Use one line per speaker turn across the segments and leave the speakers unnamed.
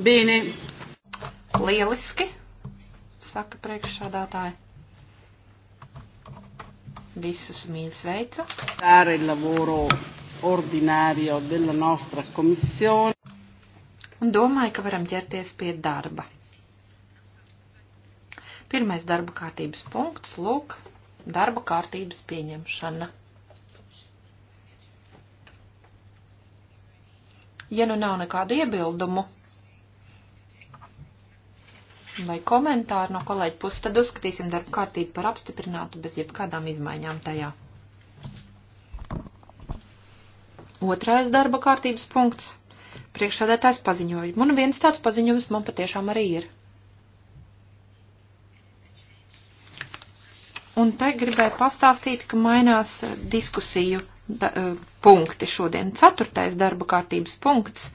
Bīni. Lieliski, saka priekšsādātāji. Visus mīlu sveicu. Dare il lavoro ordinario della nostra commissione. Un domāju, ka varam ķerties pie darba. Pirmais darba kārtības punkts, lūk, darba kārtības pieņemšana. Ja nu nav nekādu iebildumu, vai komentāru no kolēģa puses, tad uzskatīsim darba kārtību par apstiprinātu bez jebkādām izmaiņām tajā. Otrais darba kārtības punkts - priekšsādētājs paziņojums. Un viens tāds paziņojums man patiešām arī ir. Un te gribēju pastāstīt, ka mainās diskusiju da, e, punkti šodien. Ceturtais darba kārtības punkts,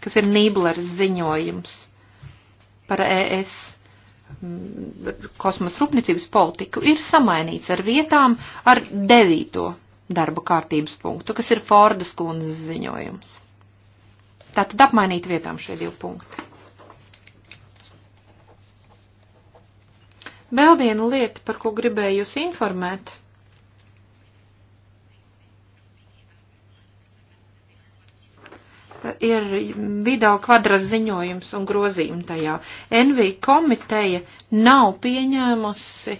kas ir Nībleres ziņojums par ES mm, kosmos rūpniecības politiku ir samainīts ar vietām ar devīto darba kārtības punktu, kas ir Fordas kundzes ziņojums. Tātad apmainīt vietām šie divi punkti. Vēl viena lieta, par ko gribēju jūs informēt. ir video kvadrats ziņojums un grozījumi tajā. NV komiteja nav pieņēmusi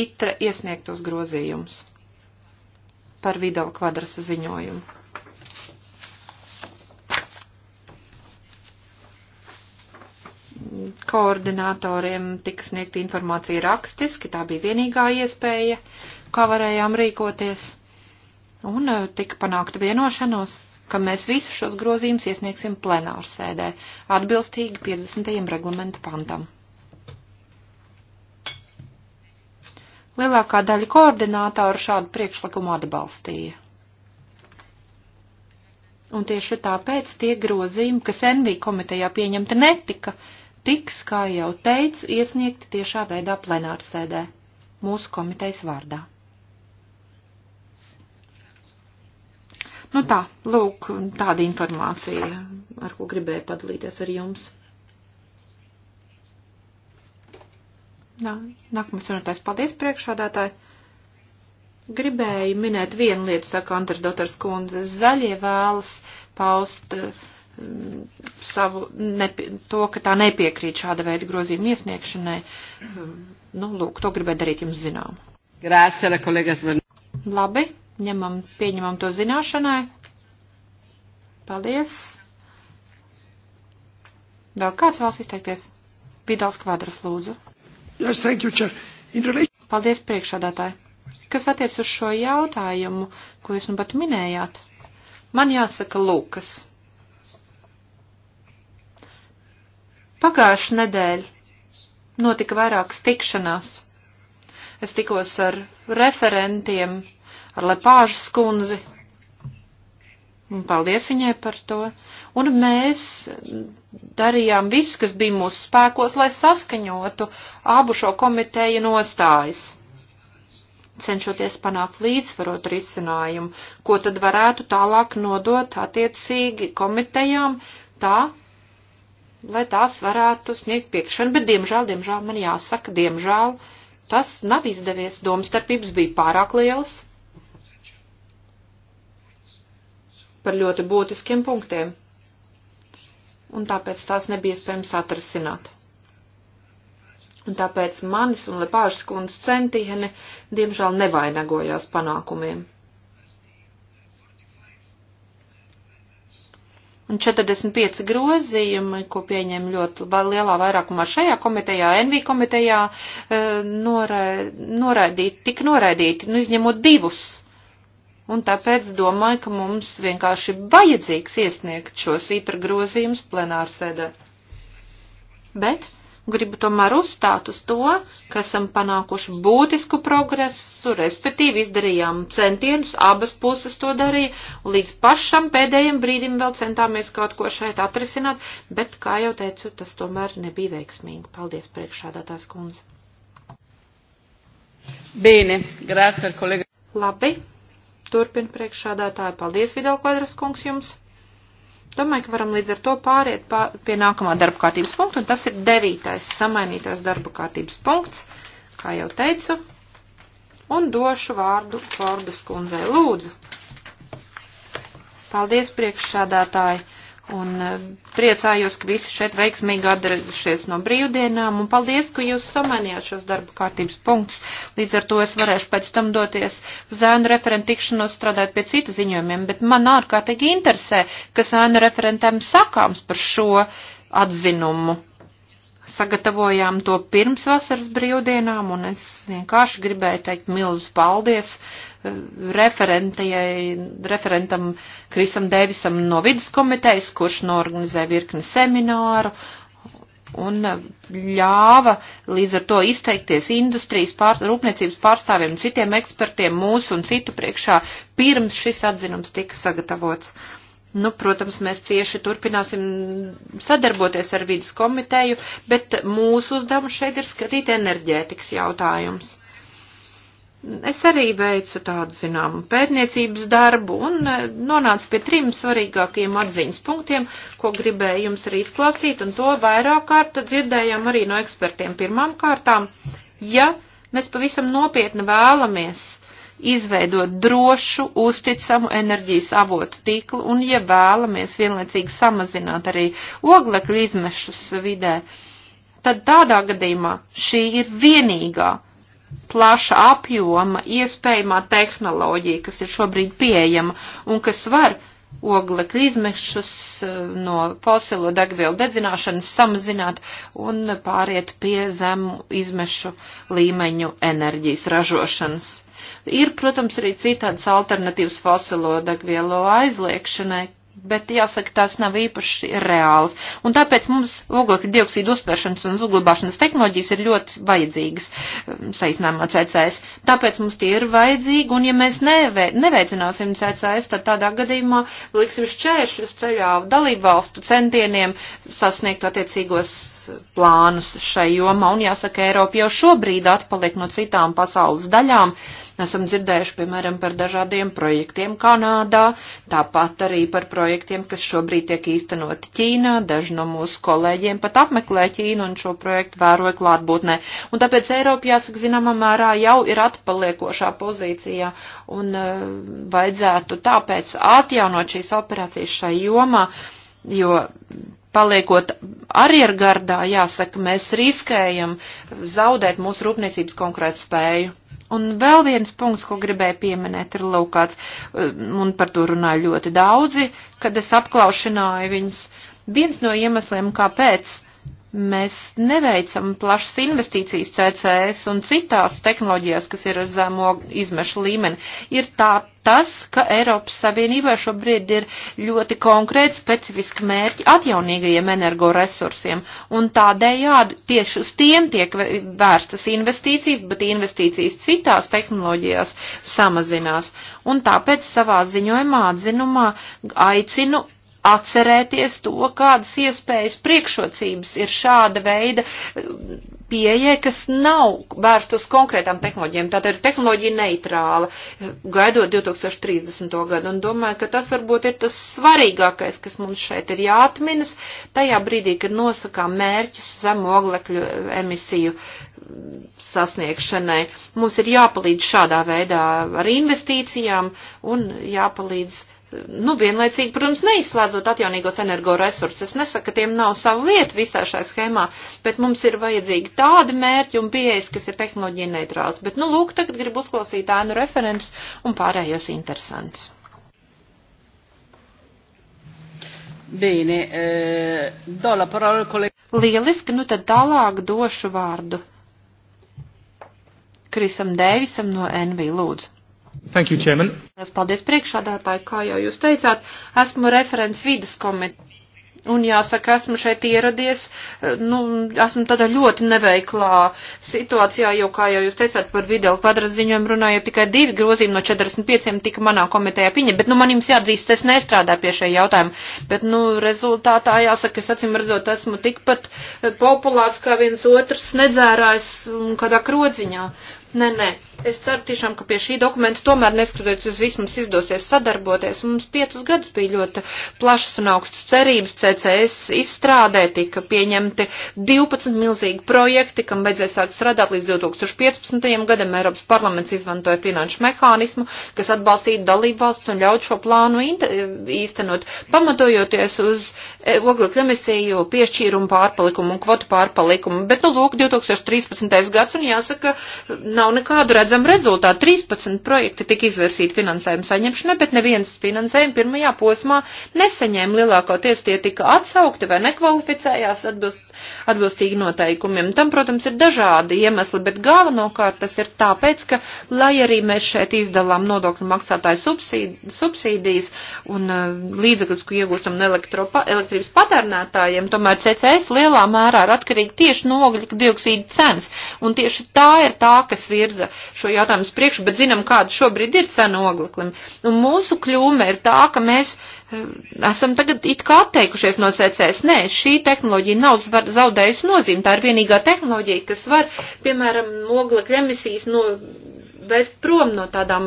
itra iesniegtos grozījumus par video kvadrasa ziņojumu. Koordinatoriem tika sniegta informācija rakstiski, tā bija vienīgā iespēja, kā varējām rīkoties, un eh, tika panākta vienošanos ka mēs visus šos grozījumus iesniegsim plenārsēdē, atbilstīgi 50. reglamentu pantam. Lielākā daļa koordinātāru šādu priekšlikumu atbalstīja. Un tieši tāpēc tie grozījumi, kas NV komitejā pieņemti netika, tiks, kā jau teicu, iesniegti tiešā veidā plenārsēdē mūsu komitejas vārdā. Nu tā, lūk, tāda informācija, ar ko gribēju padalīties ar jums. Nā, nākamais runātājs, paldies priekšādātāji. Gribēju minēt vienu lietu, saka Andra Dotars kundze, zaļie vēlas paust mm, savu, nepi, to, ka tā nepiekrīt šāda veida grozījuma iesniegšanai. Mm, nu, lūk, to gribēju darīt jums zinām. Grācija, kolēģis. Labi, Ņemam, pieņemam to zināšanai. Paldies. Vēl kāds vēlas izteikties? Vidāls kvadras lūdzu. Yes, thank you, chair. In relation... Paldies priekšādātāji. Kas attiec uz šo jautājumu, ko jūs nu pat minējāt? Man jāsaka Lūkas. Pagājuši nedēļ notika vairākas tikšanās. Es tikos ar referentiem ar Lepāžu skundzi. Un paldies viņai par to. Un mēs darījām visu, kas bija mūsu spēkos, lai saskaņotu abu šo komiteju nostājas, cenšoties panākt līdzsvarot risinājumu, ko tad varētu tālāk nodot attiecīgi komitejām tā, lai tās varētu sniegt piekšanu. Bet, diemžēl, diemžēl man jāsaka, diemžēl tas nav izdevies. Domstarpības bija pārāk lielas par ļoti būtiskiem punktiem, un tāpēc tās nebija iespējams atrasināt. Un tāpēc manis un Lepāžas kundas centieni, diemžēl, nevainagojās panākumiem. Un 45 grozījumi, ko pieņem ļoti lielā vairākumā šajā komitejā, NV komitejā, eh, noraidīti, tik noraidīti, nu izņemot divus Un tāpēc domāju, ka mums vienkārši vajadzīgs iesniegt šos itra grozījumus plenārsēdē. Bet gribu tomēr uzstāt uz to, ka esam panākuši būtisku progresu, respektīvi izdarījām centienus, abas puses to darīja, un līdz pašam pēdējiem brīdim vēl centāmies kaut ko šeit atrisināt, bet, kā jau teicu, tas tomēr nebija veiksmīgi. Paldies priekšādātās kundze. Bīni, grāfēr kolēģi. Labi, Turpin priekšādātāja. Paldies, video kvadras kungs jums. Domāju, ka varam līdz ar to pāriet pār, pie nākamā darba kārtības punkta, un tas ir devītais samainītais darba kārtības punkts, kā jau teicu, un došu vārdu Fordas kundzei. Lūdzu! Paldies, priekšsādātāji! Un eh, priecājos, ka visi šeit veiksmīgi atdarījušies no brīvdienām, un paldies, ka jūs samainījāt šos darba kārtības punktus. Līdz ar to es varēšu pēc tam doties uz ēnu referentu tikšanos strādāt pie cita ziņojumiem, bet man ārkārtīgi interesē, kas ēnu referentēm sakāms par šo atzinumu sagatavojām to pirms vasaras brīvdienām, un es vienkārši gribēju teikt milzu paldies eh, referentam Krisam Devisam no vidas komitejas, kurš norganizē virkni semināru un eh, ļāva līdz ar to izteikties industrijas, pār, rūpniecības pārstāvjiem, citiem ekspertiem mūsu un citu priekšā, pirms šis atzinums tika sagatavots. Uh, Nu, protams, mēs cieši turpināsim sadarboties ar vidas komiteju, bet mūsu uzdevums šeit ir skatīt enerģētikas jautājums. Es arī veicu tādu, zinām, pētniecības darbu un e, nonācu pie trim svarīgākiem atziņas punktiem, ko gribēju jums arī izklāstīt, un to vairāk kārt dzirdējām arī no ekspertiem pirmām kārtām. Ja mēs pavisam nopietni vēlamies izveidot drošu, uzticamu enerģijas avotu tīklu un, ja vēlamies vienlaicīgi samazināt arī oglekļu izmešus vidē, tad tādā gadījumā šī ir vienīgā plaša apjoma iespējamā tehnoloģija, kas ir šobrīd pieejama un kas var oglekļu izmešus eh, no fosilo degvielu dedzināšanas samazināt un pāriet pie zemu izmešu līmeņu enerģijas ražošanas. Ir, protams, arī citādas alternatīvas fosilo degvielu aizliekšanai, bet jāsaka, tās nav īpaši reāls. Un tāpēc mums oglekļa dioksīdu uztvēršanas un uzglabāšanas tehnoloģijas ir ļoti vajadzīgas um, saīsinājumā CCS. Tāpēc mums tie ir vajadzīgi, un ja mēs nevē, neveicināsim CCS, tad tādā gadījumā liksim šķēršļus ceļā dalību valstu centieniem sasniegt attiecīgos plānus šai jomā. Un jāsaka, Eiropa jau šobrīd atpaliek no citām pasaules daļām Esam dzirdējuši, piemēram, par dažādiem projektiem Kanādā, tāpat arī par projektiem, kas šobrīd tiek īstenoti Ķīnā. Daži no mūsu kolēģiem pat apmeklē Ķīnu un šo projektu vēroja klātbūtnē. Un tāpēc Eiropa, jāsaka, zināmā mērā jau ir atpaliekošā pozīcijā un uh, vajadzētu tāpēc atjaunot šīs operācijas šai jomā, jo paliekot arjergardā, jāsaka, mēs riskējam zaudēt mūsu rūpniecības konkrētu spēju. Un vēl viens punkts, ko gribēju pieminēt, ir laukāts, um, un par to runāja ļoti daudzi, kad es apklaušināju viņus. Viens no iemesliem, kāpēc Mēs neveicam plašas investīcijas CCS un citās tehnoloģijās, kas ir ar zemo izmešu līmeni. Ir tā, tas, ka Eiropas Savienībā šobrīd ir ļoti konkrēti specifiski mērķi atjaunīgajiem energoresursiem, un tādējādi tieši uz tiem tiek vērstas investīcijas, bet investīcijas citās tehnoloģijās samazinās. Un tāpēc savā ziņojumā atzinumā aicinu atcerēties to, kādas iespējas priekšrocības ir šāda veida pieeja, kas nav vērsta uz konkrētām tehnoloģijām. Tātad ir tehnoloģija neitrāla, gaidot 2030. gadu. Un domāju, ka tas varbūt ir tas svarīgākais, kas mums šeit ir jāatminas, tajā brīdī, kad nosakām mērķus zem oglekļu emisiju sasniegšanai. Mums ir jāpalīdz šādā veidā ar investīcijām un jāpalīdz Nu, vienlaicīgi, protams, neizslēdzot atjaunīgos energoresursus. Es nesaku, ka tiem nav savu vietu visā šajā schēmā, bet mums ir vajadzīgi tādi mērķi un pieejas, kas ir tehnoloģija neitrāls. Bet, nu, lūk, tagad gribu uzklausīt ēnu referentus un pārējos interesantus. Bīni, e, eh, dola parola kolēģi. Lieliski, nu tad tālāk došu vārdu. Krisam Dēvisam no NV lūdzu. Thank you, Chairman. Es paldies priekšādātāju, kā jau jūs teicāt, esmu referents vidas komiteja. Un jāsaka, esmu šeit ieradies, eh, nu, esmu tādā ļoti neveiklā situācijā, jo, kā jau jūs teicāt, par video padraziņojumu runājot tikai divi grozījumi no 45 tika manā komitejā piņa, bet, nu, man jums jāatzīst, es nestrādāju pie šī jautājuma, bet, nu, rezultātā jāsaka, es acīm redzot, esmu tikpat eh, populārs kā viens otrs nedzērājs un kādā krodziņā. Nē, nē. Es ceru tiešām, ka pie šī dokumenta tomēr neskatoties uz visu mums izdosies sadarboties. Mums piecus gadus bija ļoti plašas un augstas cerības. CCS izstrādē tika pieņemti 12 milzīgi projekti, kam vajadzēja sākt strādāt līdz 2015. gadam. Eiropas parlaments izmantoja finanšu mehānismu, kas atbalstītu dalību valsts un ļaut šo plānu īstenot, pamatojoties uz e, oglekļa emisiju piešķīrumu pārpalikumu un kvotu pārpalikumu. Bet, nu, lūk, 2013. gads un jāsaka, nav nekādu redzību redzam rezultātu. 13 projekti tika izvērsīti finansējumu saņemšanai, bet neviens finansējumu pirmajā posmā nesaņēma. Lielākoties tie tika atsaukti vai nekvalificējās atbilst, atbilstīgi noteikumiem. Tam, protams, ir dažādi iemesli, bet galvenokārt tas ir tāpēc, ka, lai arī mēs šeit izdalām nodokļu maksātāju subsīd, subsīdijas un uh, līdzekļus, ko iegūstam no elektrības patērnētājiem, tomēr CCS lielā mērā ir atkarīgi tieši no ogļu dioksīda cenas. Un tieši tā ir tā, kas virza šo jautājumu uz priekšu, bet zinām, kāda šobrīd ir cena ogleklim. Un mūsu kļūme ir tā, ka mēs eh, esam tagad it kā atteikušies no CCS. Nē, šī tehnoloģija nav zaudējusi nozīmi. Tā ir vienīgā tehnoloģija, kas var, piemēram, oglekļa emisijas no, vest prom no tādām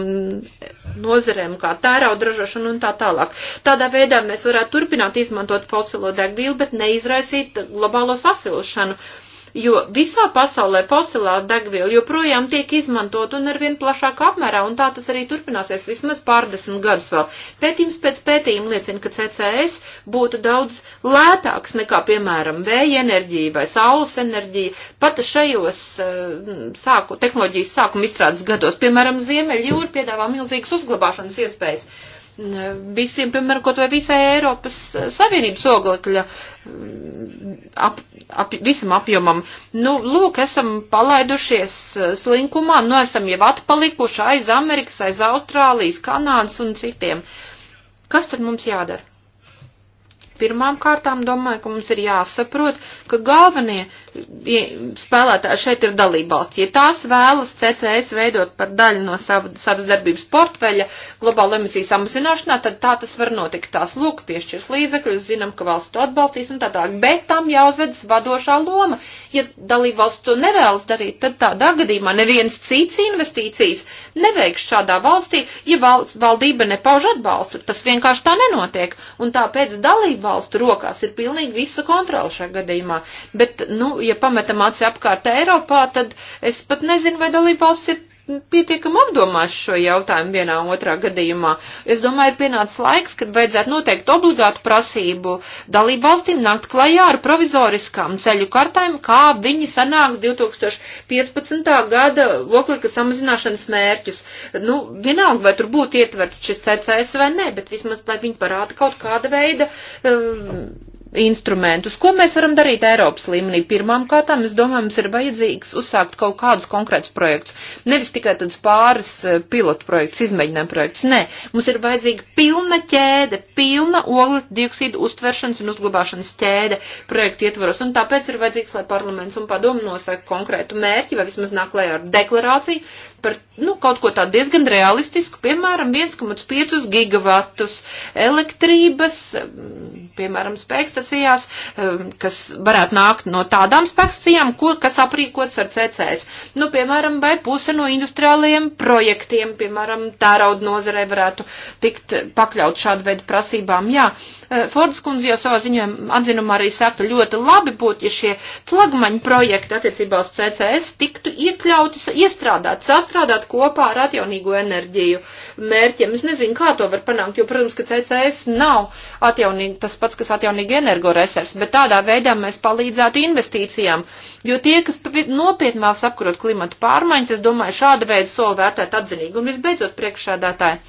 nozerēm kā tērauda ražošana un tā tālāk. Tādā veidā mēs varētu turpināt izmantot fosilo degvielu, bet neizraisīt globālo sasilšanu. Uh, jo visā pasaulē fosilā degviela joprojām tiek izmantot un arvien plašākā apmērā, un tā tas arī turpināsies vismaz pārdesmit gadus vēl. Pētījums pēc pētījuma liecina, ka CCS būtu daudz lētāks nekā, piemēram, vēja enerģija vai saules enerģija, pat šajos eh, sāku, tehnoloģijas sākuma izstrādes gados, piemēram, Ziemeļjūra piedāvā milzīgas uzglabāšanas iespējas visiem, piemēram, kaut vai visai Eiropas Savienības oglekļa mm, ap, ap, visam apjomam. Nu, lūk, esam palaidušies eh, slinkumā, nu, esam jau atpalikuši aiz Amerikas, aiz Austrālijas, Kanādas un citiem. Kas tad mums jādara? Pirmām kārtām domāju, ka mums ir jāsaprot, ka galvenie spēlētāji šeit ir dalībvalsts. Ja tās vēlas CCS veidot par daļu no sava, savas darbības portfeļa globālo emisiju samazināšanā, tad tā tas var notikt. Tās lūk, piešķirs līdzekļus, zinām, ka valsts to atbalstīs un tā tālāk, bet tam jāuzvedas vadošā loma. Ja dalībvalsts to nevēlas darīt, tad tādā gadījumā neviens cits investīcijas neveiks šādā valstī, ja valsts valdība nepauž atbalstu. Tas vienkārši tā nenotiek. Un tāpēc dalībvalstu rokās ir pilnīgi visa kontrola šajā gadījumā. Bet, nu, ja pametam aci apkārt Eiropā, tad es pat nezinu, vai dalībvalsts ir pietiekami apdomājuši šo jautājumu vienā otrā gadījumā. Es domāju, ir pienācis laiks, kad vajadzētu noteikt obligātu prasību dalību valstīm nākt klajā ar provizoriskām ceļu kartēm, kā viņi sanāks 2015. gada oglika samazināšanas mērķus. Nu, vienalga, vai tur būtu ietverts šis CCS vai nē, bet vismaz, lai viņi parāda kaut kāda veida. Um, instrumentus. Ko mēs varam darīt Eiropas līmenī? Pirmām kārtām, es domāju, mums ir vajadzīgs uzsākt kaut kādus konkrētus projektus. Nevis tikai tādus pāris eh, pilotu projektus, izmēģinājumu projektus. Nē, mums ir vajadzīga pilna ķēde, pilna ogles dioksīdu uztveršanas un uzglabāšanas ķēde projektu ietvaros. Un tāpēc ir vajadzīgs, lai parlaments un padomu nosaka konkrētu mērķi vai vismaz nāk lai ar deklarāciju, par nu, kaut ko tādu diezgan realistisku, piemēram, 1,5 gigavatus elektrības, mm, piemēram, spēkstacijās, mm, kas varētu nākt no tādām spēkstacijām, ko, kas aprīkots ar CCS. Nu, piemēram, vai puse no industriālajiem projektiem, piemēram, tērauda nozarei varētu tikt pakļaut šādu veidu prasībām. Jā. Uh, Eh, Fordas kundze jau savā ziņā atzinumā arī saka, ļoti labi būtu, ja šie flagmaņu projekti attiecībā uz CCS tiktu iekļauti, iestrādāt, sastrādāt kopā ar atjaunīgo enerģiju mērķiem. Es nezinu, kā to var panākt, jo, protams, ka CCS nav atjaunīgi, tas pats, kas atjaunīgi energoresursi, bet tādā veidā mēs palīdzētu investīcijām, jo tie, kas nopietni vēlas apkarot klimatu pārmaiņas, es domāju, šāda veida soli vērtēt atzinīgi. Un visbeidzot, priekšādātāji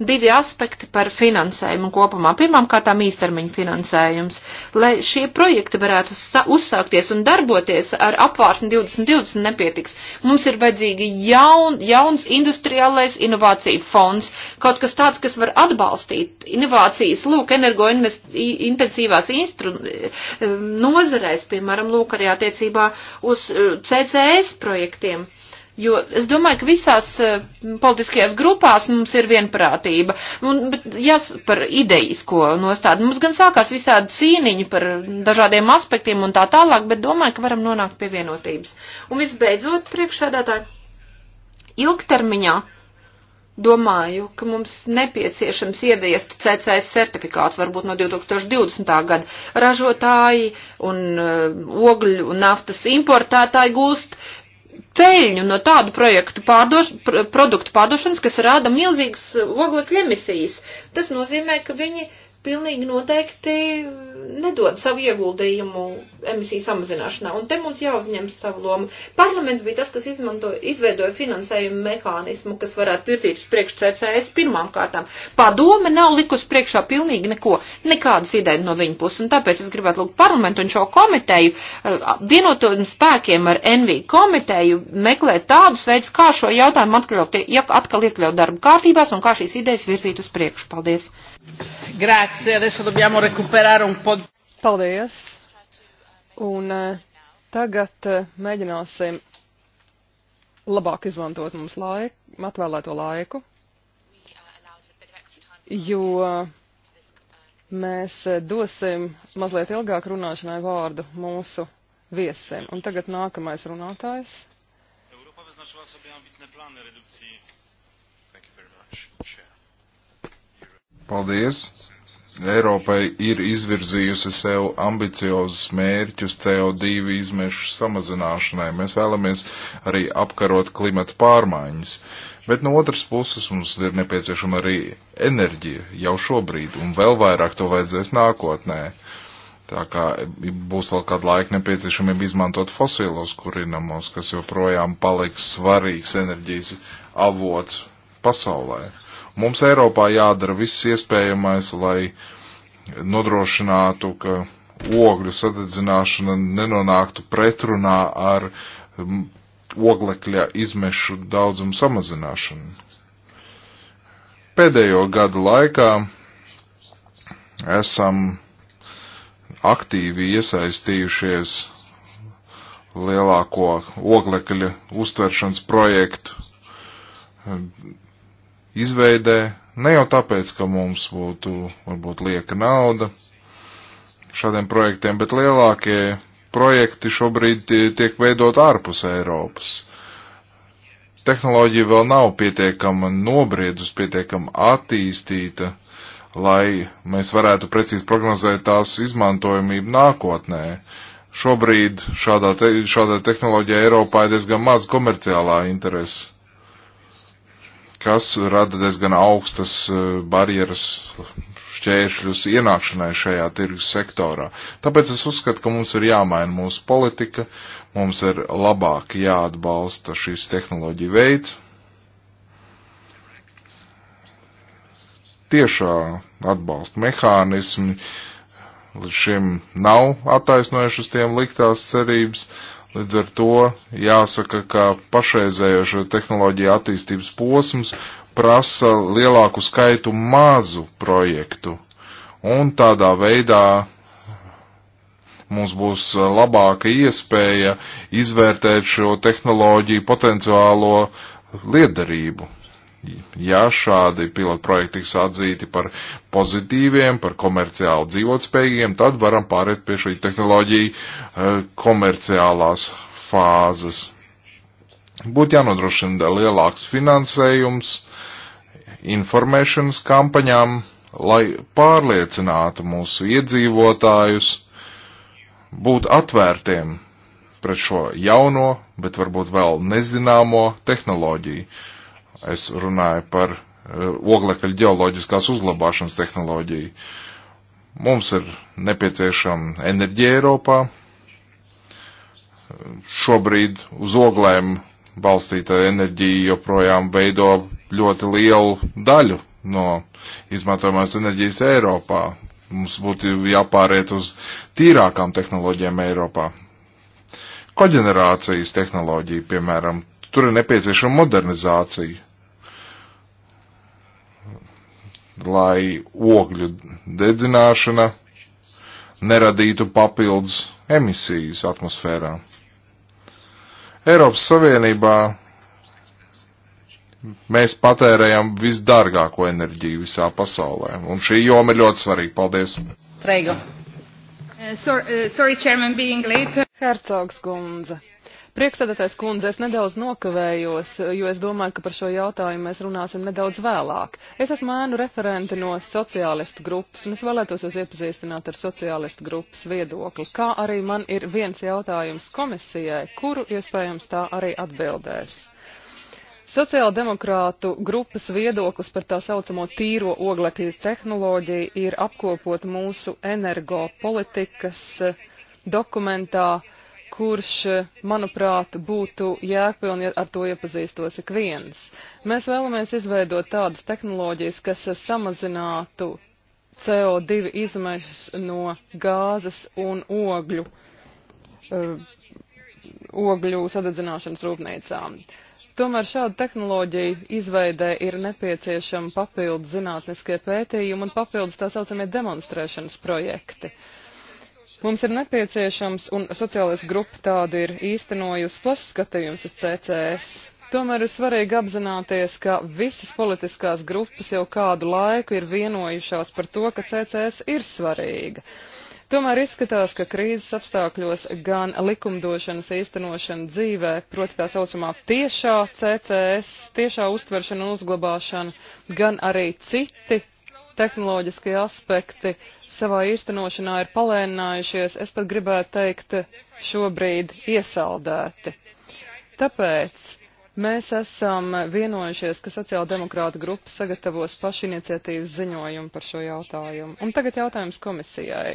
divi aspekti par finansējumu kopumā. Pirmkārt, īstermiņa finansējums. Lai šie projekti varētu uzsākties un darboties ar apvārsni 2020 nepietiks, mums ir vajadzīgi jaun, jauns industriālais inovāciju fonds, kaut kas tāds, kas var atbalstīt inovācijas, lūk, energointensīvās e, nozarēs, piemēram, lūk, arī attiecībā uz e, CCS projektiem. Jo es domāju, ka visās eh, politiskajās grupās mums ir vienprātība. Un, bet jās par idejisko nostādu. Mums gan sākās visādi cīniņi par dažādiem aspektiem un tā tālāk, bet domāju, ka varam nonākt pie vienotības. Un visbeidzot, priekšsēdētāji, ilgtermiņā domāju, ka mums nepieciešams ieviest CCS certifikāts varbūt no 2020. gada. Ražotāji un uh, ogļu un naftas importētāji gūst peļņu no tādu projektu pārdoš, produktu pārdošanas, kas rāda milzīgas oglekļa emisijas. Tas nozīmē, ka viņi uh, pilnīgi noteikti nedod savu ieguldījumu emisiju samazināšanā. Un te mums jāuzņem savu lomu. Parlaments bija tas, kas izmanto, izveidoja finansējumu mehānismu, kas varētu virzīt uz priekšu CCS pirmām kārtām. Padome nav likus priekšā pilnīgi neko, nekādas idejas no viņa puses. Un tāpēc es gribētu lūgt parlamentu un šo komiteju eh, vienotojumu spēkiem ar NV komiteju meklēt tādus veidus, kā šo jautājumu atkļaut, atkal iekļaut darba kārtībās un kā šīs idejas virzīt uz priekšu. Paldies!
Grazie, adesso dobbiamo recuperare un po'. Paldies. Un eh, tagad eh, mēģināsim labāk izmantot mums laiku, atvēlēto laiku, jo mēs eh, dosim mazliet ilgāk runāšanai vārdu mūsu viesim. Un tagad nākamais runātājs. Europa wyznaczyła sobie ambitne plany redukcji
Paldies! Eiropai ir izvirzījusi sev ambiciozus mērķus CO2 izmešu samazināšanai. Mēs vēlamies arī apkarot klimata pārmaiņas. Bet no otras puses mums ir nepieciešama arī enerģija jau šobrīd, un vēl vairāk to vajadzēs nākotnē. Tā kā būs vēl kādu laiku nepieciešamība izmantot fosilos kurinamos, kas joprojām paliks svarīgs enerģijas avots pasaulē. Mums Eiropā jādara viss iespējamais, lai nodrošinātu, ka ogļu sadedzināšana nenonāktu pretrunā ar oglekļa izmešu daudzumu samazināšanu. Pēdējo gadu laikā esam aktīvi iesaistījušies lielāko oglekļa uztveršanas projektu izveidē, ne jau tāpēc, ka mums būtu varbūt lieka nauda šādiem projektiem, bet lielākie projekti šobrīd tiek veidot ārpus Eiropas. Tehnoloģija vēl nav pietiekama nobriedus, pietiekama attīstīta, lai mēs varētu precīzi prognozēt tās izmantojamību nākotnē. Šobrīd šādā, te, šādā tehnoloģijā Eiropā ir diezgan maz komerciālā interesa kas rada diezgan augstas eh, barjeras šķēršļus ienākšanai šajā tirgus sektorā. Tāpēc es uzskatu, ka mums ir jāmaina mūsu politika, mums ir labāk jāatbalsta šīs tehnoloģija veids. Tiešā atbalsta mehānismi līdz šim nav attaisnojuši uz tiem liktās cerības, Līdz ar to jāsaka, ka pašreizējošo tehnoloģiju attīstības posms prasa lielāku skaitu mazu projektu. Un tādā veidā mums būs labāka iespēja izvērtēt šo tehnoloģiju potenciālo liederību ja šādi pilotprojekti tiks atzīti par pozitīviem, par komerciāli dzīvotspējīgiem, tad varam pāriet pie šī tehnoloģija eh, komerciālās fāzes. Būtu jānodrošina lielāks finansējums informēšanas kampaņām, lai pārliecinātu mūsu iedzīvotājus būt atvērtiem pret šo jauno, bet varbūt vēl nezināmo tehnoloģiju Es runāju par eh, oglekļa ģeoloģiskās uzglabāšanas tehnoloģiju. Mums ir nepieciešama enerģija Eiropā. Šobrīd uz oglēm balstīta enerģija joprojām veido ļoti lielu daļu no izmantojamās enerģijas Eiropā. Mums būtu jāpāriet uz tīrākām tehnoloģijām Eiropā. Koģenerācijas tehnoloģija, piemēram, tur ir nepieciešama modernizācija lai ogļu dedzināšana neradītu papildus emisijas atmosfērā. Eiropas Savienībā mēs patērējam visdārgāko enerģiju visā pasaulē, un šī joma ir ļoti svarīga. Paldies!
Reigo.
Uh, eh, sorry, uh, eh, sorry, Chairman, being late. Hercogs Gunze. Priekšsēdētājs kundze, es nedaudz nokavējos, jo es domāju, ka par šo jautājumu mēs runāsim nedaudz vēlāk. Es esmu ēnu referenti no sociālistu grupas, un es vēlētos jūs iepazīstināt ar sociālistu grupas viedokli, kā arī man ir viens jautājums komisijai, kuru iespējams tā arī atbildēs. Sociāldemokrātu grupas viedoklis par tā saucamo tīro oglekļu tehnoloģiju ir apkopot mūsu energopolitikas dokumentā kurš, manuprāt, būtu jēgpilni, ja ar to iepazīstos ik viens. Mēs vēlamies izveidot tādas tehnoloģijas, kas samazinātu CO2 izmešas no gāzes un ogļu, uh, ogļu sadedzināšanas rūpnīcām. Tomēr šāda tehnoloģija izveidē ir nepieciešama papildus zinātniskie pētījumi un papildus tā saucamie demonstrēšanas projekti. Uh, Mums ir nepieciešams, un sociālais grupa tādu ir īstenojusi plašs skatījums uz CCS. Tomēr ir svarīgi apzināties, ka visas politiskās grupas jau kādu laiku ir vienojušās par to, ka CCS ir svarīga. Tomēr izskatās, ka krīzes apstākļos gan likumdošanas īstenošana dzīvē, proti tā saucamā tiešā CCS, tiešā uztveršana un uzglabāšana, gan arī citi tehnoloģiskie aspekti savā īstenošanā ir palēninājušies, es pat gribētu teikt, šobrīd iesaldēti. Tāpēc Mēs esam vienojušies, ka sociāldemokrāta grupa sagatavos pašiniciatīvas ziņojumu par šo jautājumu. Un tagad jautājums komisijai.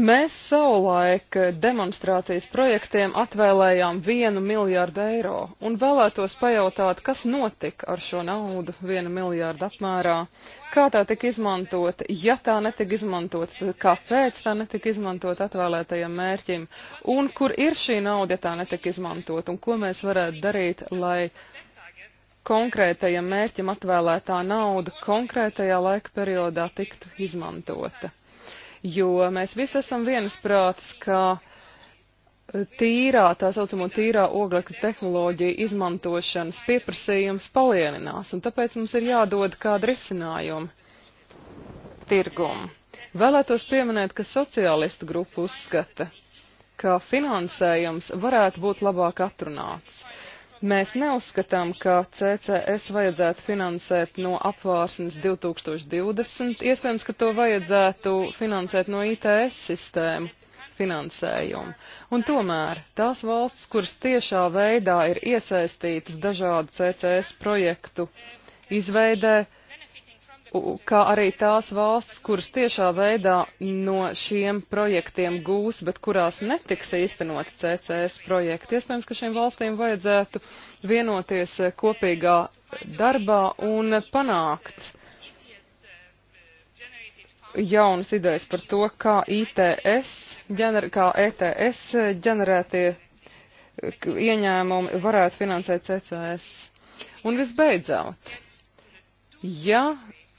Mēs savulaik demonstrācijas projektiem atvēlējām vienu miljārdu eiro un vēlētos pajautāt, kas notika ar šo naudu vienu miljārdu apmērā, kā tā tika izmantota, ja tā netika izmantota, tad kāpēc tā netika izmantota atvēlētajam mērķim un kur ir šī nauda, ja tā netika izmantota un ko mēs varētu darīt, lai konkrētajam mērķim atvēlētā nauda konkrētajā laika periodā tiktu izmantota jo mēs visi esam viensprāts, ka tīrā, tā saucamo tīrā oglekļa tehnoloģija izmantošanas pieprasījums palielinās, un tāpēc mums ir jādod kāda risinājuma tirgumu. Vēlētos pieminēt, ka sociālistu grupa uzskata, ka finansējums varētu būt labāk atrunāts. Uh, Mēs neuzskatām, ka CCS vajadzētu finansēt no apvārsnes 2020, iespējams, ka to vajadzētu finansēt no ITS sistēmu finansējumu. Un tomēr tās valsts, kuras tiešā veidā ir iesaistītas dažādu CCS projektu izveidē, kā arī tās valsts, kuras tiešā veidā no šiem projektiem gūs, bet kurās netiks īstenot CCS projekti. Iespējams, ka šīm valstīm vajadzētu vienoties kopīgā darbā un panākt jaunas idejas par to, kā ITS, ģener, kā ETS ģenerētie ieņēmumi varētu finansēt CCS. Un visbeidzot, ja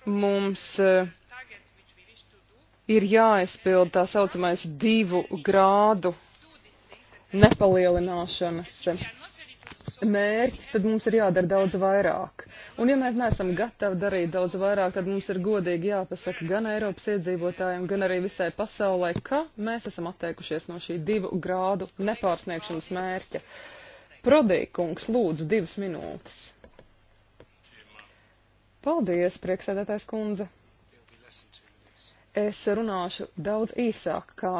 mums eh, ir jāizpild tā saucamais divu grādu nepalielināšanas mērķis, tad mums ir jādara daudz vairāk. Un ja mēs neesam gatavi darīt daudz vairāk, tad mums ir godīgi jāpasaka gan Eiropas iedzīvotājiem, gan arī visai pasaulē, ka mēs esam atteikušies no šī divu grādu nepārsniegšanas mērķa. Prodīkungs, lūdzu, divas minūtes. Paldies, prieksēdētājs kundze. Es runāšu daudz īsāk, kā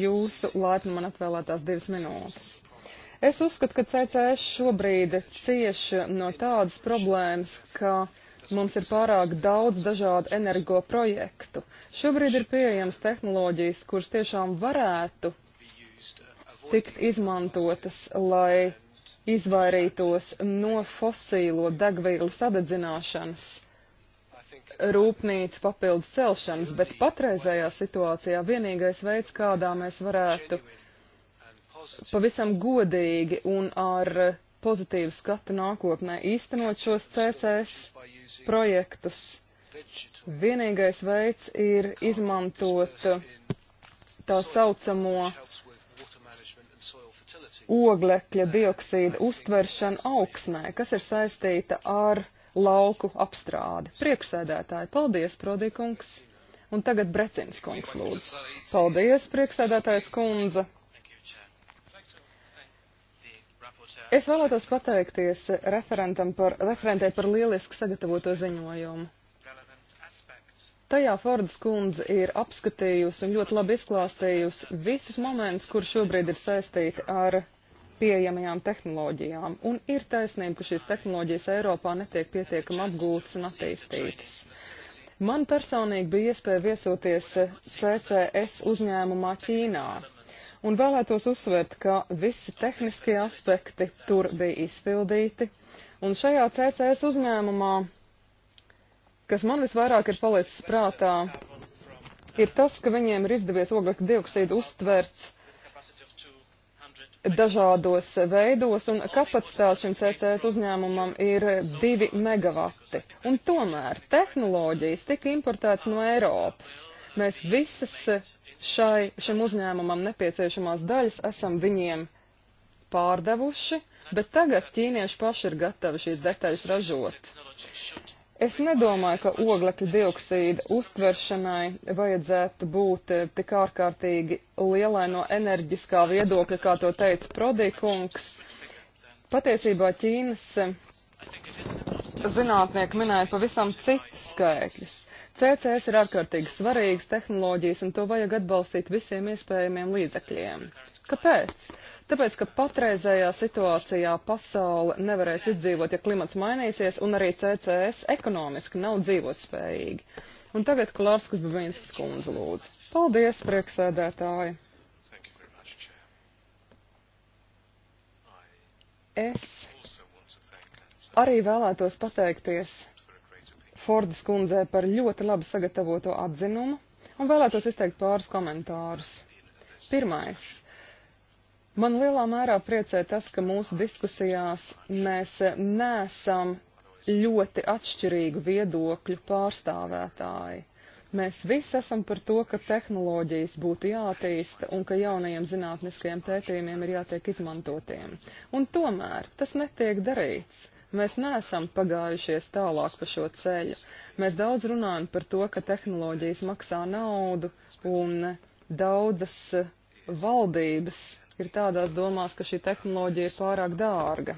jūsu laipni man atvēlētās divas minūtes. Es uzskatu, ka CCS šobrīd cieši no tādas problēmas, ka mums ir pārāk daudz dažādu energo projektu. Šobrīd ir pieejamas tehnoloģijas, kuras tiešām varētu tikt izmantotas, lai izvairītos no fosīlo degvielu sadedzināšanas rūpnīcu papildus celšanas, bet patreizējā situācijā vienīgais veids, kādā mēs varētu pavisam godīgi un ar pozitīvu skatu nākotnē īstenot šos CCS projektus, vienīgais veids ir izmantot tā saucamo uh, oglekļa dioksīda uztveršana augsnē, kas ir saistīta ar lauku apstrādi. Priekšsēdētāji, paldies, Prodīkungs! Un tagad Brecins kungs lūdzu. Paldies, priekšsēdētājs kundze! Es vēlētos pateikties referentam par, referentē par lieliski sagatavoto ziņojumu. Tajā Fordas kundze ir apskatījusi un ļoti labi izklāstījusi visus momentus, kur šobrīd ir saistīti ar pieejamajām tehnoloģijām, un ir taisnība, ka šīs tehnoloģijas Eiropā netiek pietiekami apgūtas un attīstītas. Man personīgi bija iespēja viesoties CCS uzņēmumā Ķīnā. Un vēlētos uzsvērt, ka visi tehniskie aspekti tur bija izpildīti. Un šajā CCS uzņēmumā, kas man visvairāk ir palicis prātā, ir tas, ka viņiem ir izdevies oglekļa dioksīdu uztvert dažādos veidos, un kapacitāte šim CCS uzņēmumam ir 2 megavati. Un tomēr tehnoloģijas tika importētas no Eiropas. Mēs visas šai, šim uzņēmumam nepieciešamās daļas esam viņiem pārdevuši, bet tagad ķīnieši paši ir gatavi šīs detaļas ražot. Es nedomāju, ka oglekļa dioksīda uztveršanai vajadzētu būt eh, tik ārkārtīgi lielai no enerģiskā viedokļa, kā to teica Prodīkungs. Patiesībā Ķīnas eh, zinātnieki minēja pavisam citus skaitļus. CCS ir ārkārtīgi svarīgas tehnoloģijas, un to vajag atbalstīt visiem iespējamiem līdzekļiem. Kāpēc? Tāpēc, ka patreizējā situācijā pasaule nevarēs izdzīvot, ja klimats mainīsies, un arī CCS ekonomiski nav dzīvotspējīgi. Un tagad Klārskas Babinskas kundze lūdzu. Paldies, prieksēdētāji! Es uh, arī vēlētos pateikties Fordas kundzē par ļoti labi sagatavoto atzinumu un vēlētos izteikt pāris komentārus. Pirmais. Man lielā mērā priecē tas, ka mūsu diskusijās mēs nesam ļoti atšķirīgu viedokļu pārstāvētāji. Mēs visi esam par to, ka tehnoloģijas būtu jātīsta un ka jaunajiem zinātniskajiem pētījumiem ir jātiek izmantotiem. Un tomēr tas netiek darīts. Mēs neesam pagājušies tālāk pa šo ceļu. Mēs daudz runājam par to, ka tehnoloģijas maksā naudu un daudzas valdības ir tādās domās, ka šī tehnoloģija ir pārāk dārga.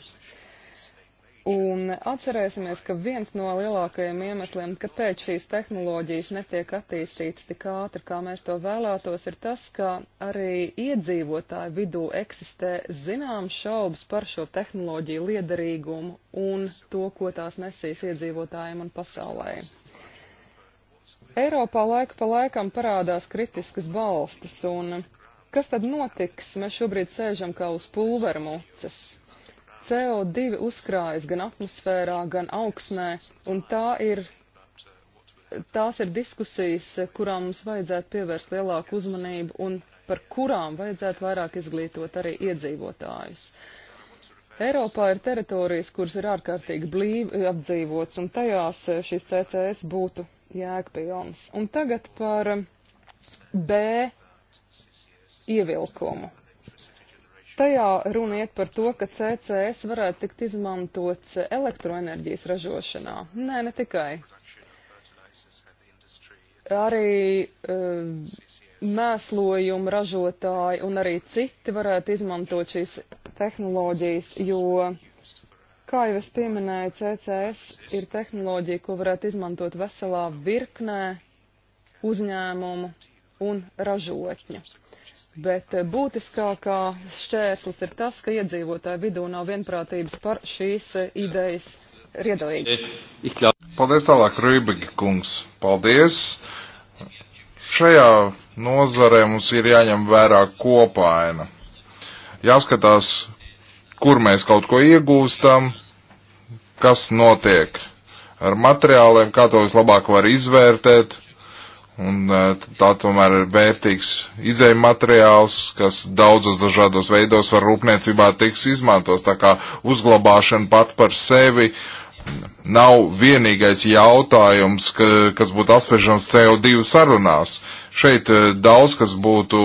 Un atcerēsimies, ka viens no lielākajiem iemesliem, kāpēc šīs tehnoloģijas netiek attīstītas tik ātri, kā mēs to vēlētos, ir tas, ka arī iedzīvotāju vidū eksistē zināms šaubas par šo tehnoloģiju liederīgumu un to, ko tās nesīs iedzīvotājiem un pasaulē. Eiropā laika pa laikam parādās kritiskas balstas, un Kas tad notiks? Mēs šobrīd sēžam kā uz pulvera mucas. CO2 uzkrājas gan atmosfērā, gan augsnē, un tā ir, tās ir diskusijas, kurām mums vajadzētu pievērst lielāku uzmanību un par kurām vajadzētu vairāk izglītot arī iedzīvotājus. Eiropā ir teritorijas, kuras ir ārkārtīgi blīvi apdzīvots, un tajās šis CCS būtu jēgpilns. Un tagad par B ievilkumu. Tajā runa iet par to, ka CCS varētu tikt izmantots elektroenerģijas ražošanā. Nē, ne tikai. Arī uh, mēslojumu ražotāji un arī citi varētu izmantot šīs tehnoloģijas, jo, kā jau es pieminēju, CCS ir tehnoloģija, ko varētu izmantot veselā virknē uzņēmumu un ražotņu. Bet eh, būtiskākā šķērslis ir tas, ka iedzīvotāju vidū nav vienprātības par šīs eh, idejas riedalīgi.
Paldies tālāk, Rībīgi kungs. Paldies. Šajā nozarē mums ir jāņem vērā kopaina. Jāskatās, kur mēs kaut ko iegūstam, kas notiek ar materiāliem, kā to vislabāk var izvērtēt Un tā tomēr ir vērtīgs izējuma materiāls, kas daudzos dažādos veidos var rūpniecībā tiks izmantos. Tā kā uzglabāšana pat par sevi nav vienīgais jautājums, ka, kas būtu apspriežams CO2 sarunās. Šeit daudz kas būtu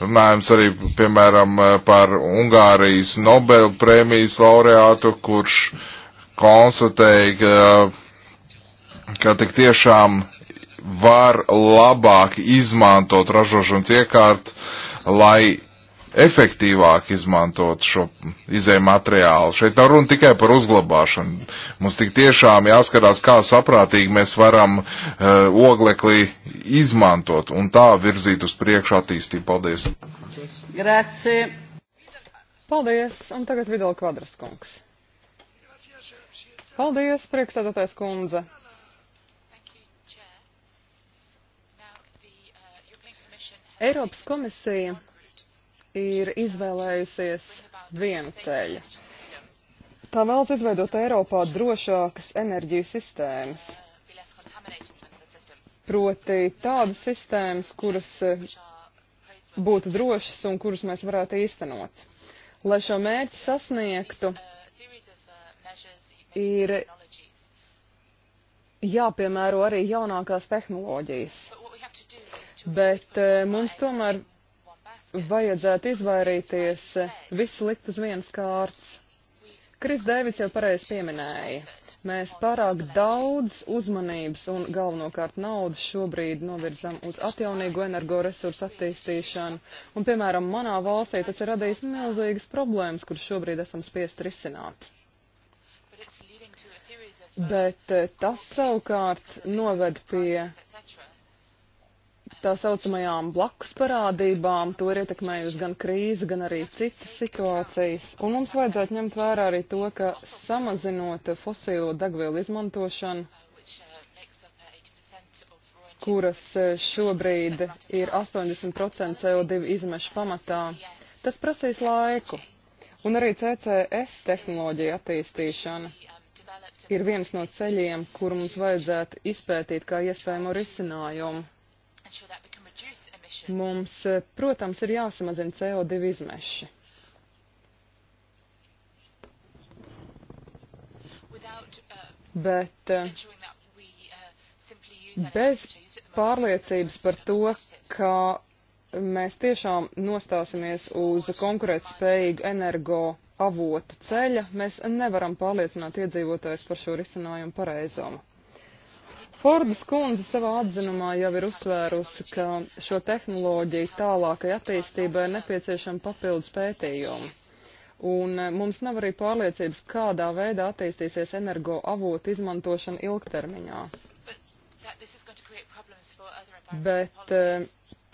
runājams arī, piemēram, par Ungārijas Nobel prēmijas laureātu, kurš konstatēja, ka, ka tik tiešām var labāk izmantot ražošanas iekārtu, lai efektīvāk izmantot šo izēju materiālu. Šeit nav runa tikai par uzglabāšanu. Mums tik tiešām jāskatās, kā saprātīgi mēs varam uh, oglekli izmantot un tā virzīt uz priekšu attīstību. Paldies!
Grazie! Paldies! Un tagad Vidal Kvadraskungs. Paldies, priekšsēdētājs kundze! Eiropas komisija ir izvēlējusies vienu ceļu. Tā vēlas izveidot Eiropā drošākas enerģijas sistēmas. Proti tādas sistēmas, kuras eh, būtu drošas un kuras mēs varētu īstenot. Lai šo mērķi sasniegtu, ir jāpiemēro arī jaunākās tehnoloģijas bet eh, mums tomēr vajadzētu izvairīties eh, visu likt uz vienas kārtas. Kris Dēvids jau pareizi pieminēja, mēs pārāk daudz uzmanības un galvenokārt naudas šobrīd novirzam uz atjaunīgo energoresursu attīstīšanu, un, piemēram, manā valstī tas ir radījis milzīgas problēmas, kuras šobrīd esam spiest risināt. Bet eh, tas savukārt noved pie tā saucamajām blakus parādībām, to ir ietekmējusi gan krīze, gan arī citas situācijas. Un mums vajadzētu ņemt vērā arī to, ka samazinot fosīlo degvielu izmantošanu, kuras eh, šobrīd ir 80% CO2 izmešu pamatā, tas prasīs laiku. Un arī CCS tehnoloģija attīstīšana ir viens no ceļiem, kur mums vajadzētu izpētīt kā iespējamo risinājumu. Mums, eh, protams, ir jāsamazina CO2 izmeši. Uh, Bet eh, uh, bez pārliecības par to, ka mēs tiešām nostāsimies uz konkurētspējīgu energo avotu ceļa, mēs nevaram pārliecināt iedzīvotājus par šo risinājumu pareizumu. Fordas kundze savā atzinumā jau ir uzsvērusi, ka šo tehnoloģiju tālākai attīstībai ir nepieciešama papildus pētījumi. Un e, mums nav arī pārliecības, kādā veidā attīstīsies energo avotu izmantošana ilgtermiņā. Bet e,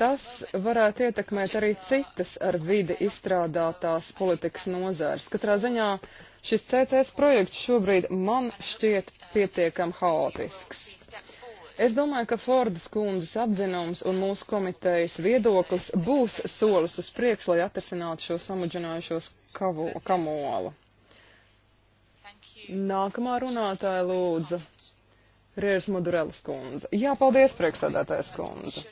tas varētu ietekmēt arī citas ar vidi izstrādātās politikas nozēras. Katrā ziņā uh, Šis CCS projekts šobrīd man šķiet pietiekam haotisks. Es domāju, ka Fordas kundzes atzinums un mūsu komitejas viedoklis būs solis uz priekšu, lai atrasinātu šo samudžinājušos kavu, kamolu. Nākamā runātāja lūdzu. Rieris Madurelas kundze. Jā, paldies, priekšsēdētājs kundze.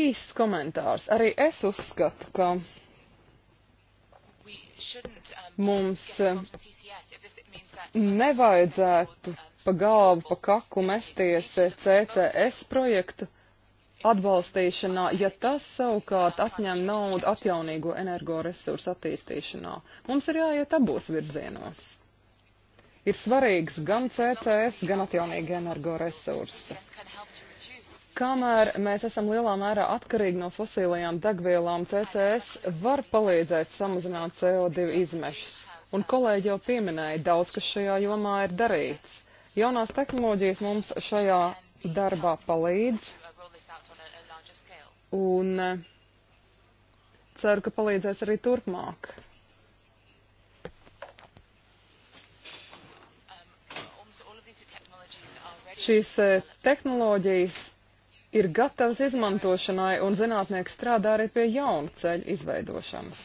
Īsts komentārs. Arī es uzskatu, ka
Mums um,
nevajadzētu pa galvu, pa kaklu mesties CCS projektu atbalstīšanā, ja tas savukārt atņem naudu atjaunīgo energoresursu attīstīšanā. Mums ir jāiet abos virzienos. Ir svarīgs gan CCS, gan atjaunīgi energoresursi. Kamēr mēs esam lielā mērā atkarīgi no fosilajām degvielām, CCS var palīdzēt samazināt CO2 izmešus. Un kolēģi jau pieminēja, daudz kas šajā jomā ir darīts. Jaunās tehnoloģijas mums šajā darbā palīdz. Un eh, ceru, ka palīdzēs arī turpmāk. Šīs eh, tehnoloģijas ir gatavs izmantošanai, un zinātnieki strādā arī pie jaunu ceļu izveidošanas.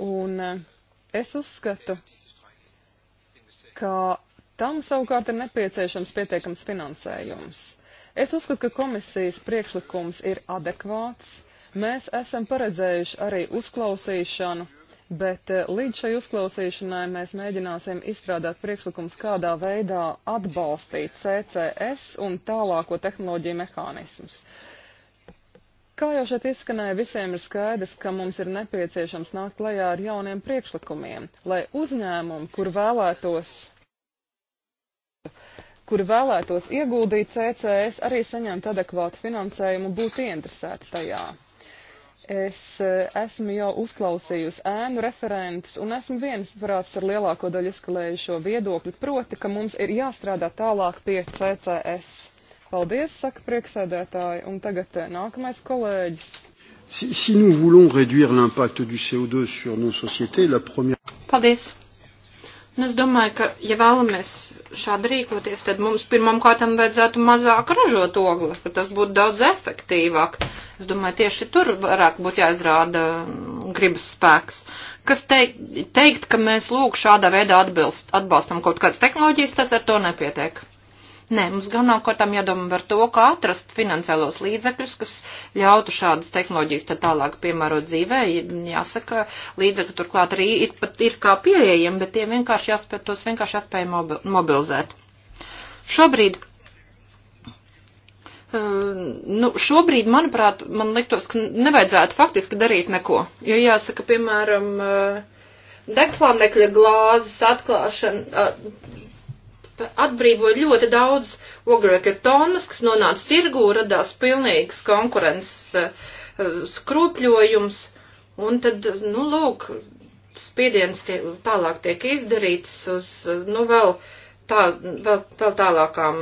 Un eh, es uzskatu, ka tam savukārt ir nepieciešams pietiekams finansējums. Es uzskatu, ka komisijas priekšlikums ir adekvāts. Mēs esam paredzējuši arī uzklausīšanu bet eh, līdz šai uzklausīšanai mēs mēģināsim izstrādāt priekšlikums, kādā veidā atbalstīt CCS un tālāko tehnoloģiju mehānismus. Kā jau šeit izskanēja, visiem ir skaidrs, ka mums ir nepieciešams nākt klajā ar jauniem priekšlikumiem, lai uzņēmumi, kur vēlētos kuri vēlētos ieguldīt CCS, arī saņemt adekvātu finansējumu, būtu interesēti tajā. Es eh, esmu jau uzklausījusi ēnu referentus un esmu viensprāts ar lielāko daļu izskalējušo viedokļu, proti, ka mums ir jāstrādā tālāk pie CCS. Paldies, saka prieksēdētāji, un tagad eh, nākamais kolēģis.
Si, si nous voulons réduire l'impact du CO2 sur nos sociétés, la première.
Paldies. Un nu, es domāju, ka, ja vēlamies šādi rīkoties, tad mums pirmam kārtam vajadzētu mazāk ražot ogles, ka tas būtu daudz efektīvāk. Es domāju, tieši tur varētu būt jāizrāda mm, gribas spēks. Kas teik, teikt, ka mēs lūk šādā veidā atbilst, atbalstam kaut kādas tehnoloģijas, tas ar to nepietiek. Nē, mums galvenokārtām jādomā par to, kā atrast finansiālos līdzekļus, kas ļautu šādas tehnoloģijas tad tālāk piemērot dzīvē. Jāsaka, līdzekļi turklāt arī ir, pat ir kā pieejami, bet tie vienkārši jāspēj, tos vienkārši jāspēj mobilizēt. Šobrīd Ehm, nu, šobrīd, manuprāt, man liktos, ka nevajadzētu faktiski darīt neko. Jo jāsaka, piemēram, eh, degflānekļa glāzes atklāšana eh, atbrīvoja ļoti daudz oglekļa tonnas, kas nonāca tirgū, radās pilnīgs konkurences eh, skrūpļojums. Un tad, nu, lūk, spiediens tie, tālāk tiek izdarīts uz, nu, vēl uh, tā, vēl, vēl tālākām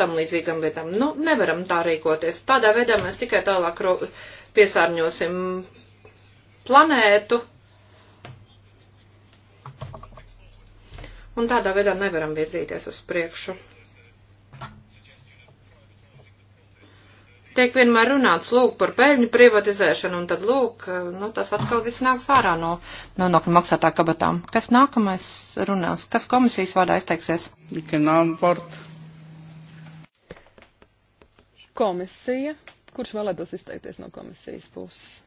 tam līdzīgām lietām. Nu, nevaram tā rīkoties. Tādā veidā mēs tikai tālāk piesārņosim planētu. Un tādā veidā nevaram virzīties uz priekšu. tiek vienmēr runāts, lūk, par peļņu privatizēšanu, un tad, lūk, nu, tas atkal viss nāks ārā no nodokļu maksātā kabatām. Kas nākamais runās? Kas komisijas vārdā izteiksies?
Komisija. Kurš vēlētos izteikties no komisijas puses?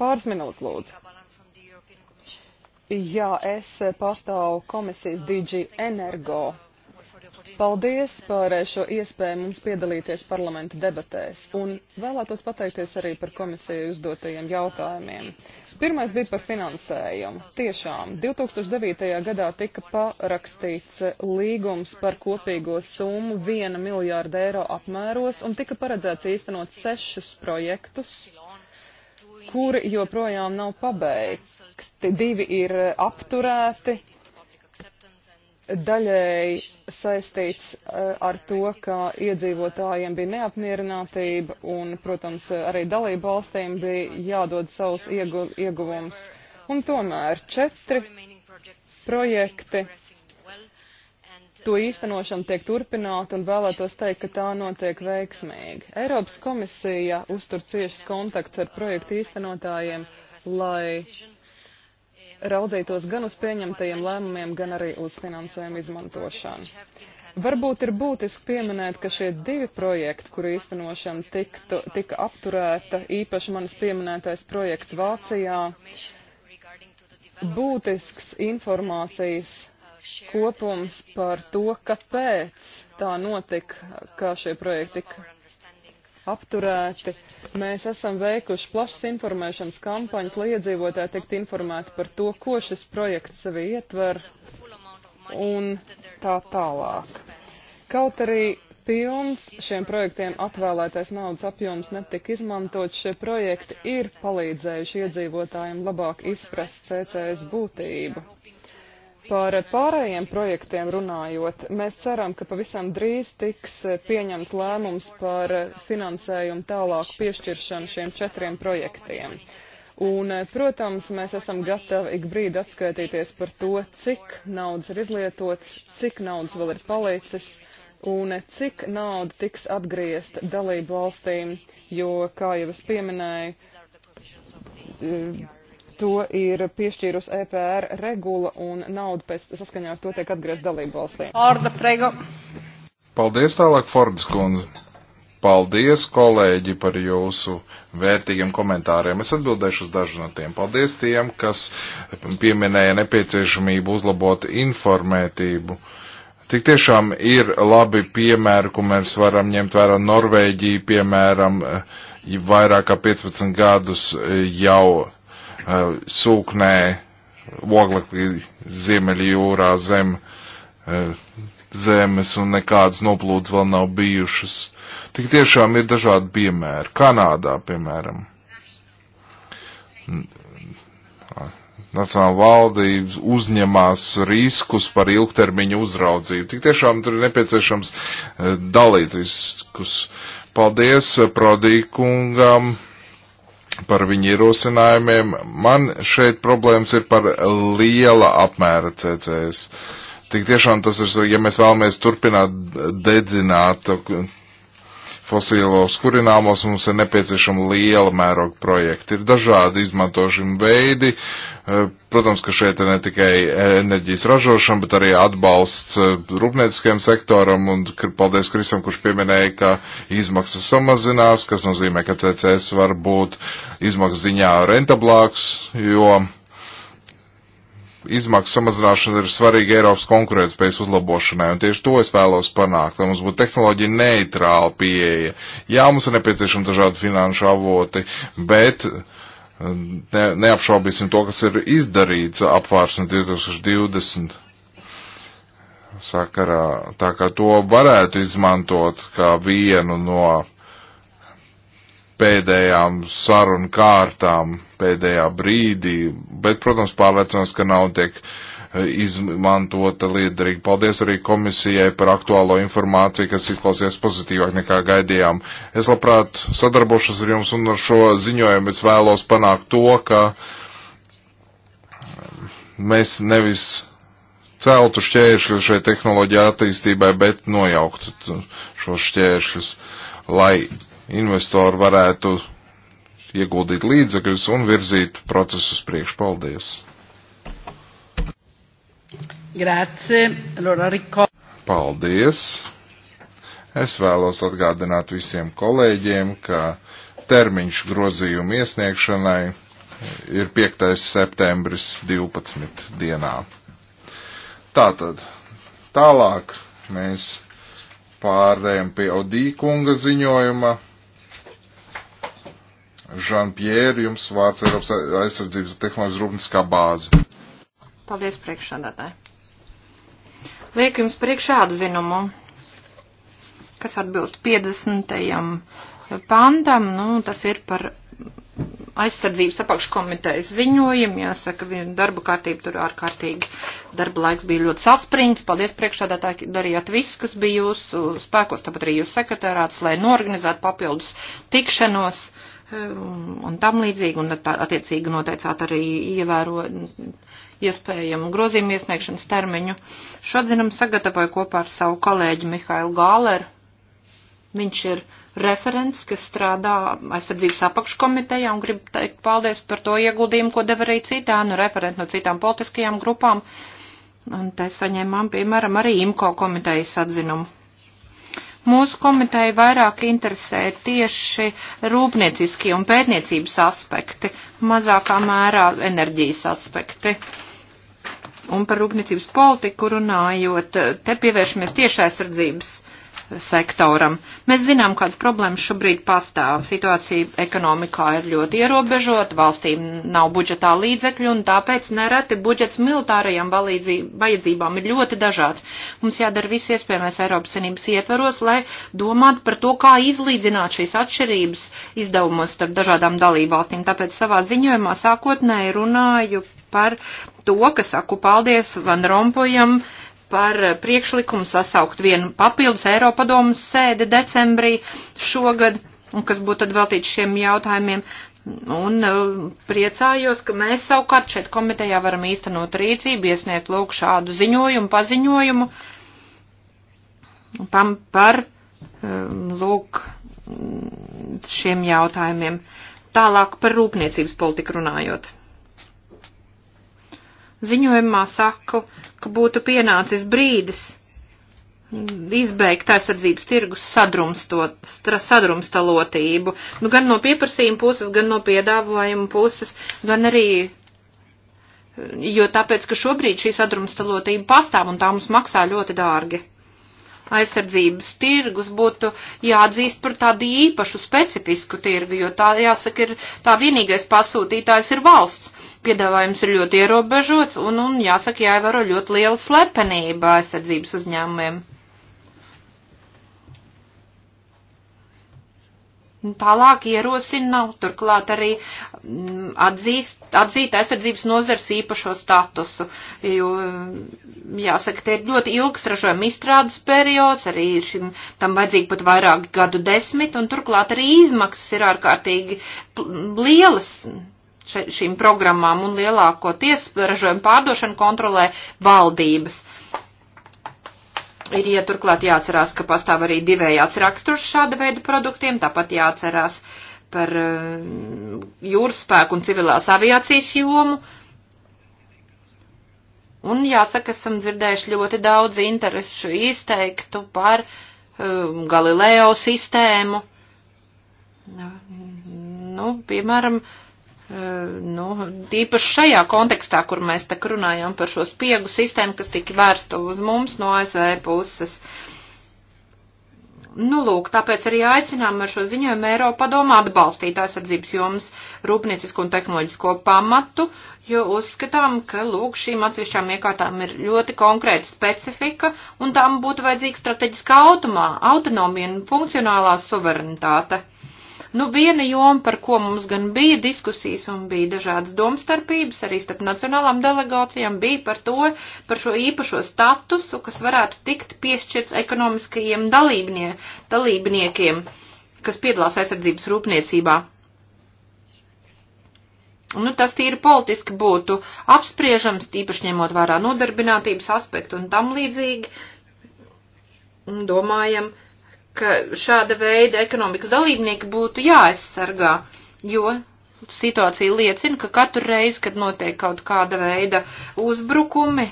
Pāris minūtes lūdzu. Jā, es pastāvu komisijas DG Energo Paldies par šo iespēju mums piedalīties parlamenta debatēs un vēlētos pateikties arī par komisiju uzdotajiem jautājumiem. Pirmais bija par finansējumu. Tiešām, 2009. gadā tika parakstīts līgums par kopīgo summu 1 miljārdu eiro apmēros un tika paredzēts īstenot sešus projektus, kuri joprojām nav pabeigti. Divi ir apturēti, daļēji saistīts eh, ar to, ka iedzīvotājiem bija neapmierinātība un, protams, arī dalību valstīm bija jādod savus iegu, ieguvums. Un tomēr četri projekti, to īstenošana tiek turpināta un vēlētos teikt, ka tā notiek veiksmīgi. Eiropas komisija uztur ciešas kontakts ar projektu īstenotājiem, lai raudzītos gan uz pieņemtajiem lēmumiem, gan arī uz finansējumu izmantošanu. Varbūt ir būtiski pieminēt, ka šie divi projekti, kur īstenošana tiktu, tika apturēta, īpaši manis pieminētais projekts Vācijā, būtisks informācijas kopums par to, kāpēc tā notika, kā šie projekti tika apturēti. Mēs esam veikuši plašas informēšanas kampaņas, lai iedzīvotāji tiktu informēti par to, ko šis projekts sevi ietver un tā tālāk. Kaut arī pilns šiem projektiem atvēlētais naudas apjoms netika izmantots, šie projekti ir palīdzējuši iedzīvotājiem labāk izprast CCS būtību. Par pārējiem projektiem runājot, mēs ceram, ka pavisam drīz tiks eh, pieņemts lēmums par finansējumu tālāku piešķiršanu šiem četriem projektiem. Un, eh, protams, mēs esam gatavi ik brīdi atskaitīties par to, cik naudas ir izlietots, cik naudas vēl ir palicis un eh, cik nauda tiks atgriezta dalību valstīm, jo, kā jau es pieminēju, to ir piešķīrusi EPR regula un nauda pēc saskaņā ar to tiek atgriezt dalību valstīm. Orda prego.
Paldies tālāk, Fords kundze. Paldies, kolēģi, par jūsu vērtīgiem komentāriem. Es atbildēšu uz dažu no tiem. Paldies tiem, kas pieminēja nepieciešamību uzlabot informētību. Tik tiešām ir labi piemēri, ko mēs varam ņemt vērā Norvēģiju, piemēram, vairāk kā 15 gadus jau Eh, sūknē oglekli Ziemeļa jūrā zem eh, zemes un nekādas noplūdes vēl nav bijušas. Tik tiešām ir dažādi piemēri. Kanādā, piemēram, Nacionāla valdības uzņemās riskus par ilgtermiņu uzraudzību. Tik tiešām tur ir nepieciešams eh, dalīt riskus. Paldies Prodīkungam! par viņu ierosinājumiem. Man šeit problēmas ir par liela apmēra CCS. Tik tiešām tas ir, ja mēs vēlamies turpināt dedzināt fosilos kurināmos, mums ir nepieciešama liela mēroga projekta. Ir dažādi izmantošana veidi. Eh, protams, ka šeit ir ne tikai enerģijas ražošana, bet arī atbalsts eh, rūpnieciskajam sektoram. Un paldies Krisam, kurš pieminēja, ka izmaksas samazinās, kas nozīmē, ka CCS var būt izmaksas ziņā rentablāks, jo izmaksu samazināšana ir svarīga Eiropas konkurētspējas uzlabošanai, un tieši to es vēlos panākt, lai mums būtu tehnoloģija neitrāla pieeja. Jā, mums ir nepieciešami dažādi finanšu avoti, bet um, ne, neapšaubīsim to, kas ir izdarīts apvārsni 2020 sakarā, tā kā to varētu izmantot kā vienu no pēdējām sarunu kārtām, pēdējā brīdī, bet, protams, pārliecināts, ka nav tiek eh, izmantota liederīgi. Paldies arī komisijai par aktuālo informāciju, kas izklausies pozitīvāk nekā gaidījām. Es labprāt sadarbošos ar jums un ar šo ziņojumu es vēlos panākt to, ka mēs nevis celtu šķēršļus šai tehnoloģija attīstībai, bet nojauktu šos šķēršļus, lai investori varētu ieguldīt līdzekļus un virzīt procesus priekš. Paldies!
Grazie. Allora, ricor-
Paldies! Es vēlos atgādināt visiem kolēģiem, ka termiņš grozījumu iesniegšanai ir 5. septembris 12. dienā. Tātad, tālāk mēs pārējām pie Odīkunga ziņojuma. Žanpjēri, jums vārds Eiropas aizsardzības tehnoloģijas rūpniskā bāze.
Paldies priekšādātāji. Liek jums priekšā atzinumu, kas atbilst 50. pantam, nu, tas ir par aizsardzības apakškomitejas ziņojumu. Jāsaka, darba kārtība tur ārkārtīgi. Darba laiks bija ļoti saspringts. Paldies priekšādātāji, darījāt visu, kas bija jūsu spēkos, tāpat arī jūsu sekretārāts, lai norganizētu papildus tikšanos. Uh, Um, un tam līdzīgi, un tā, attiecīgi noteicāt arī ievēro iespējamu grozījumu iesniegšanas termiņu. Šo atzinumu sagatavoju kopā ar savu kolēģi Mihailu Gāleru. Viņš ir referents, kas strādā aizsardzības apakškomitejā un grib teikt paldies par to ieguldījumu, ko deva arī citā, nu, referenti no citām politiskajām grupām. Un te saņēmām, piemēram, arī IMCO komitejas atzinumu. Mūsu komiteja vairāk interesē tieši rūpnieciskie un pētniecības aspekti, mazākā mērā enerģijas aspekti. Un par rūpniecības politiku runājot, te pievēršamies tieši aizsardzības sektoram. Mēs zinām, kādas problēmas šobrīd pastāv. Situācija ekonomikā ir ļoti ierobežota, valstīm nav budžetā līdzekļu, un tāpēc nereti budžets militārajām vajadzībām ir ļoti dažāds. Mums jādara viss iespējamais Eiropas Savienības ietvaros, lai domātu par to, kā izlīdzināt šīs atšķirības izdevumos starp dažādām dalībvalstīm. Tāpēc savā ziņojumā sākotnēji runāju par to, ka saku paldies Van Rompujam par eh, priekšlikumu sasaukt vienu papildus Eiropadomas sēdi decembrī šogad, un kas būtu tad veltīts šiem jautājumiem. Un eh, priecājos, ka mēs savukārt šeit komitejā varam īstenot rīcību, iesniegt lūk šādu ziņojumu, paziņojumu pam, par eh, lūk šiem jautājumiem. Tālāk par rūpniecības politiku runājot. Ziņojumā saku, ka būtu pienācis brīdis izbeigt aizsardzības tirgus sadrumstalotību, nu gan no pieprasījuma puses, gan no piedāvājuma puses, gan arī, jo tāpēc, ka šobrīd šī sadrumstalotība pastāv un tā mums maksā ļoti dārgi aizsardzības tirgus būtu jāatzīst par tādu īpašu specifisku tirgu, jo tā, jāsaka, ir tā vienīgais pasūtītājs ir valsts. Piedāvājums ir ļoti ierobežots un, un jāsaka, jāievēro ļoti liela slepenība aizsardzības uzņēmumiem. Tālāk ierosina, turklāt arī mm, atzīst, atzīt aizsardzības nozars īpašo statusu, jo, mm, jāsaka, tie ir ļoti ilgs ražojuma izstrādes periods, arī šim tam vajadzīgi pat vairāk gadu desmit, un turklāt arī izmaksas ir ārkārtīgi lielas še, šīm programmām, un lielākoties ražojuma pārdošanu kontrolē valdības. Uh, Ir ja turklāt jāatcerās, ka pastāv arī divējāds raksturs šāda veida produktiem, tāpat jāatcerās par eh, jūras spēku un civilās aviācijas jomu. Un jāsaka, esam dzirdējuši ļoti daudz interesu izteiktu par um, Galileo sistēmu. Nu, piemēram, uh, Eh, nu, īpaši šajā kontekstā, kur mēs tak runājam par šo spiegu sistēmu, kas tika vērsta uz mums no ASV puses. Nu, lūk, tāpēc arī aicinām ar šo ziņojumu Eiropa padomu atbalstīt aizsardzības jomas rūpniecisko un tehnoloģisko pamatu, jo uzskatām, ka, lūk, šīm atsevišķām iekārtām ir ļoti konkrēta specifika, un tām būtu vajadzīga strateģiskā automā, autonomija un funkcionālā suverenitāte. Uh, Nu, viena joma, par ko mums gan bija diskusijas un bija dažādas domstarpības, arī starp nacionālām delegācijām, bija par to, par šo īpašo statusu, kas varētu tikt piešķirts ekonomiskajiem dalībnie, dalībniekiem, kas piedalās aizsardzības rūpniecībā. Nu, tas tīri politiski būtu apspriežams, tīpaši ņemot vērā nodarbinātības aspektu un tam līdzīgi. Domājam, uh, ka šāda veida ekonomikas dalībnieki būtu jāaizsargā, jo situācija liecina, ka katru reizi, kad notiek kaut kāda veida uzbrukumi,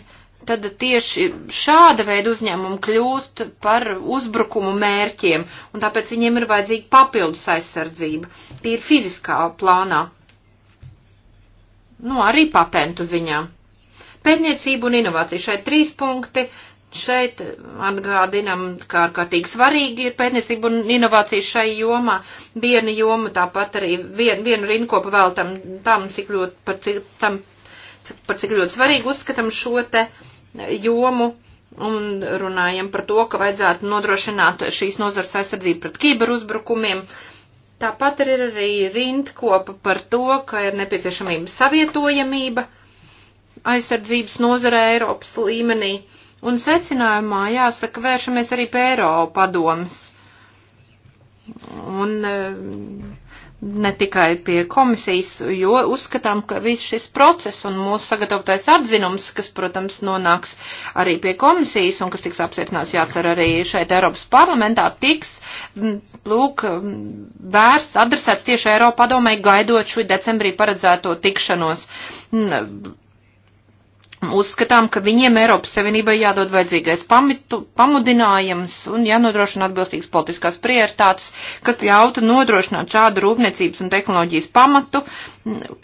tad tieši šāda veida uzņēmumi kļūst par uzbrukumu mērķiem, un tāpēc viņiem ir vajadzīga papildus aizsardzība, tīri fiziskā plānā, nu arī patentu ziņā. Pētniecība un inovācija šeit trīs punkti, uh, šeit atgādinam, kā ārkārtīgi svarīgi ir pētniecība un inovācijas šai jomā. Viena joma tāpat arī vien, vienu rinkopu vēl tam, tam, cik ļoti, par cik, tam, par cik ļoti svarīgi uzskatam šo te jomu un runājam par to, ka vajadzētu nodrošināt šīs nozars aizsardzību pret kiberuzbrukumiem. Tāpat ir arī rindkopa par to, ka ir nepieciešamība savietojamība aizsardzības nozara Eiropas līmenī Un secinājumā, jāsaka, vēršamies arī pie Eiropa padomas. Un e, ne tikai pie komisijas, jo uzskatām, ka viss šis process un mūsu sagatavotais atzinums, kas, protams, nonāks arī pie komisijas un kas tiks apstiprināts, jācer arī šeit Eiropas parlamentā, tiks, lūk, vērsts, adresēts tieši Eiropa padomai, gaidot šo decembrī paredzēto tikšanos Uzskatām, ka viņiem Eiropas Savienībai jādod vajadzīgais pamitu, pamudinājums un jānodrošina atbilstīgas politiskās prioritātes, kas ļautu nodrošināt šādu rūpniecības un tehnoloģijas pamatu,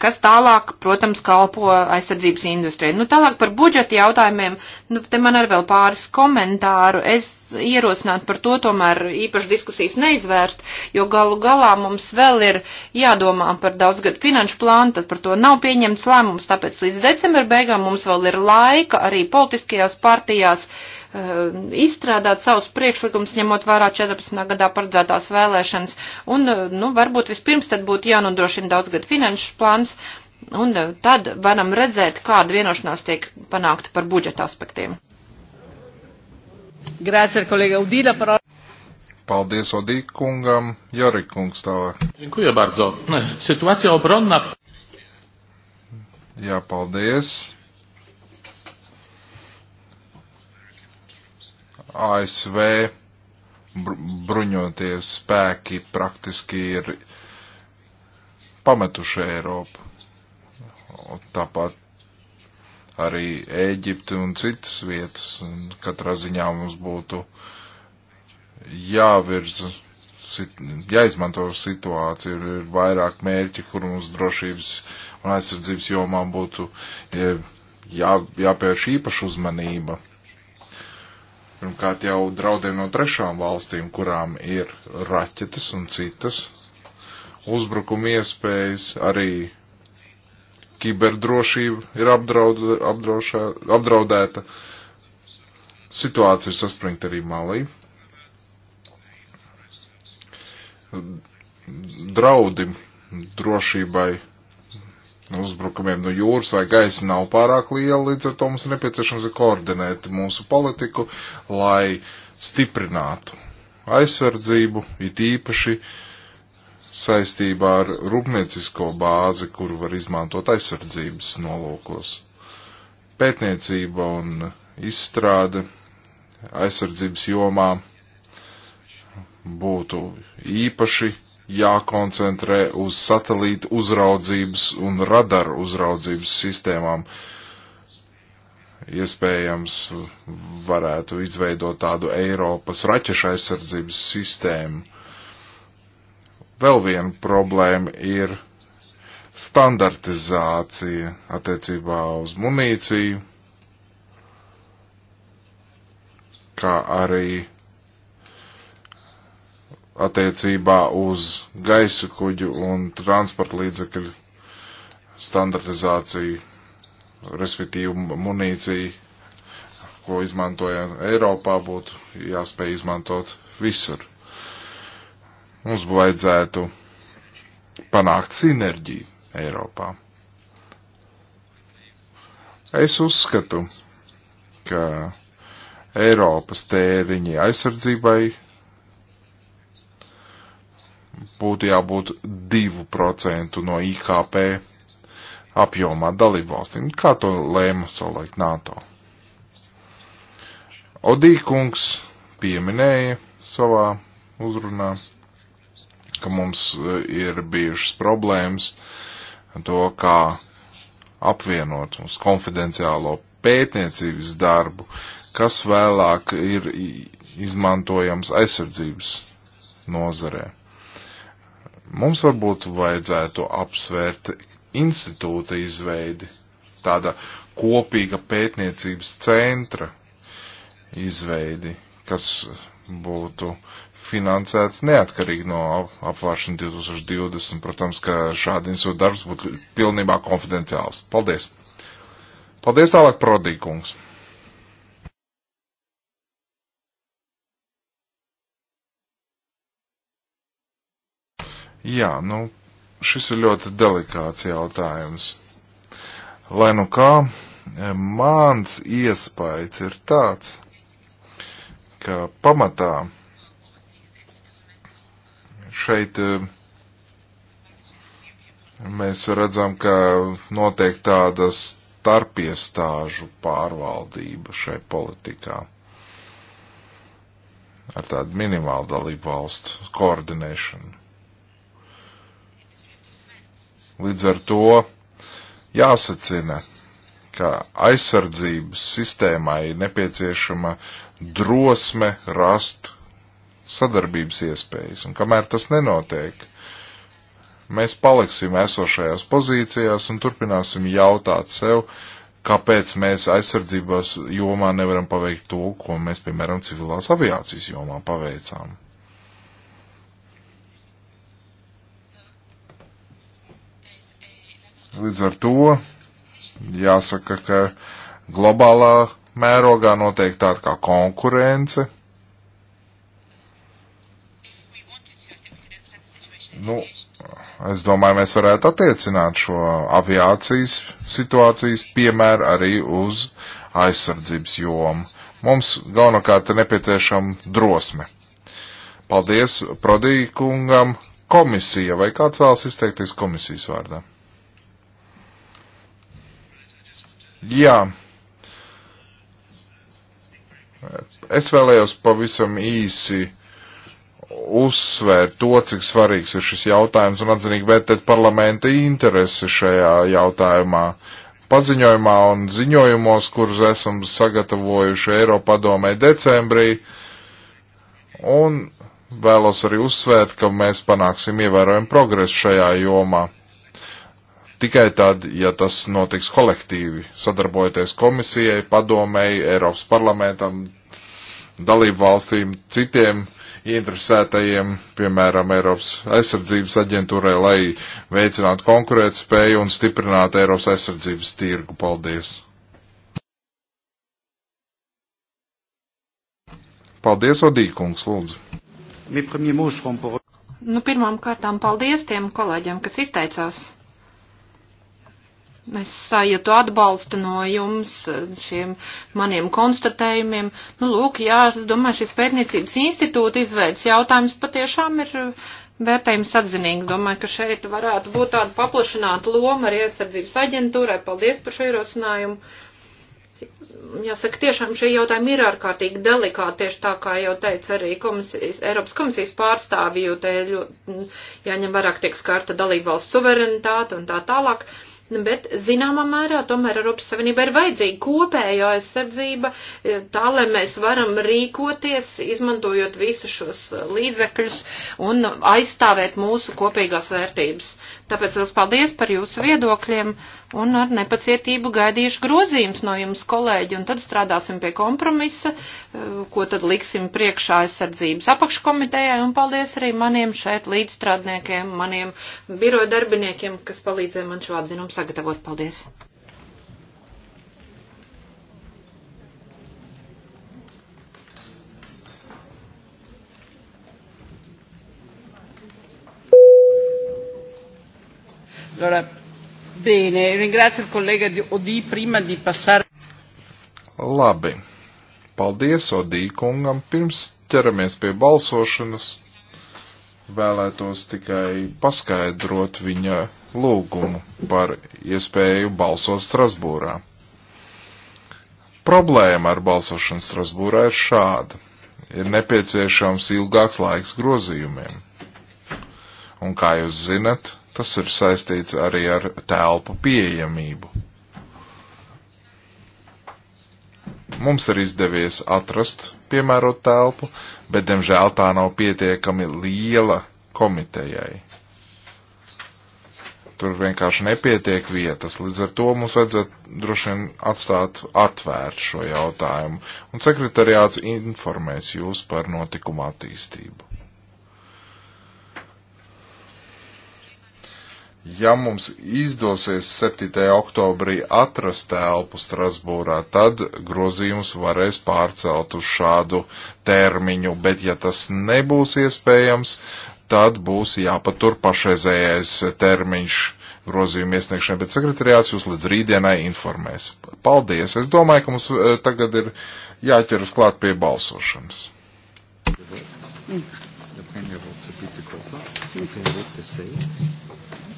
kas tālāk, protams, kalpo aizsardzības industrijai. Nu, tālāk par budžeta jautājumiem, nu, te man ir vēl pāris komentāru. Es ierosinātu par to tomēr īpaši diskusijas neizvērst, jo galu galā mums vēl ir jādomā par daudzgadu finanšu plānu, tad par to nav pieņemts lēmums, tāpēc līdz decembra beigām mums vēl ir laika arī politiskajās partijās. Uh, Um, izstrādāt savus priekšlikumus, ņemot vērā 14. gadā paredzētās vēlēšanas. Un, uh, nu, varbūt vispirms tad būtu jānodrošina daudzgad finanšu plāns, un uh, tad varam redzēt, kāda vienošanās tiek panākta par budžeta aspektiem. Grācer, kolēga Udīla, par...
Paldies Odī kungam, Jari kungs tālāk. Dziękuję bardzo. Situācija obronna. Jā, paldies ASV bruņoties spēki praktiski ir pametuši Eiropu. Un tāpat arī Ēģipti un citas vietas. Un katrā ziņā mums būtu jāvirza, sit, jāizmanto situācija, ir, ir vairāk mērķi, kur mums drošības un aizsardzības jomā būtu jā, jāpievērš īpaša uzmanība pirmkārt jau draudiem no trešām valstīm, kurām ir raķetes un citas uzbrukuma iespējas, arī kiberdrošība ir apdraud, apdraušā, apdraudēta. Situācija ir saspringta arī Malī. Draudi drošībai uzbrukumiem no jūras vai gaisa nav pārāk liela, līdz ar to mums ir nepieciešams koordinēt mūsu politiku, lai stiprinātu aizsardzību, it īpaši saistībā ar rūpniecisko bāzi, kuru var izmantot aizsardzības nolūkos. Pētniecība un izstrāde aizsardzības jomā būtu īpaši jākoncentrē uz satelītu uzraudzības un radaru uzraudzības sistēmām. Iespējams, varētu izveidot tādu Eiropas raķešu aizsardzības sistēmu. Vēl viena problēma ir standartizācija attiecībā uz munīciju, kā arī attiecībā uz gaisa kuģu un transporta līdzekļu standartizāciju, respektīvi munīciju, ko izmantojam Eiropā, būtu jāspēj izmantot visur. Mums vajadzētu panākt sinerģiju Eiropā. Es uzskatu, ka Eiropas tēriņi aizsardzībai būtu jābūt 2% no IKP apjomā dalībvalstīm, kā to lēma savulaik NATO. Odīkungs pieminēja savā uzrunā, ka mums e, ir bijušas problēmas to, kā apvienot mums konfidenciālo pētniecības darbu, kas vēlāk ir izmantojams aizsardzības nozarē. Mums varbūt vajadzētu apsvērt institūta izveidi, tāda kopīga pētniecības centra izveidi, kas būtu finansēts neatkarīgi no apvāršana 2020. Protams, ka šādi institūta darbs būtu pilnībā konfidenciāls. Paldies! Paldies tālāk, Prodīkungs! Jā, nu, šis ir ļoti delikāts jautājums. Lai nu kā, mans iespējas ir tāds, ka pamatā šeit eh, mēs redzam, ka notiek tāda starpiestāžu pārvaldība šai politikā ar tādu minimālu dalību valstu koordinēšanu. Līdz ar to jāsacina, ka aizsardzības sistēmai nepieciešama drosme rast sadarbības iespējas. Un kamēr tas nenotiek, mēs paliksim esošajās pozīcijās un turpināsim jautāt sev, kāpēc mēs aizsardzības jomā nevaram paveikt to, ko mēs, piemēram, civilās aviācijas jomā paveicām. Līdz ar to jāsaka, ka globālā mērogā notiek tāda kā konkurence. Nu, es domāju, mēs varētu attiecināt šo aviācijas situācijas piemēru arī uz aizsardzības jomu. Mums galvenokārt ir nepieciešama drosme. Paldies Prodīkungam komisija, vai kāds vēlas izteikties komisijas vārdā? Jā. Es vēlējos pavisam īsi uzsvērt to, cik svarīgs ir šis jautājums un atzinīgi vērtēt parlamenta interesi šajā jautājumā. Paziņojumā un ziņojumos, kurus esam sagatavojuši Eiropadomē decembrī, un vēlos arī uzsvērt, ka mēs panāksim ievērojumu progresu šajā jomā tikai tad, ja tas notiks kolektīvi, sadarbojoties komisijai, padomēji, Eiropas parlamentam, dalību valstīm, citiem ieinteresētajiem, piemēram, Eiropas aizsardzības aģentūrai, lai veicinātu konkurētspēju un stiprinātu Eiropas aizsardzības tirgu. Paldies! Paldies, Odīkungs, lūdzu!
Nu, pirmām kārtām paldies tiem kolēģiem, kas izteicās. Es sajūtu atbalstu no jums šiem maniem konstatējumiem. Nu, lūk, jā, es domāju, šis pētniecības institūta izvērts jautājums patiešām ir vērtējums atzinīgs. Domāju, ka šeit varētu būt tāda paplašināta loma arī aizsardzības aģentūrai. Paldies par šo ierosinājumu. Jāsaka, tiešām šie jautājumi ir ārkārtīgi delikāti, tieši tā kā jau teica arī komisijas, Eiropas komisijas pārstāvji, jo te ļoti, jāņem vairāk tiek skarta dalībvalsts suverenitāte un tā tālāk. Uh, Nu, bet zināmā mērā tomēr Eiropas Savienībai ir vajadzīga kopēja aizsardzība, e, tā lai mēs varam rīkoties, izmantojot visus šos e, līdzekļus un aizstāvēt mūsu kopīgās vērtības. Tāpēc liels paldies par jūsu viedokļiem un ar nepacietību gaidīšu grozījums no jums, kolēģi, un tad strādāsim pie kompromisa, eh, ko tad liksim priekšā aizsardzības apakškomitejai, un paldies arī maniem šeit līdzstrādniekiem, maniem biroja darbiniekiem, kas palīdzēja man šo atzinumu sagatavot. Paldies!
Allora, bene, ringrazio il collega Odī prima di passare.
Labi. Paldies Odī kungam. Pirms ķeramies pie balsošanas, vēlētos tikai paskaidrot viņa lūgumu par iespēju balsot Strasbūrā. Problēma ar balsošanu Strasbūrā ir šāda. Ir nepieciešams ilgāks laiks grozījumiem. Un kā jūs zinat, Tas ir saistīts arī ar telpu pieejamību. Mums ir izdevies atrast piemērot telpu, bet, diemžēl, tā nav pietiekami liela komitejai. Tur vienkārši nepietiek vietas, līdz ar to mums vajadzētu droši vien atstāt atvērt šo jautājumu, un sekretariāts informēs jūs par notikumu attīstību. Ja mums izdosies 7. oktobrī atrast telpu Strasbūrā, tad grozījums varēs pārcelt uz šādu termiņu, bet ja tas nebūs iespējams, tad būs jāpatur pašreizējais termiņš grozījuma iesniegšanai, bet sekretariāts jūs līdz rītdienai informēs. Paldies! Es domāju, ka mums eh, tagad ir jāķeras klāt pie balsošanas.
Mm.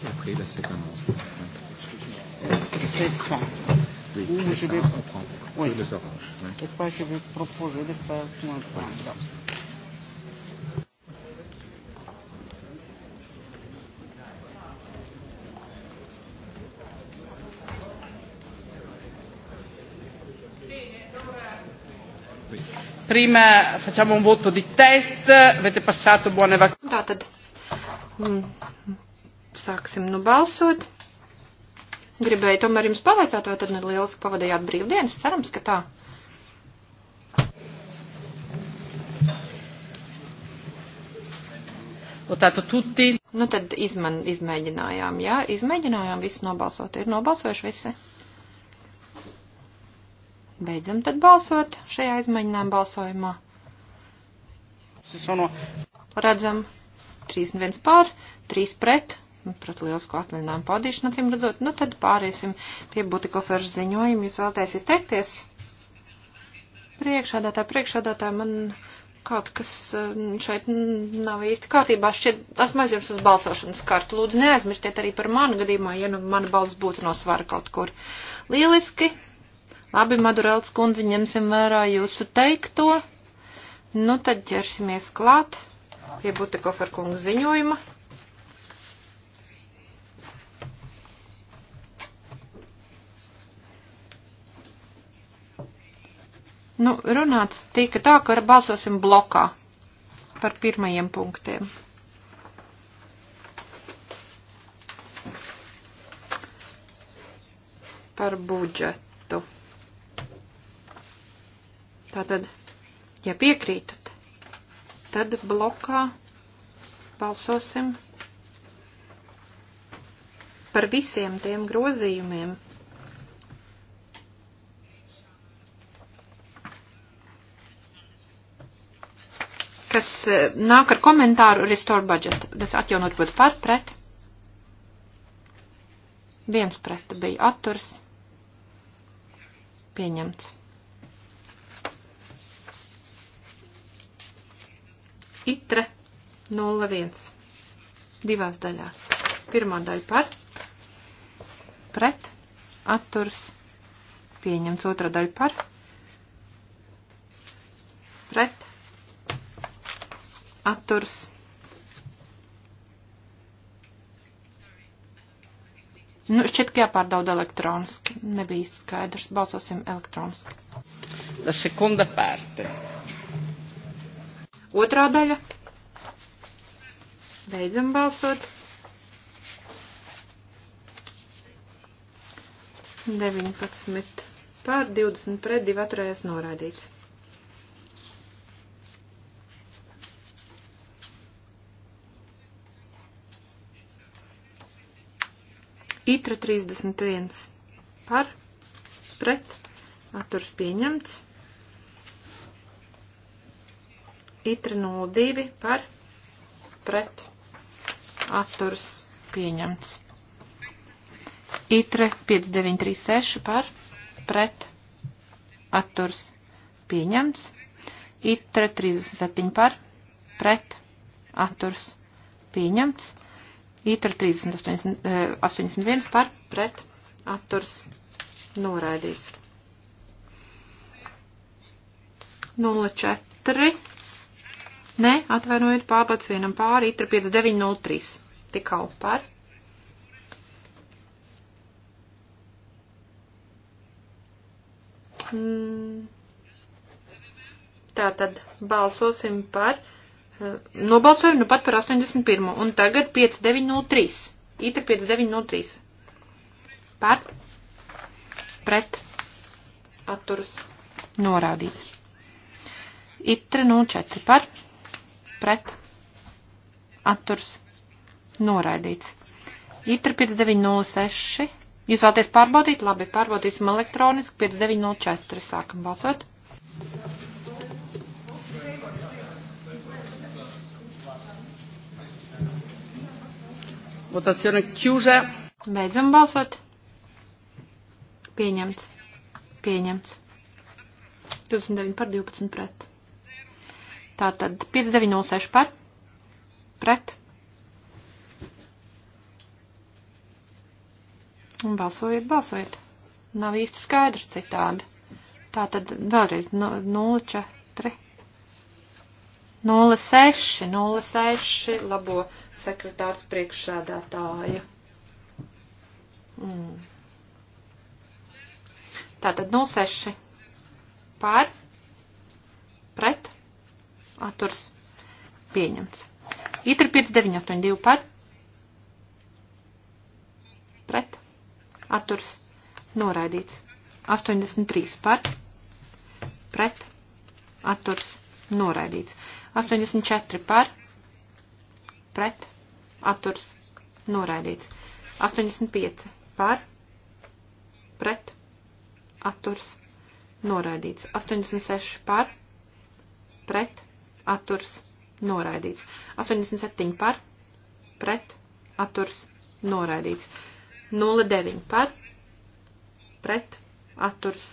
Et après, la 711. 700. Oui, Ou je ça, vais... on prend oui. les oranges. Oui. Et pas, je vais proposer de faire tout un point. Voilà.
prima facciamo un voto di test, avete passato buone vacanze. Sāksim nu balsot. Gribēju tomēr jums pavaicāt, vai tad lieliski pavadījāt brīvdienas, cerams, ka tā. Votato tutti. Nu tad izman, izmēģinājām, jā, izmēģinājām visu nobalsot. Ir nobalsojuši visi. Beidzam tad balsot šajā izmēģinājuma balsojumā. Redzam, 31 pār, 3 pret, Nu, pret lielisko atvaļinājumu pavadīšanu, acīm redzot. Nu, tad pāriesim pie Butikoferža ziņojuma. Jūs vēlaties izteikties? Priekšādātā, priekšādātā man kaut kas eh, šeit nav īsti kārtībā. Šķiet, esmu aizjums uz balsošanas kartu. Lūdzu, neaizmirstiet arī par manu gadījumā, ja nu mana balss būtu no svara kaut kur. Lieliski! Labi, Madurēls kundze, ņemsim vērā jūsu teikto. Nu, tad ķersimies klāt pie Butekoferkunga ziņojuma. Nu, runāts tika tā, ka balsosim blokā par pirmajiem punktiem. Par budžetu. Tātad, ja piekrītat, tad blokā balsosim par visiem tiem grozījumiem, kas e, nāk ar komentāru Restore Budget. Tas atjaunot būtu par pret. Viens pret bija atturs. Pieņemts. Itre 01. Divās daļās. Pirmā daļa par. Pret. Atturs. Pieņemts. Otra daļa par atturs. Nu, šķiet, ka jāpārdauda elektroniski. Nebija skaidrs. Balsosim elektroniski. La sekunda parte. Otrā daļa. Beidzam balsot. 19 pār 20 pret 2 atturējās norādīts. Itra 31 par, pret, atturs pieņemts. Itra 02 par, pret, atturs pieņemts. Itre 5936 par pret atturs pieņemts. Itre 37 par pret atturs pieņemts. Itra 381 eh, par pret atturs noraidīts. 04. Nē, atvainojiet, pārbats vienam pāri, itra 5903. Tikau par. Mm. Tā tad balsosim par Nobalsojam nu pat par 81. Un tagad 5903. Itra 5903. Par. Pret. Atturas. Norādīts. Itra 04. Par. Pret. Atturs. Noraidīts. Itra 5906. Jūs vēlaties pārbaudīt? Labi, pārbaudīsim elektroniski 5904. Sākam balsot. Votazione chiusa. Beidzam balsot. Pieņemts. Pieņemts. 29 par 12 pret. Tātad 5906 par. Pret. Un balsojiet, balsojiet. Nav īsti skaidrs citādi. Tātad vēlreiz 0, nu- 4. 06, 06 labo sekretārs priekšsēdētāja. Mm. Tātad 06 pār, pret, atturs pieņemts. Itri 5982 par, pret, atturs noraidīts. 83 par, pret, atturs pieņemts noraidīts. 84 par, pret, atturs, noraidīts. 85 par, pret, atturs, noraidīts. 86 par, pret, atturs, noraidīts. 87 par, pret, atturs, noraidīts. 09 par, pret, atturs,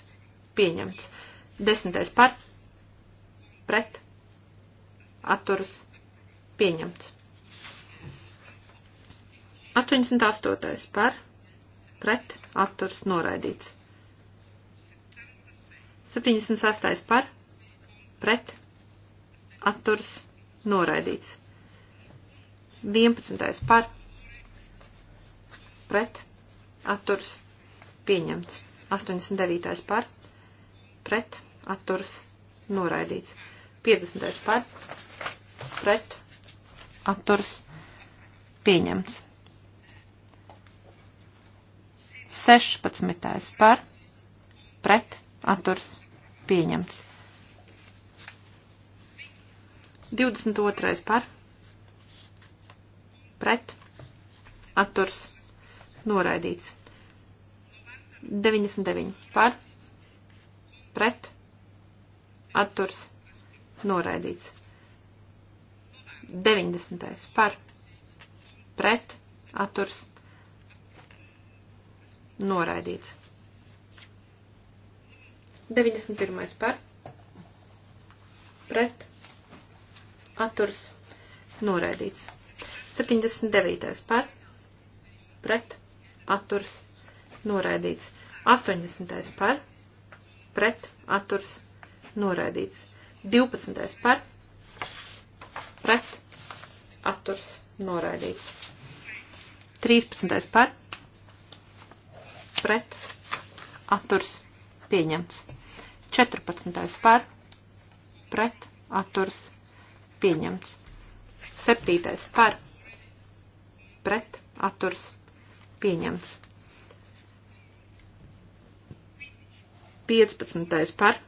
pieņemts. 10 par, pret, atturas, pieņemts. 88. par, pret, atturas, noraidīts. 76. par, pret, atturas, noraidīts. 11. par, pret, atturs, pieņemts. 89. par, pret, atturs, noraidīts. 50. par pret atturs pieņemts. 16. par pret atturs pieņemts. 22. par pret atturs noraidīts. 99 par pret atturs pieņemts noraidīts. 90. par pret atturs noraidīts. 91. par pret atturs noraidīts. 79. par pret atturs noraidīts. 80. par pret atturs noraidīts. 12. par pret atturs noraidīts. 13. par pret atturs pieņemts. 14. par pret atturs pieņemts. 7. par pret atturs pieņemts. 15. par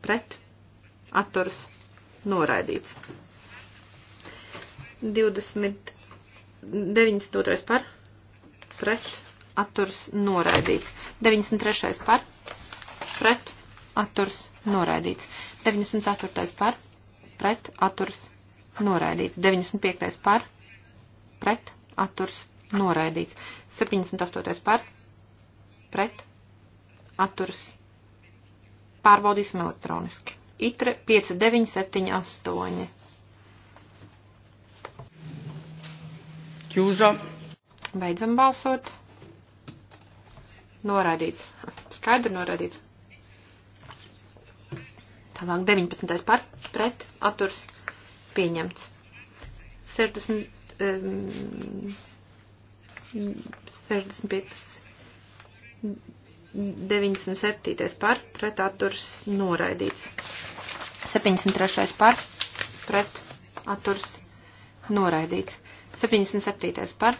pret atturas noraidīts. 29. par pret atturas noraidīts. 93. par pret atturas noraidīts. 94. par pret atturas noraidīts. 95. par pret atturas noraidīts. 78. par pret atturas pārbaudīsim elektroniski. ITRE 5978. Kjūza. Beidzam balsot. Noraidīts. Skaidri noraidīts. Tālāk 19. par pret atturs pieņemts. 60, um, 65. 97. par pretatturs noraidīts. 73. par, pret, atturs, noraidīts. 77. par.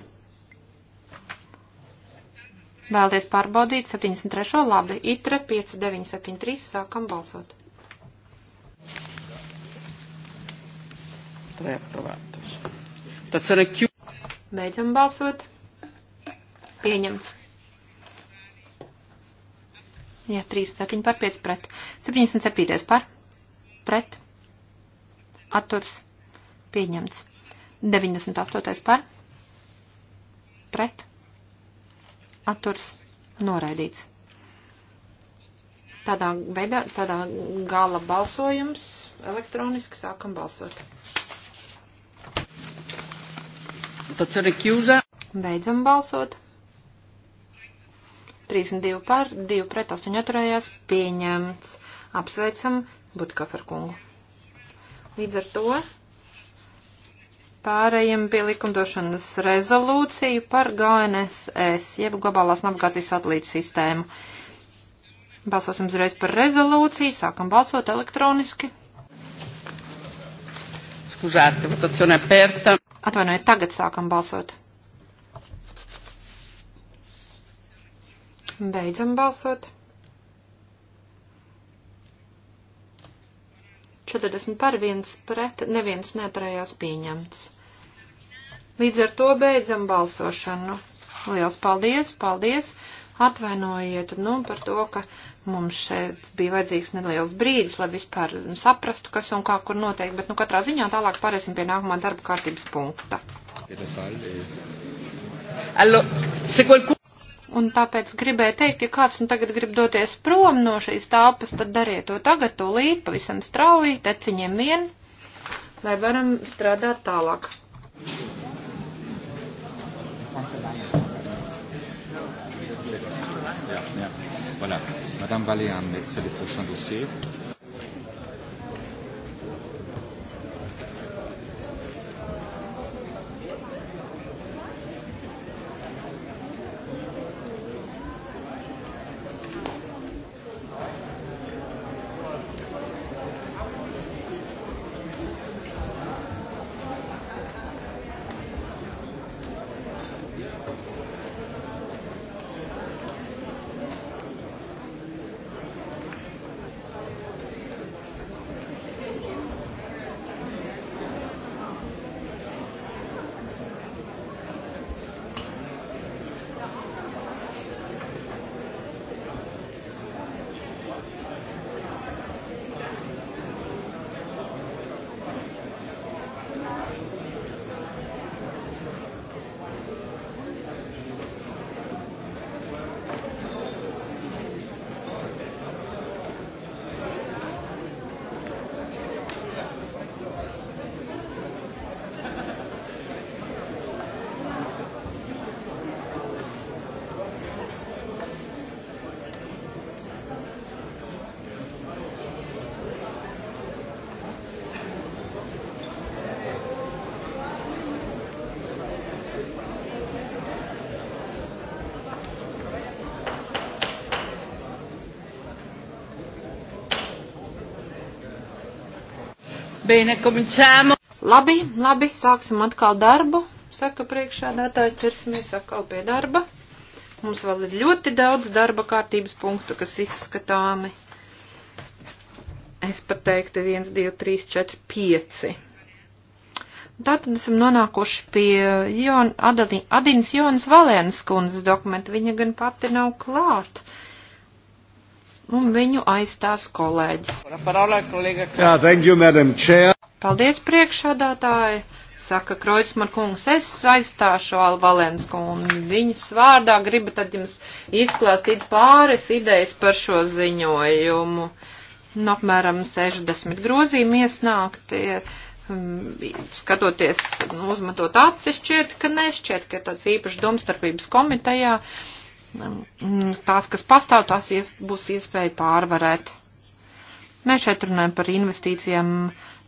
Vēlties pārbaudīt 73. labi. Itra 5973 sākam balsot. Beidzam balsot. Pieņemts. Jā, 3, 7 par 5 pret. 77 par pret, atturs, pieņemts. 98. par, pret, atturs, noraidīts. Tādā veidā, tādā gala balsojums elektroniski sākam balsot. Votazione chiusa. Beidzam balsot. 32 par, 2 pret 8 atturējās pieņemts. Apsveicam Butkaferkungu. Līdz ar to pārējiem pie likumdošanas rezolūciju par GNSS, jeb globālās navigācijas satelīta sistēmu. Balsosim uzreiz par rezolūciju, sākam balsot elektroniski.
Skužēta, votacione pērta.
Atvainojiet, tagad sākam balsot. Beidzam balsot. 40 par 1 pret, neviens neturējās pieņemts. Līdz ar to beidzam balsošanu. Liels paldies, paldies! Atvainojiet, nu, par to, ka mums šeit bija vajadzīgs neliels brīdis, lai vispār saprastu, kas un kā kur notiek, bet, nu, katrā ziņā tālāk pārēsim pie nākamā darba kārtības punkta. Allo, se qualcuno... Un tāpēc gribēju teikt, ja kāds nu tagad grib doties prom no šīs telpas, tad dariet to tagad, to līd, pavisam strauji, teciņiem vien, lai varam strādāt tālāk.
Voilà. Madame Valéan, c'est le prochain dossier.
Bene, cominciamo. Labi, labi, sāksim atkal darbu. Saka priekšādātāji, ķersimies atkal pie darba. Mums vēl ir ļoti daudz darba kārtības punktu, kas izskatāmi. Es pat teiktu 1, 2, 3, 4, 5. Tātad esam nonākuši pie Jon, Adaliņ, Adinas Jonas Valēnas kundzes dokumenta. Viņa gan pati nav klāta un viņu aizstās kolēģis.
Jā, thank you, madam chair.
Paldies, priekšādātāji. Saka Kreutzmann kungs, es aizstāšu Alvalens kungu. Viņas vārdā gribu tad jums izklāstīt pāris idejas par šo ziņojumu. Nu, apmēram 60 grozījumi iesnāktie. Um, skatoties, nu, uzmetot acis, šķiet, ka nešķiet, ka tāds īpašs domstarpības komitejā. Uh, Mm, tās, kas pastāv, tās ies, būs iespēja pārvarēt. Mēs šeit runājam par investīcijām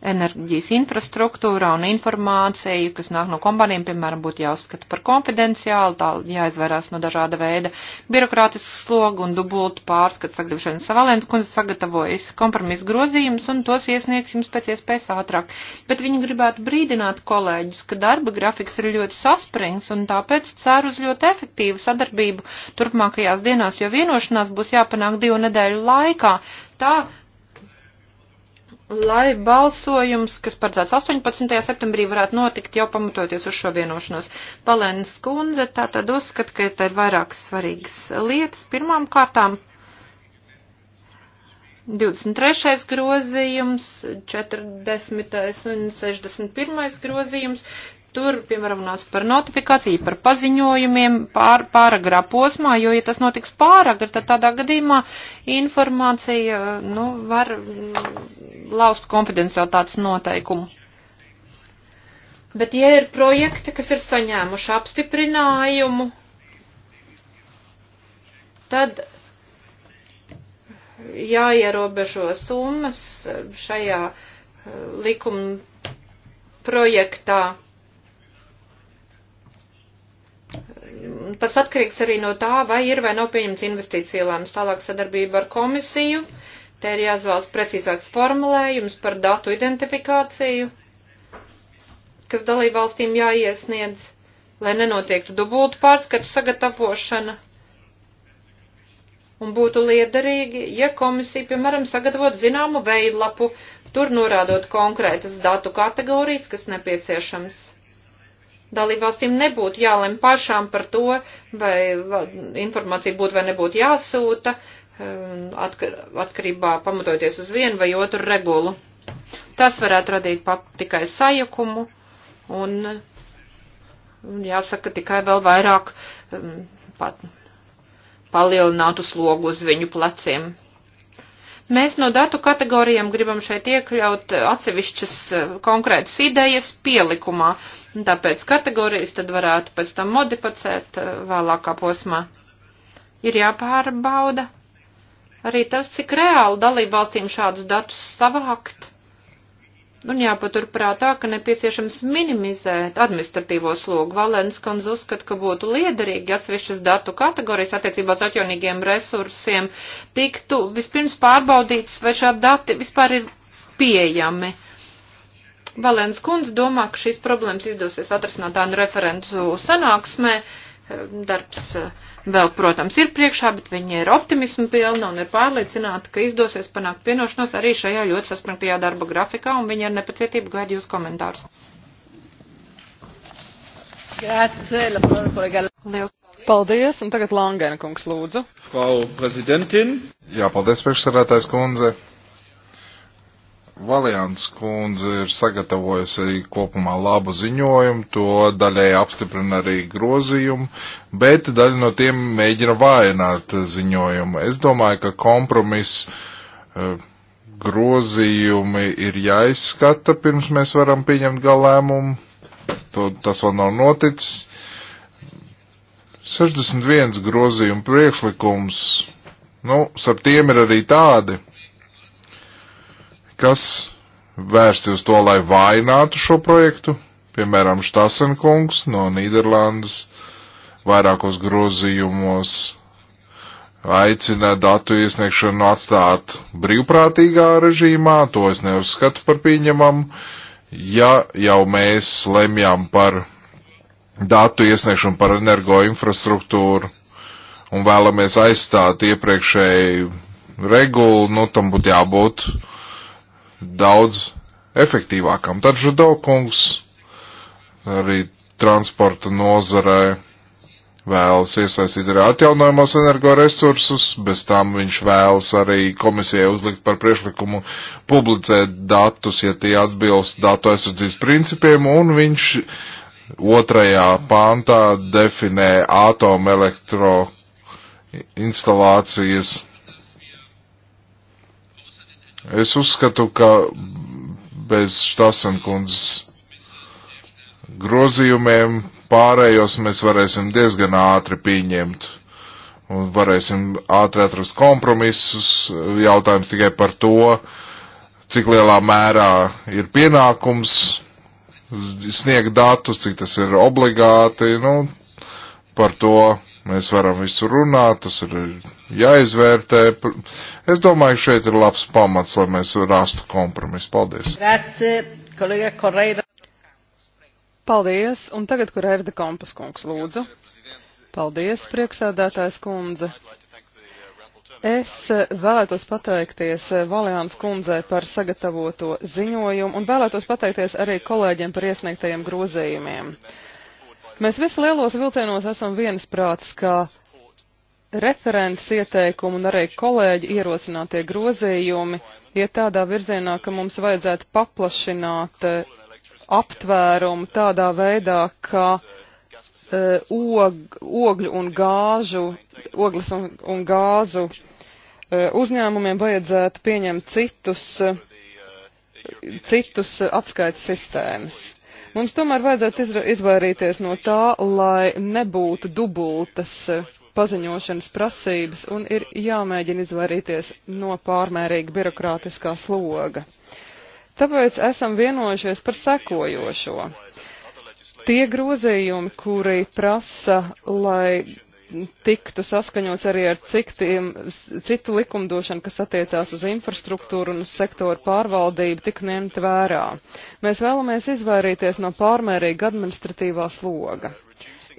enerģijas infrastruktūrā un informāciju, kas nāk no kompanijām, piemēram, būtu jāuzskata par konfidenciālu, tā jāizvairās no dažāda veida birokrātiskas slogu un dubultu pārskatu sagatavošanu. Savalēns kundze sagatavojas kompromisu grozījumus un tos iesniegs jums pēc iespējas ātrāk. Bet viņi gribētu brīdināt kolēģus, ka darba grafiks ir ļoti saspringts un tāpēc ceru uz ļoti efektīvu sadarbību turpmākajās dienās, jo vienošanās būs jāpanāk divu nedēļu laikā. Tā, lai balsojums, kas paredzēts 18. septembrī, varētu notikt jau pamatoties uz šo vienošanos. Palēnas kundze tā tad uzskat, ka te ir vairākas svarīgas lietas. Pirmām kārtām 23. grozījums, 40. un 61. grozījums, Tur, piemēram, runās par notifikāciju, par paziņojumiem pār, pāragrā posmā, jo, ja tas notiks pāragri, tad tādā gadījumā informācija, nu, var laust konfidencialitātes noteikumu. Bet, ja ir projekti, kas ir saņēmuši apstiprinājumu, tad jāierobežo summas šajā eh, likuma projektā. tas atkarīgs arī no tā, vai ir vai nav pieņemts investīcija lēmums. Tālāk sadarbība ar komisiju, te ir jāizvēlas precīzāks formulējums par datu identifikāciju, kas dalībvalstīm jāiesniedz, lai nenotiektu dubultu pārskatu sagatavošana. Un būtu liederīgi, ja komisija, piemēram, sagatavot zināmu veidlapu, tur norādot konkrētas datu kategorijas, kas nepieciešams Dalībvalstīm nebūtu jālem pašām par to, vai informācija būtu vai nebūtu jāsūta, um, atkar, atkarībā pamatoties uz vienu vai otru regulu. Tas varētu radīt pap, tikai sajukumu un, um, jāsaka, tikai vēl vairāk um, pat palielinātu slogu uz viņu pleciem. Mēs no datu kategorijām gribam šeit iekļaut atsevišķas e, konkrētas idejas pielikumā, un tāpēc kategorijas tad varētu pēc tam modificēt e, vēlākā posmā. Ir jāpārbauda arī tas, cik reāli dalībvalstīm šādus datus savākt Un jāpaturprātā, ka nepieciešams minimizēt administratīvo slogu. Valens kundze uzskata, ka būtu liederīgi atsevišķas datu kategorijas attiecībā uz atjaunīgiem resursiem tiktu vispirms pārbaudīts, vai šādi dati vispār ir pieejami. Valens kundze domā, ka šīs problēmas izdosies atrasināt tādu referentu sanāksmē. Darbs uh, vēl, protams, ir priekšā, bet viņi ir optimismu pilni un ir pārliecināti, ka izdosies panākt vienošanos arī šajā ļoti saspringtajā darba grafikā, un viņi ar nepacietību gaida jūs komentārus.
Liels paldies, un tagad Langena kungs lūdzu.
Frau prezidentin.
Jā, paldies priekšsarētājs kundze. Valiants kundze ir sagatavojusi kopumā labu ziņojumu, to daļai apstiprina arī grozījumu, bet daļa no tiem mēģina vājināt ziņojumu. Es domāju, ka kompromiss eh, grozījumi ir jāizskata, pirms mēs varam pieņemt galēmumu. To, tas vēl nav noticis. 61 grozījumu priekšlikums, nu, starp tiem ir arī tādi kas vērsti uz to, lai vainātu šo projektu, piemēram, Štasenkungs no Nīderlandes vairākos grozījumos aicina datu iesniegšanu atstāt brīvprātīgā režīmā, to es neuzskatu par pieņemamu, ja jau mēs lemjam par datu iesniegšanu par energoinfrastruktūru un vēlamies aizstāt iepriekšēju regulu, nu tam būtu jābūt uh, daudz efektīvākam. Taču Daukungs arī transporta nozarē vēlas iesaistīt arī atjaunojamos energoresursus, bez tam viņš vēlas arī komisijai uzlikt par priešlikumu publicēt datus, ja tie atbilst datu aizsardzības principiem, un viņš otrajā pāntā definē atomelektroinstalācijas Es uzskatu, ka bez Štasankundzes grozījumiem pārējos mēs varēsim diezgan ātri pieņemt un varēsim ātri atrast kompromisus. Jautājums tikai par to, cik lielā mērā ir pienākums sniegt datus, cik tas ir obligāti. Nu, par to Mēs varam visu runāt, tas ir jāizvērtē. Es domāju, šeit ir labs pamats, lai mēs rastu kompromisu. Paldies.
Paldies, un tagad, kur Erda Kompas kungs lūdzu. Paldies, prieksēdētājs kundze. Es vēlētos pateikties Valjāns kundzei par sagatavoto ziņojumu un vēlētos pateikties arī kolēģiem par iesniegtajiem grozījumiem. Uh, Mēs visi lielos vilcienos esam viensprāts, ka referents ieteikumi un arī kolēģi ierosinātie grozījumi iet tādā virzienā, ka mums vajadzētu paplašināt eh, aptvērumu tādā veidā, ka uh, og, ogļu un gāžu, ogles un, un gāzu uh, uzņēmumiem vajadzētu pieņemt citus, uh, citus atskaites sistēmas. Mums tomēr vajadzētu izvairīties no tā, lai nebūtu dubultas eh, paziņošanas prasības un ir jāmēģina izvairīties no pārmērīga birokrātiskā sloga. Tāpēc esam vienojušies par sekojošo. Tie grozījumi, kuri prasa, lai tiktu saskaņots arī ar ciktiem, citu likumdošanu, kas attiecās uz infrastruktūru un uz sektoru pārvaldību, tik ņemt vērā. Mēs vēlamies izvairīties no pārmērīga administratīvā sloga.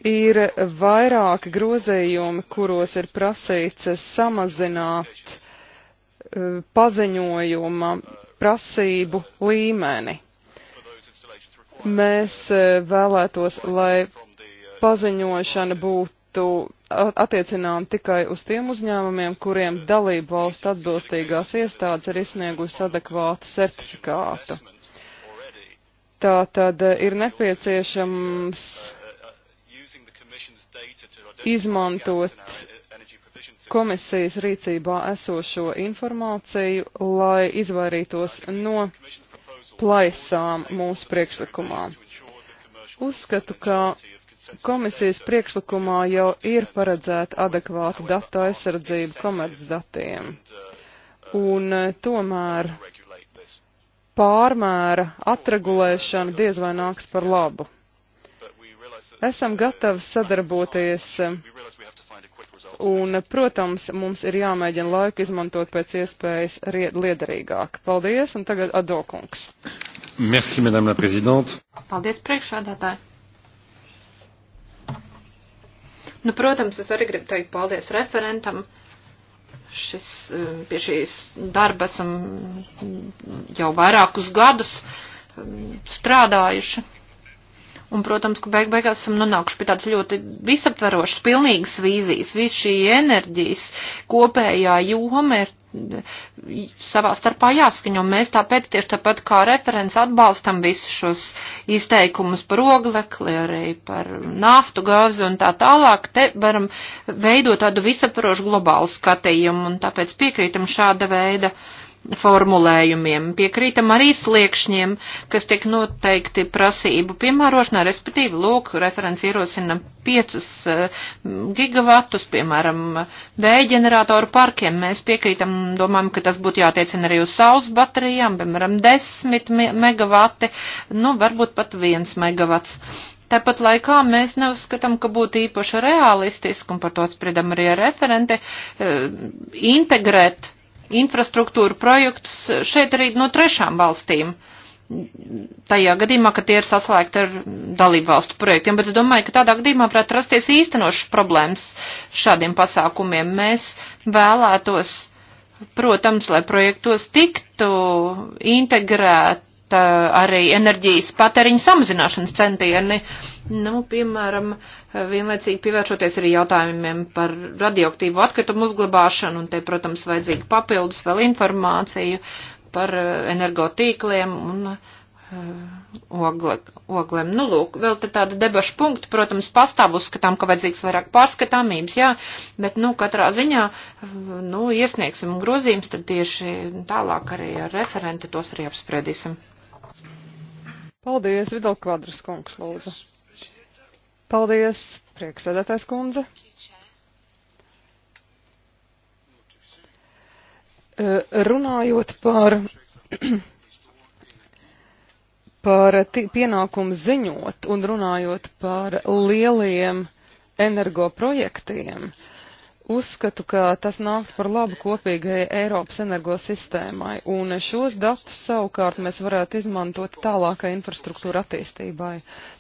Ir vairāki grozījumi, kuros ir prasīts samazināt e, paziņojuma prasību līmeni. Mēs e, vēlētos, lai paziņošana būtu attiecinām tikai uz tiem uzņēmumiem, kuriem dalību valsts atbilstīgās iestādes ir izsniegusi adekvātu certifikātu. Tā tad eh, ir nepieciešams izmantot komisijas rīcībā esošo informāciju, lai izvairītos no plaisām mūsu priekšlikumā. Uzskatu, ka Komisijas priekšlikumā jau ir paredzēta adekvāta datu aizsardzība komercdatiem, un eh, tomēr pārmēra atregulēšana diez vai nāks par labu. Esam gatavi sadarboties, eh, un, protams, mums ir jāmēģina laiku izmantot pēc iespējas liederīgāk.
Paldies, un tagad Adokungs.
Merci, madame la présidente.
Paldies, priekšādātāji. Nu, protams, es arī gribu teikt paldies referentam. Šis, um, pie šīs darba esam mm, jau vairākus gadus um, strādājuši. Un, protams, ka beig beigās esam nonākuši pie tādas ļoti visaptverošas, pilnīgas vīzijas. Viss šī enerģijas kopējā joma ir savā starpā jāskaņo. Mēs tāpēc tieši tāpat kā referents atbalstam visus šos izteikumus par oglekli, arī par naftu, gāzi un tā tālāk. Te varam veidot tādu visaprošu globālu skatījumu un tāpēc piekrītam šāda veida uh, formulējumiem, piekrītam arī sliekšņiem, kas tiek noteikti prasību piemērošanā, respektīvi, lūk, referents ierosina 5 eh, gigavatus, piemēram, vēja ģeneratoru parkiem. Mēs piekrītam, domājam, ka tas būtu jātiecina arī uz saules baterijām, piemēram, 10 megavati, nu, varbūt pat 1 megavats. Tāpat laikā mēs neuzskatām, ka būtu īpaši realistiski, un par to spriedam arī ar referenti, eh, integrēt infrastruktūru projektus šeit arī no trešām valstīm. Tajā gadījumā, ka tie ir saslēgti ar dalību valstu projektiem, bet es domāju, ka tādā gadījumā varētu rasties īstenošas problēmas šādiem pasākumiem. Mēs vēlētos, protams, lai projektos tiktu integrēta arī enerģijas patēriņa samazināšanas centieni, nu, piemēram, uh, vienlaicīgi pievēršoties arī jautājumiem par radioaktīvu atkritumu uzglabāšanu, un te, protams, vajadzīga papildus vēl informāciju par eh, energotīkliem un eh, ogle, oglem. Nu, lūk, vēl te tāda debašu punkta, protams, pastāv uzskatām, ka vajadzīgs vairāk pārskatāmības, jā, bet, nu, katrā ziņā, nu, iesniegsim grozījums, tad tieši tālāk arī ar referenti tos arī apspriedīsim.
Paldies, Vidal Kvadras kungs, lūdzu. Paldies, priekšsēdētājs kundze. Eh, runājot par, par pienākumu ziņot un runājot par lieliem energoprojektiem, uh, Uzskatu, ka tas nāk par labu kopīgai Eiropas energosistēmai, un šos datus savukārt mēs varētu izmantot tālākai infrastruktūra attīstībai.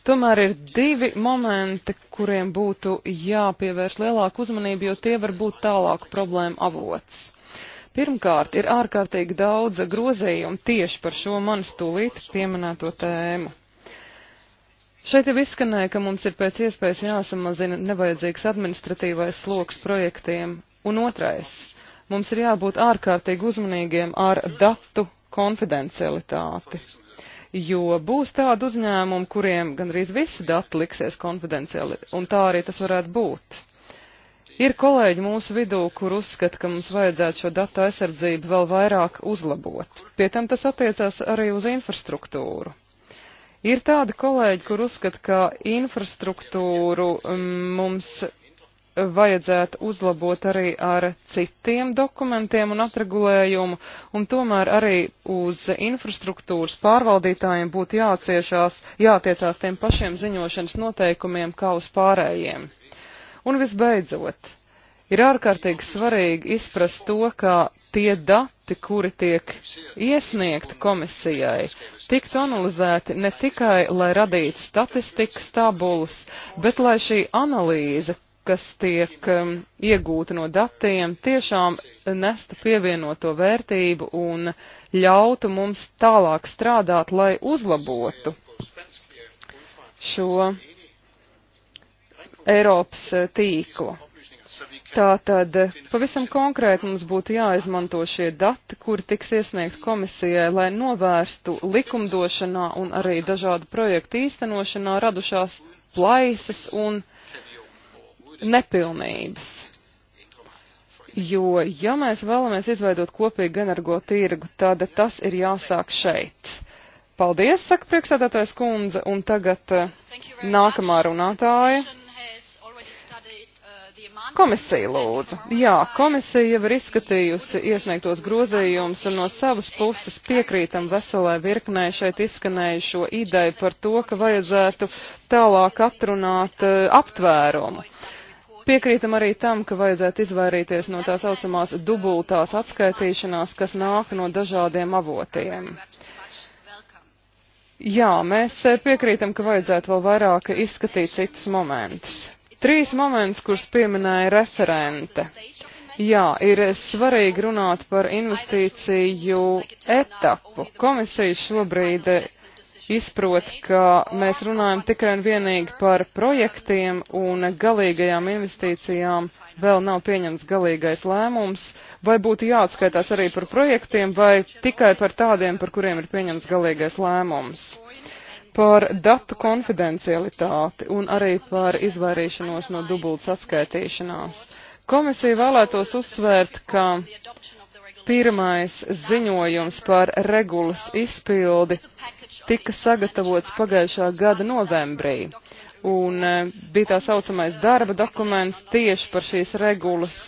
Tomēr ir divi momenti, kuriem būtu jāpievērš lielāku uzmanību, jo tie var būt tālāk problēma avots. Pirmkārt, ir ārkārtīgi daudz grozījumu tieši par šo manis tūlīt pieminēto tēmu. Šeit jau izskanēja, ka mums ir pēc iespējas jāsamazina nevajadzīgs administratīvais sloks projektiem. Un otrais, mums ir jābūt ārkārtīgi uzmanīgiem ar datu konfidencialitāti. Jo būs tādi uzņēmumi, kuriem gandrīz visi dati liksies konfidenciāli, un tā arī tas varētu būt. Ir kolēģi mūsu vidū, kur uzskata, ka mums vajadzētu šo datu aizsardzību vēl vairāk uzlabot. Pie tam tas attiecās arī uz infrastruktūru. Ir tādi kolēģi, kur uzskata, ka infrastruktūru mm, mums vajadzētu uzlabot arī ar citiem dokumentiem un atregulējumu, un tomēr arī uz infrastruktūras pārvaldītājiem būtu jāciešās, jātiecās tiem pašiem ziņošanas noteikumiem kā uz pārējiem. Un visbeidzot, Ir ārkārtīgi svarīgi izprast to, ka tie dati, kuri tiek iesniegti komisijai, tiktu analizēti ne tikai, lai radītu statistikas tabulas, bet lai šī analīze, kas tiek um, iegūta no datiem, tiešām nestu pievienoto vērtību un ļautu mums tālāk strādāt, lai uzlabotu šo Eiropas tīklu. Tātad pavisam konkrēti mums būtu jāizmanto šie dati, kuri tiks iesniegt komisijai, lai novērstu likumdošanā un arī dažādu projektu īstenošanā radušās plaisas un nepilnības. Jo, ja mēs vēlamies izveidot kopīgu energo tirgu, tad tas ir jāsāk šeit. Paldies, saka priekšsēdētājs kundze, un tagad nākamā runātāja. Komisija lūdzu. Jā, komisija jau ir izskatījusi iesniegtos grozījumus un no savas puses piekrītam veselē virknē šeit izskanējušo ideju par to, ka vajadzētu tālāk atrunāt uh, aptvērumu. Piekrītam arī tam, ka vajadzētu izvairīties no tā saucamās dubultās atskaitīšanās, kas nāk no dažādiem avotiem. Jā, mēs eh, piekrītam, ka vajadzētu vēl vairāk izskatīt citus momentus. Trīs moments, kurus pieminēja referente. Jā, ir svarīgi runāt par investīciju etapu. Komisija šobrīd izprot, ka mēs runājam tikai un vienīgi par projektiem un galīgajām investīcijām vēl nav pieņemts galīgais lēmums, vai būtu jāatskaitās arī par projektiem vai tikai par tādiem, par kuriem ir pieņemts galīgais lēmums par datu konfidencialitāti un arī par izvairīšanos no dubultas atskaitīšanās. Komisija vēlētos uzsvērt, ka pirmais ziņojums par regulas izpildi tika sagatavots pagājušā gada novembrī, un e, bija tā saucamais darba dokuments tieši par šīs regulas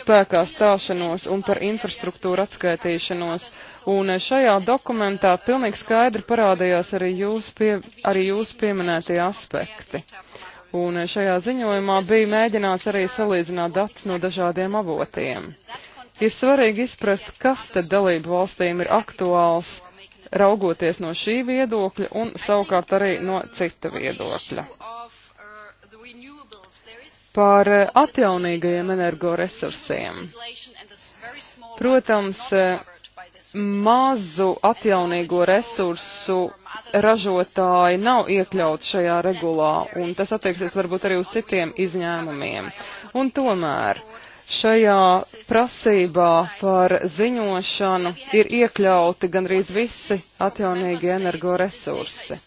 spēkā stāšanos un par infrastruktūru atskaitīšanos, Un šajā dokumentā pilnīgi skaidri parādījās arī jūs, pie, arī jūs pieminētie aspekti. Un šajā ziņojumā bija mēģināts arī salīdzināt datus no dažādiem avotiem. Ir svarīgi izprast, kas tad dalību valstīm ir aktuāls raugoties no šī viedokļa un savukārt arī no cita viedokļa. Par atjaunīgajiem energoresursiem. Protams, mazu atjaunīgo resursu ražotāji nav iekļauti šajā regulā, un tas attieksies varbūt arī uz citiem izņēmumiem. Un tomēr šajā prasībā par ziņošanu ir iekļauti gandrīz visi atjaunīgi energoresursi.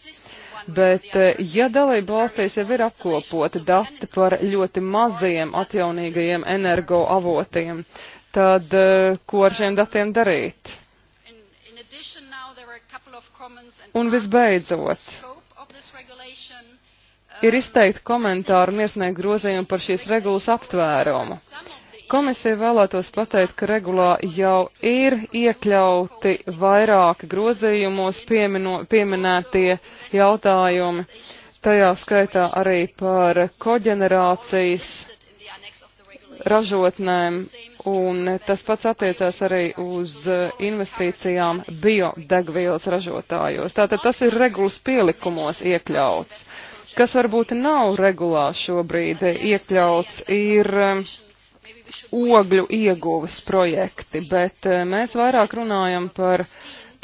Bet, eh, ja dalība valstīs jau ir apkopoti dati par ļoti maziem atjaunīgajiem energoavotiem, tad eh, ko ar šiem datiem darīt? Un visbeidzot, ir izteikti komentāri un iesniegt grozījumi par šīs regulas aptvērumu. Komisija vēlētos pateikt, ka regulā jau ir iekļauti vairāki grozījumos piemino, pieminētie jautājumi, tajā skaitā arī par koģenerācijas ražotnēm Un tas pats attiecās arī uz eh, investīcijām biodegvielas ražotājos. Tātad tas ir regulas pielikumos iekļauts. Kas varbūt nav regulā šobrīd iekļauts, ir eh, ogļu ieguves projekti, bet eh, mēs vairāk runājam par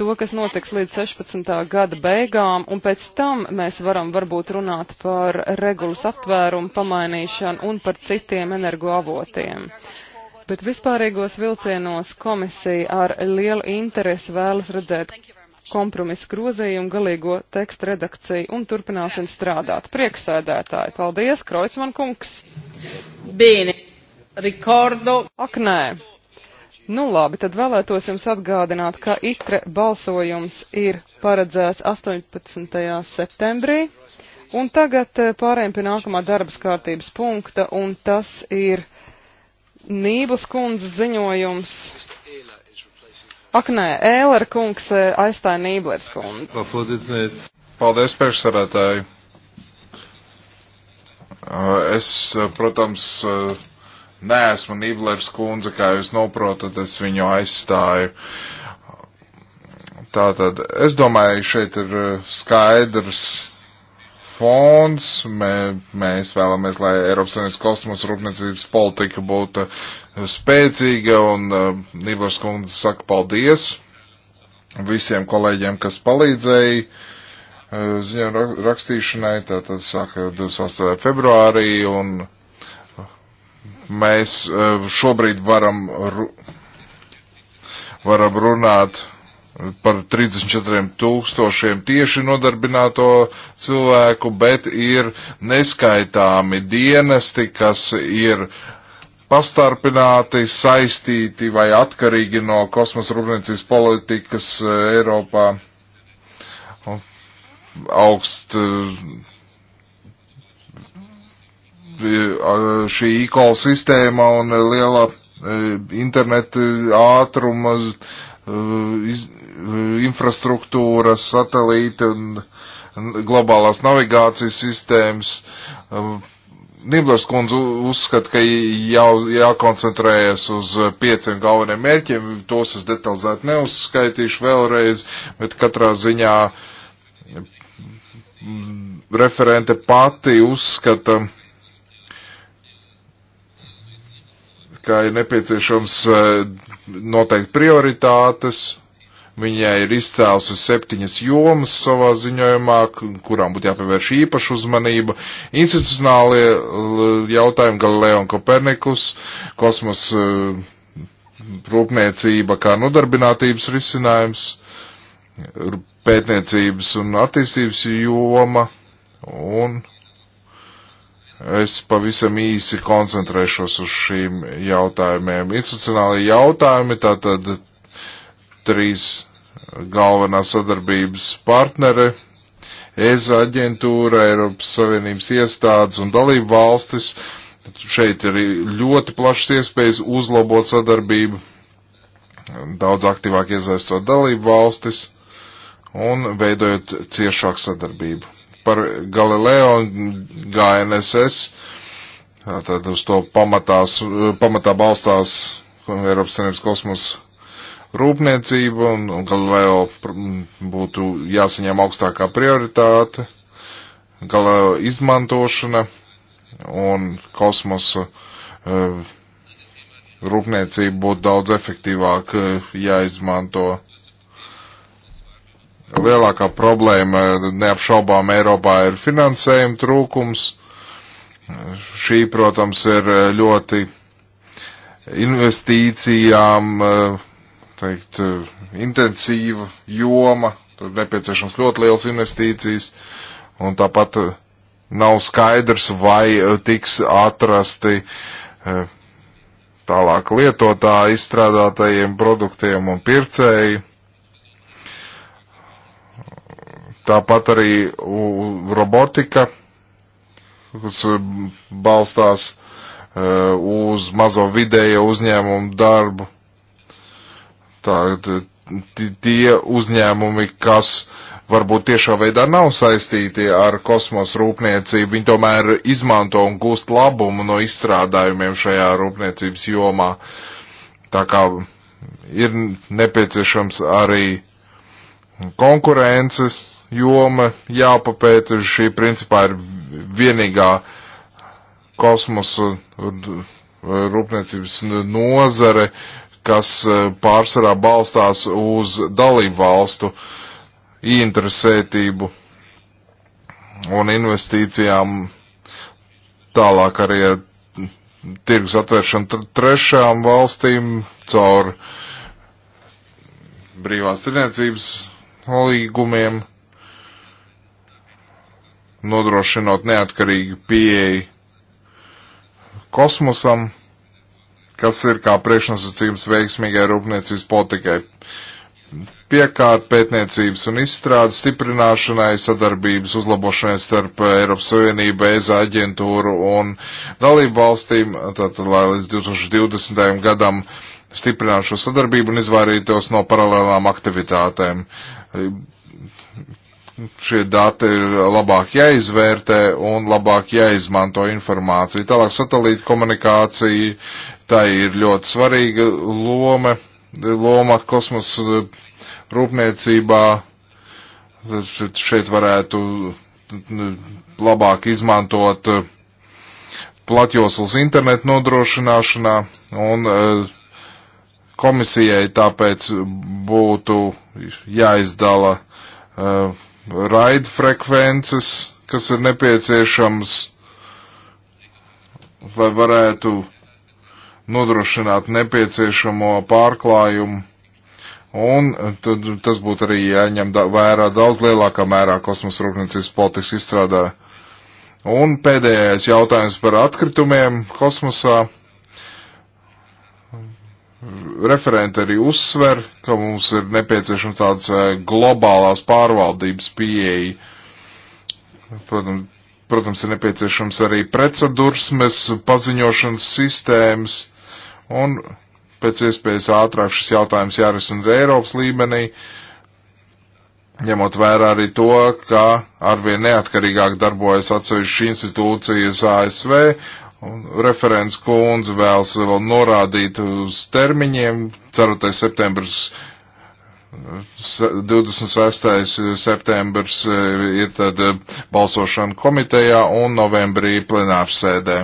to, kas notiks līdz 16. gada beigām, un pēc tam mēs varam varbūt runāt par regulas aptvērumu pamainīšanu un par citiem energoavotiem. avotiem bet vispārīgos vilcienos komisija ar lielu interesi vēlas redzēt kompromisu grozījumu, galīgo tekstu redakciju un turpināsim strādāt. Prieksēdētāji, paldies, Kroisman kungs! Bīni, Rikordo! Ak, nē! Nu labi, tad vēlētos jums atgādināt, ka itre balsojums ir paredzēts 18. septembrī. Un tagad eh, pārējiem pie nākamā darbas kārtības punkta, un tas ir. Nībles kundzes ziņojums. Ak, nē, Ēlera kungs eh, aizstāja Nīblers
kundzi. Paldies, priekšsarētāji. Eh, es, eh, protams, neesmu Nīblers kundze, kā jūs noprotat, es viņu aizstāju. Tātad, es domāju, šeit ir skaidrs fonds, mē, mēs vēlamies, lai Eiropas Savienības kosmosa rūpniecības politika būtu spēcīga, un eh, Nībors kundze saka paldies visiem kolēģiem, kas palīdzēja eh, ziņu rakstīšanai, tātad saka 28. februārī, un eh, mēs šobrīd varam, varam runāt par 34 tūkstošiem tieši nodarbināto cilvēku, bet ir neskaitāmi dienesti, kas ir pastarpināti, saistīti vai atkarīgi no kosmosa rūpniecības politikas e, Eiropā augst e, e, šī e-call sistēma un liela interneta ātruma iz, infrastruktūra, satelīta un globālās navigācijas sistēmas. Um, Niblers kundze uzskata, ka jau jākoncentrējas uz pieciem galveniem mērķiem, tos es detalizēti neuzskaitīšu vēlreiz, bet katrā ziņā mm, referente pati uzskata, ka ir nepieciešams eh, noteikti prioritātes, Viņai ir izcēlusi septiņas jomas savā ziņojumā, kurām būtu jāpievērš īpaša uzmanība. Institucionālie jautājumi Galileo un Kopernikus, kosmos e, rūpniecība kā nodarbinātības risinājums, pētniecības un attīstības joma un Es pavisam īsi koncentrēšos uz šīm jautājumiem. Institucionāli jautājumi, tātad trīs galvenā sadarbības partnere, ESA aģentūra, Eiropas Savienības iestādes un dalību valstis. Šeit ir ļoti plašas iespējas uzlabot sadarbību, daudz aktīvāk iesaistot dalību valstis un veidojot ciešāku sadarbību. Par Galileo un GNSS, tad uz to pamatās, pamatā balstās Eiropas Savienības kosmosa rūpniecība un, un Galileo būtu jāsaņem augstākā prioritāte, Galileo izmantošana un kosmosa uh, rūpniecība būtu daudz efektīvāk uh, jāizmanto. Lielākā problēma neapšaubām Eiropā ir finansējuma trūkums. Šī, protams, ir ļoti investīcijām uh, teikt, eh, intensīva joma, tur nepieciešams ļoti liels investīcijas, un tāpat eh, nav skaidrs, vai eh, tiks atrasti tālāk lietotā izstrādātajiem produktiem un pircēji. Tāpat arī robotika, kas balstās uz mazo vidējo uzņēmumu darbu Tā, tie uzņēmumi, kas varbūt tiešā veidā nav saistīti ar kosmosa rūpniecību, viņi tomēr izmanto un gūst labumu no izstrādājumiem šajā rūpniecības jomā. Tā kā ir nepieciešams arī konkurences joma jāpapēta. Šī principā ir vienīgā kosmosa rūpniecības nozare, kas e, pārsvarā balstās uz dalību valstu ieinteresētību un investīcijām tālāk arī e, tirgus atvēršana trešām valstīm caur brīvās tirniecības līgumiem, nodrošinot neatkarīgu pieeju kosmosam kas ir kā priekšnosacījums veiksmīgai rūpniecības politikai. Piekārt pētniecības un izstrādes stiprināšanai, sadarbības uzlabošanai starp Eiropas Savienību, EZA aģentūru un dalību valstīm, tātad, lai līdz 2020. gadam stiprinātu šo sadarbību un izvairītos no paralēlām aktivitātēm šie dati ir labāk jāizvērtē un labāk jāizmanto informācija. Tālāk satelīta komunikācija, tā ir ļoti svarīga loma, loma kosmos rūpniecībā. Šeit varētu labāk izmantot uh, platjoslas internetu nodrošināšanā un uh, komisijai tāpēc būtu jāizdala uh, raidfrekvences, kas ir nepieciešams, lai varētu nodrošināt nepieciešamo pārklājumu. Un tad, tas būtu arī jāņem da vērā daudz lielākā mērā kosmosa rūpniecības politikas izstrādā. Un pēdējais jautājums par atkritumiem kosmosā referenti arī uzsver, ka mums ir nepieciešama tāds e, globālās pārvaldības pieeja. Protams, protams, ir nepieciešams arī precedursmes, paziņošanas sistēmas un pēc iespējas ātrāk šis jautājums jārisina Eiropas līmenī, ņemot vērā arī to, ka arvien neatkarīgāk darbojas atsevišķas institūcijas ASV Un referents kundze vēlas vēl norādīt uz termiņiem. 4. septembris, 26. septembris eh, ir tad eh, balsošana komitejā un novembrī plenārsēdē.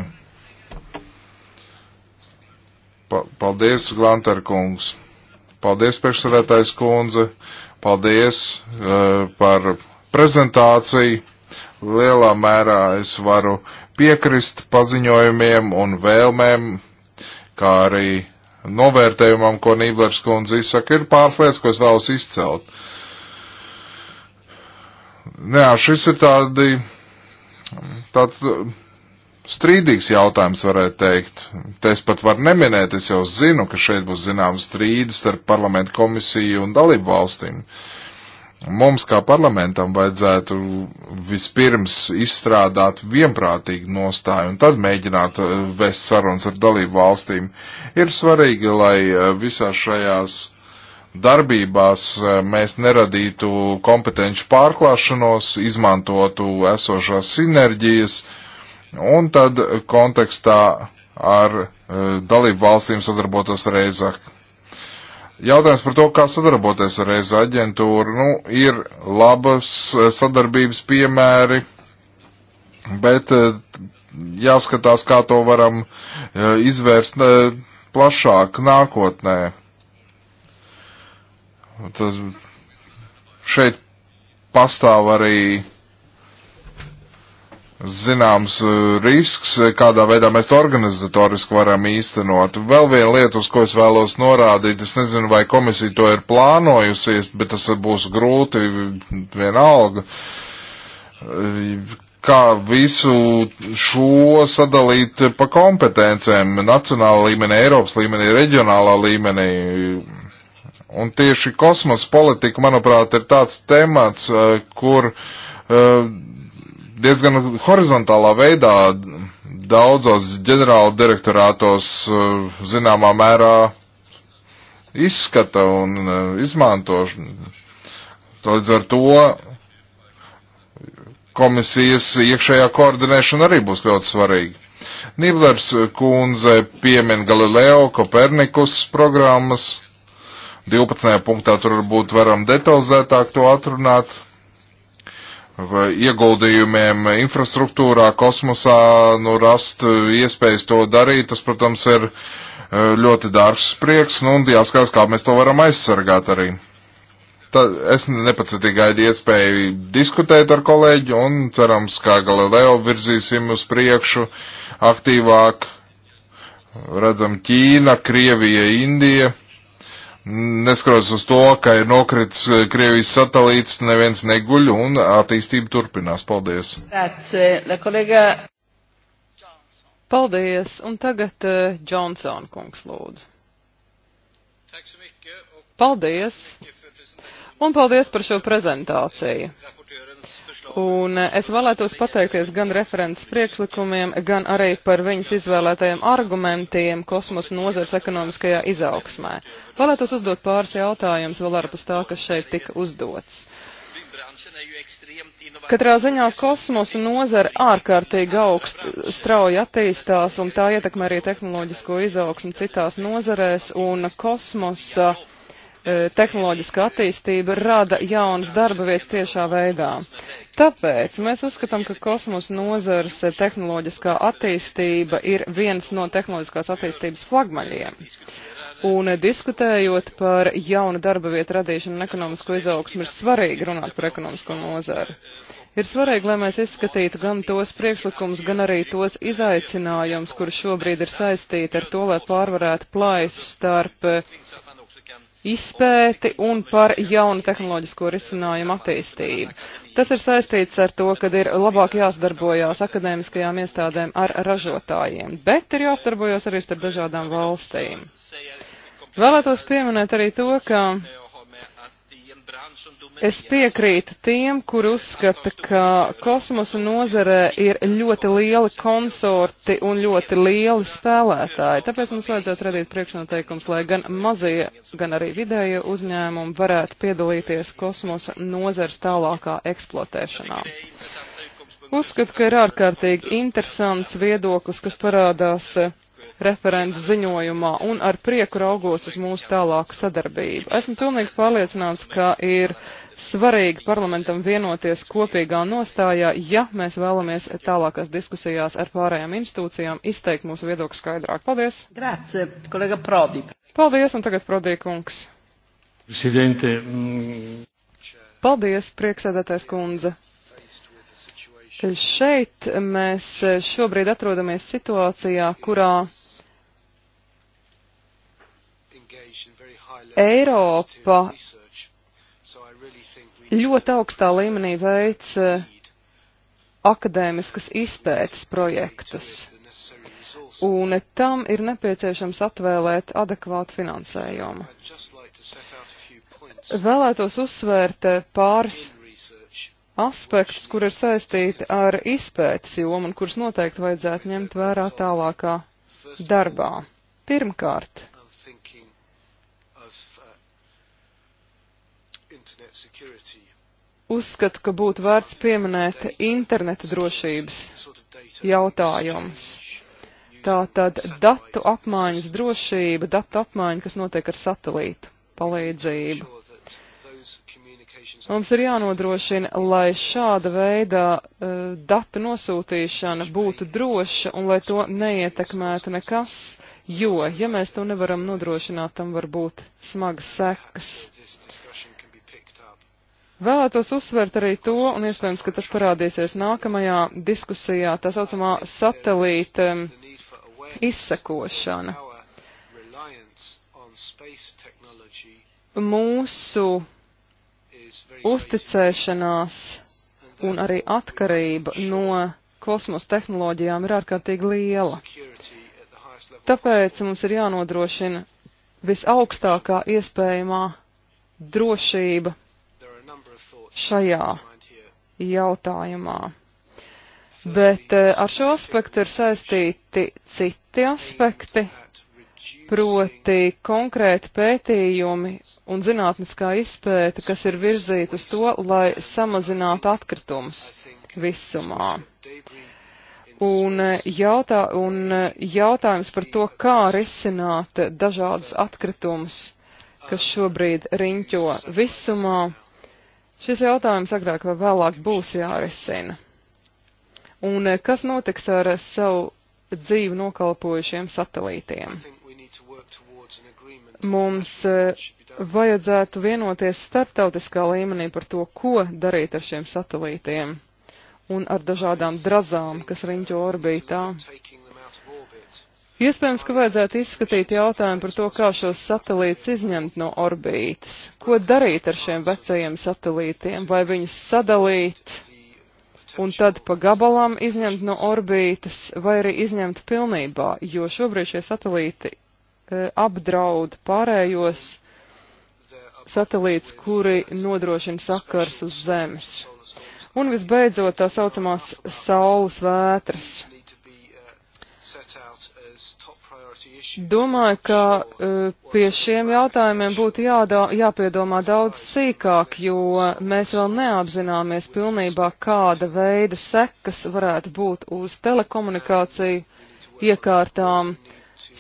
Paldies, Glantar kungs. Paldies, priekšsarētājs kundze. Paldies uh, par prezentāciju. Lielā mērā es varu piekrist paziņojumiem un vēlmēm, kā arī novērtējumam, ko Nīblers kundze izsaka, ir pāris lietas, ko es vēlos izcelt. Nē, šis ir tādi, tāds um, strīdīgs jautājums, varētu teikt. Te es pat varu neminēt, es jau zinu, ka šeit būs zināms strīdis starp parlamentu komisiju un dalību valstīm. Uh, Mums kā parlamentam vajadzētu vispirms izstrādāt vienprātīgu nostāju un tad mēģināt eh, vest sarunas ar dalību valstīm. Ir svarīgi, lai eh, visās šajās darbībās eh, mēs neradītu kompetenci pārklāšanos, izmantotu esošās sinerģijas un tad kontekstā ar dalību valstīm sadarbotos reizāk Jautājums par to, kā sadarboties ar EZ aģentūru. Nu, ir labas eh, sadarbības piemēri, bet eh, jāskatās, kā to varam eh, izvērst plašāk nākotnē. Tad šeit pastāv arī zināms eh, risks, eh, kādā veidā mēs to organizatoriski varam īstenot. Vēl viena lieta, uz ko es vēlos norādīt, es nezinu, vai komisija to ir plānojusies, bet tas būs grūti vienalga. Eh, Kā visu šo sadalīt pa kompetencēm nacionāla līmenī, Eiropas līmenī, reģionālā līmenī. Un tieši kosmos politika, manuprāt, ir tāds temats, kur uh, diezgan horizontālā veidā daudzos ģenerāla direktorātos eh, zināmā mērā izskata un eh, izmanto. Līdz ar to komisijas iekšējā koordinēšana arī būs ļoti svarīga. Niblers kundze piemin Galileo Kopernikus programmas. 12. punktā tur varbūt varam detalizētāk to atrunāt ieguldījumiem infrastruktūrā, kosmosā, nu, rast iespējas to darīt, tas, protams, ir e, ļoti dārgs prieks, nu, un jāskatās, kā mēs to varam aizsargāt arī. Tad es nepacitīgi gaidu iespēju diskutēt ar kolēģi, un cerams, kā Galileo virzīsim uz priekšu aktīvāk. Redzam Ķīna, Krievija, Indija Neskatoties uz to, ka ir nokritis eh, Krievijas satelīts, neviens neguļ un attīstība turpinās. Paldies!
Paldies! Un tagad uh, Johnson kungs lūdzu. Paldies! Un paldies par šo prezentāciju. Un eh, es vēlētos pateikties gan referents priekšlikumiem, gan arī par viņas izvēlētajiem argumentiem kosmosa nozars ekonomiskajā izaugsmē. Vēlētos uzdot pāris jautājumus vēl ārpus tā, kas šeit tika uzdots. Katrā ziņā kosmosa nozara ārkārtīgi augst strauji attīstās, un tā ietekmē arī tehnoloģisko izaugsmu citās nozarēs, un kosmosa. Uh, E, tehnoloģiskā attīstība rada jaunas darba vietas tiešā veidā. Tāpēc mēs uzskatām, ka kosmosa nozars tehnoloģiskā attīstība ir viens no tehnoloģiskās attīstības flagmaļiem. Un diskutējot par jaunu darba vietu radīšanu un ekonomisko izaugsmu, ir svarīgi runāt par ekonomisko nozaru. Ir svarīgi, lai mēs izskatītu gan tos priekšlikumus, gan arī tos izaicinājumus, kuri šobrīd ir saistīti ar to, lai pārvarētu plaisu starp uh, izpēti un par jaunu tehnoloģisko risinājumu attīstību. Tas ir saistīts ar to, ka ir labāk jāsadarbojās akadēmiskajām iestādēm ar ražotājiem, bet ir jāsadarbojas arī starp dažādām valstīm. Vēlētos pieminēt arī to, ka Es piekrītu tiem, kur uzskata, ka kosmosa nozarē ir ļoti lieli konsorti un ļoti lieli spēlētāji. Tāpēc mums vajadzētu radīt priekšnoteikums, lai gan mazie, gan arī vidēji uzņēmumi varētu piedalīties kosmosa nozars tālākā eksploatēšanā. Uzskatu, ka ir ārkārtīgi interesants viedoklis, kas parādās referenta ziņojumā un ar prieku raugos uz mūsu tālāku sadarbību. Esmu pilnīgi pārliecināts, ka ir svarīgi parlamentam vienoties kopīgā nostājā, ja mēs vēlamies tālākās diskusijās ar pārējām institūcijām izteikt mūsu viedokli skaidrāk. Paldies! Grācie, kolega Prodi! Paldies, un tagad Prodi kungs!
Presidente. Mm,
Paldies, prieksēdētais kundze! Šeit mēs šobrīd atrodamies situācijā, kurā
Eiropa ļoti
augstā līmenī veic eh, akadēmiskas izpētes projektus, un tam ir nepieciešams atvēlēt adekvātu finansējumu. Vēlētos uzsvērt eh, pāris aspektus, kur ir saistīti ar izpētes jomu un kurus noteikti vajadzētu ņemt vērā tālākā darbā. Pirmkārt, uzskatu, ka būtu vērts pieminēt interneta drošības jautājums. Tātad datu apmaiņas drošība, datu apmaiņa, kas notiek ar satelītu palīdzību. Mums ir jānodrošina, lai šāda veida uh, datu nosūtīšana būtu droša un lai to neietekmētu nekas, jo, ja mēs to nevaram nodrošināt, tam var būt smagas sekas. Vēlētos uzsvērt arī to, un iespējams, ka tas parādīsies nākamajā diskusijā, tā saucamā satelīta um, izsekošana. Mūsu uzticēšanās un arī atkarība no kosmosa tehnoloģijām ir ārkārtīgi liela. Tāpēc mums ir jānodrošina visaugstākā iespējamā drošība šajā jautājumā. Bet eh, ar šo aspektu ir saistīti citi aspekti, proti konkrēti pētījumi un zinātniskā izpēta, kas ir virzīta uz to, lai samazinātu atkritumus visumā. Un, eh, jautā, un eh, jautājums par to, kā risināt dažādus atkritumus, kas šobrīd riņķo visumā Šis jautājums agrāk vai vēlāk būs jārisina. Un eh, kas notiks ar eh, savu dzīvi nokalpojušiem satelītiem? Mums eh, vajadzētu vienoties starptautiskā līmenī par to, ko darīt ar šiem satelītiem un ar dažādām drazām, kas riņķo orbītā. Iespējams, ka vajadzētu izskatīt jautājumu par to, kā šos satelītus izņemt no orbītas. Ko darīt ar šiem vecajiem satelītiem? Vai viņus sadalīt un tad pa gabalam izņemt no orbītas, vai arī izņemt pilnībā? Jo šobrīd šie satelīti e, apdraud pārējos satelītus, kuri nodrošina sakars uz Zemes. Un visbeidzot tā saucamās saules vētras Domāju, ka eh, pie šiem jautājumiem būtu jādā, jāpiedomā daudz sīkāk, jo mēs vēl neapzināmies pilnībā, kāda veida sekas varētu būt uz telekomunikāciju iekārtām,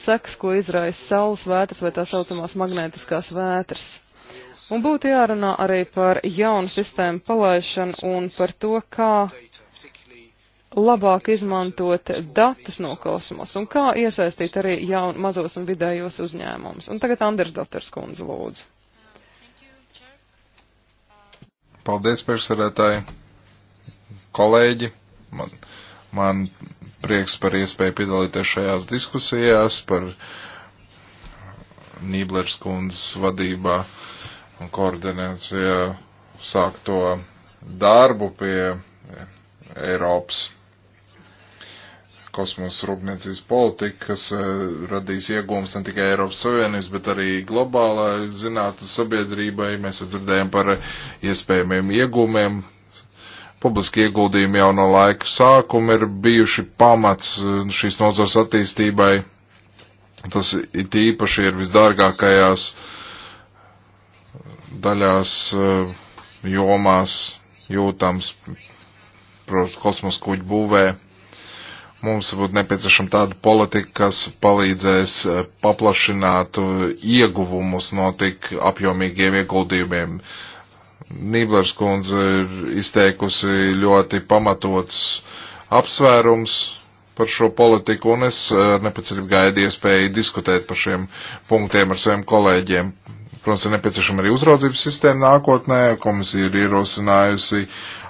sekas, ko izraisa saules vētras vai tā saucamās magnētiskās vētras. Un būtu jārunā arī par jaunu sistēmu palaišanu un par to, kā labāk izmantot datus no kosmosa un kā iesaistīt arī jaun, mazos un vidējos uzņēmumus. Un tagad Anders Daters kundze lūdzu.
Paldies, priekšsēdētāji, kolēģi. Man, man prieks par iespēju piedalīties šajās diskusijās par Nīblers kundzes vadībā un koordinācijā sākto darbu pie Eiropas kosmosa rūpniecības politika, kas e, radīs iegūmus ne tikai Eiropas Savienības, bet arī globālā zinātnes sabiedrībai. Mēs dzirdējam par iespējamiem iegūmiem. Publiski ieguldījumi jau no laika sākuma ir bijuši pamats e, šīs nozars attīstībai. Tas it īpaši ir visdārgākajās daļās e, jomās jūtams, protams, kosmos kuģu būvē Mums būtu nepieciešama tāda politika, kas palīdzēs eh, paplašināt eh, ieguvumus no tik apjomīgiem ieguldījumiem. Nīblers kundze ir izteikusi ļoti pamatots apsvērums par šo politiku, un es eh, ar nepacietību gaidu iespēju diskutēt par šiem punktiem ar saviem kolēģiem. Protams, ir nepieciešama arī uzraudzības sistēma nākotnē. Komisija ir ierosinājusi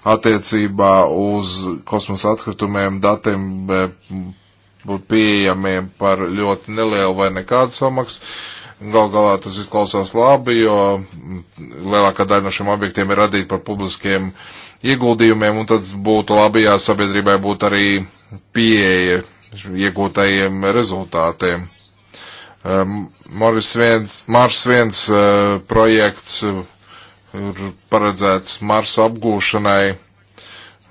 attiecībā uz kosmosa atkritumiem datiem būtu pieejamiem par ļoti nelielu vai nekādu samaksu. Gal galā tas izklausās labi, jo lielākā daļa no šiem objektiem ir radīta par publiskiem ieguldījumiem, un tad būtu labi, ja sabiedrībai būtu arī pieeja iegūtajiem rezultātiem. Mars viens, Mars viens projekts ir paredzēts Marsa apgūšanai,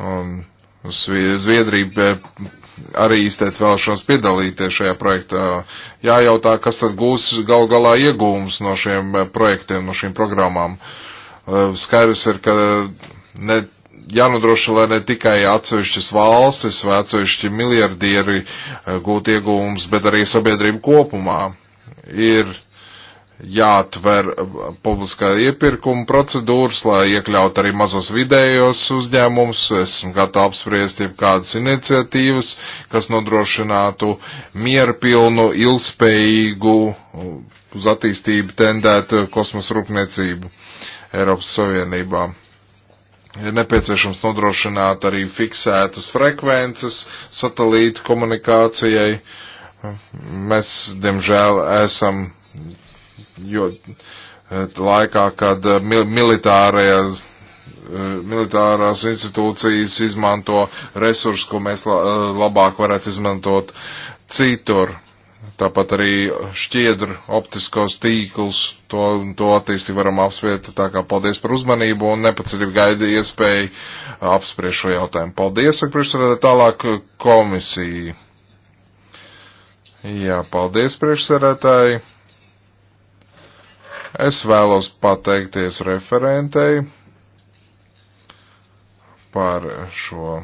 un Zviedrija arī izteica vēlšanos piedalīties šajā projektā. Jājautā, kas tad gūs gal galā iegūmus no šiem eh, projektiem, no šīm programmām. Eh, skaidrs ir, ka ne jānodrošina, lai ne tikai atsevišķas valstis vai atsevišķi miljardieri eh, gūtu iegūmus, bet arī sabiedrība kopumā. Ir jāatver uh, publiskā iepirkuma procedūras, lai iekļaut arī mazos vidējos uzņēmumus. Esmu gatavs apspriest jau kādas iniciatīvas, kas nodrošinātu mierpilnu, ilgspējīgu uh, uz attīstību tendētu kosmosa rūpniecību Eiropas Savienībā. Ir nepieciešams nodrošināt arī fiksētas frekvences satelītu komunikācijai. Mēs, diemžēl, esam jo eh, laikā, kad eh, mil militārajās eh, militārās institūcijas izmanto resursus, ko mēs labāk varētu izmantot citur. Tāpat arī šķiedru optiskos tīklus, to, to attīstību varam apsvērt. Tā kā paldies par uzmanību un nepaceļīgi gaida iespēju apspriest šo jautājumu. Paldies, saka priekšsēdētāji, tālāk komisija. Jā, paldies priekšsēdētāji. Es vēlos pateikties referentei par šo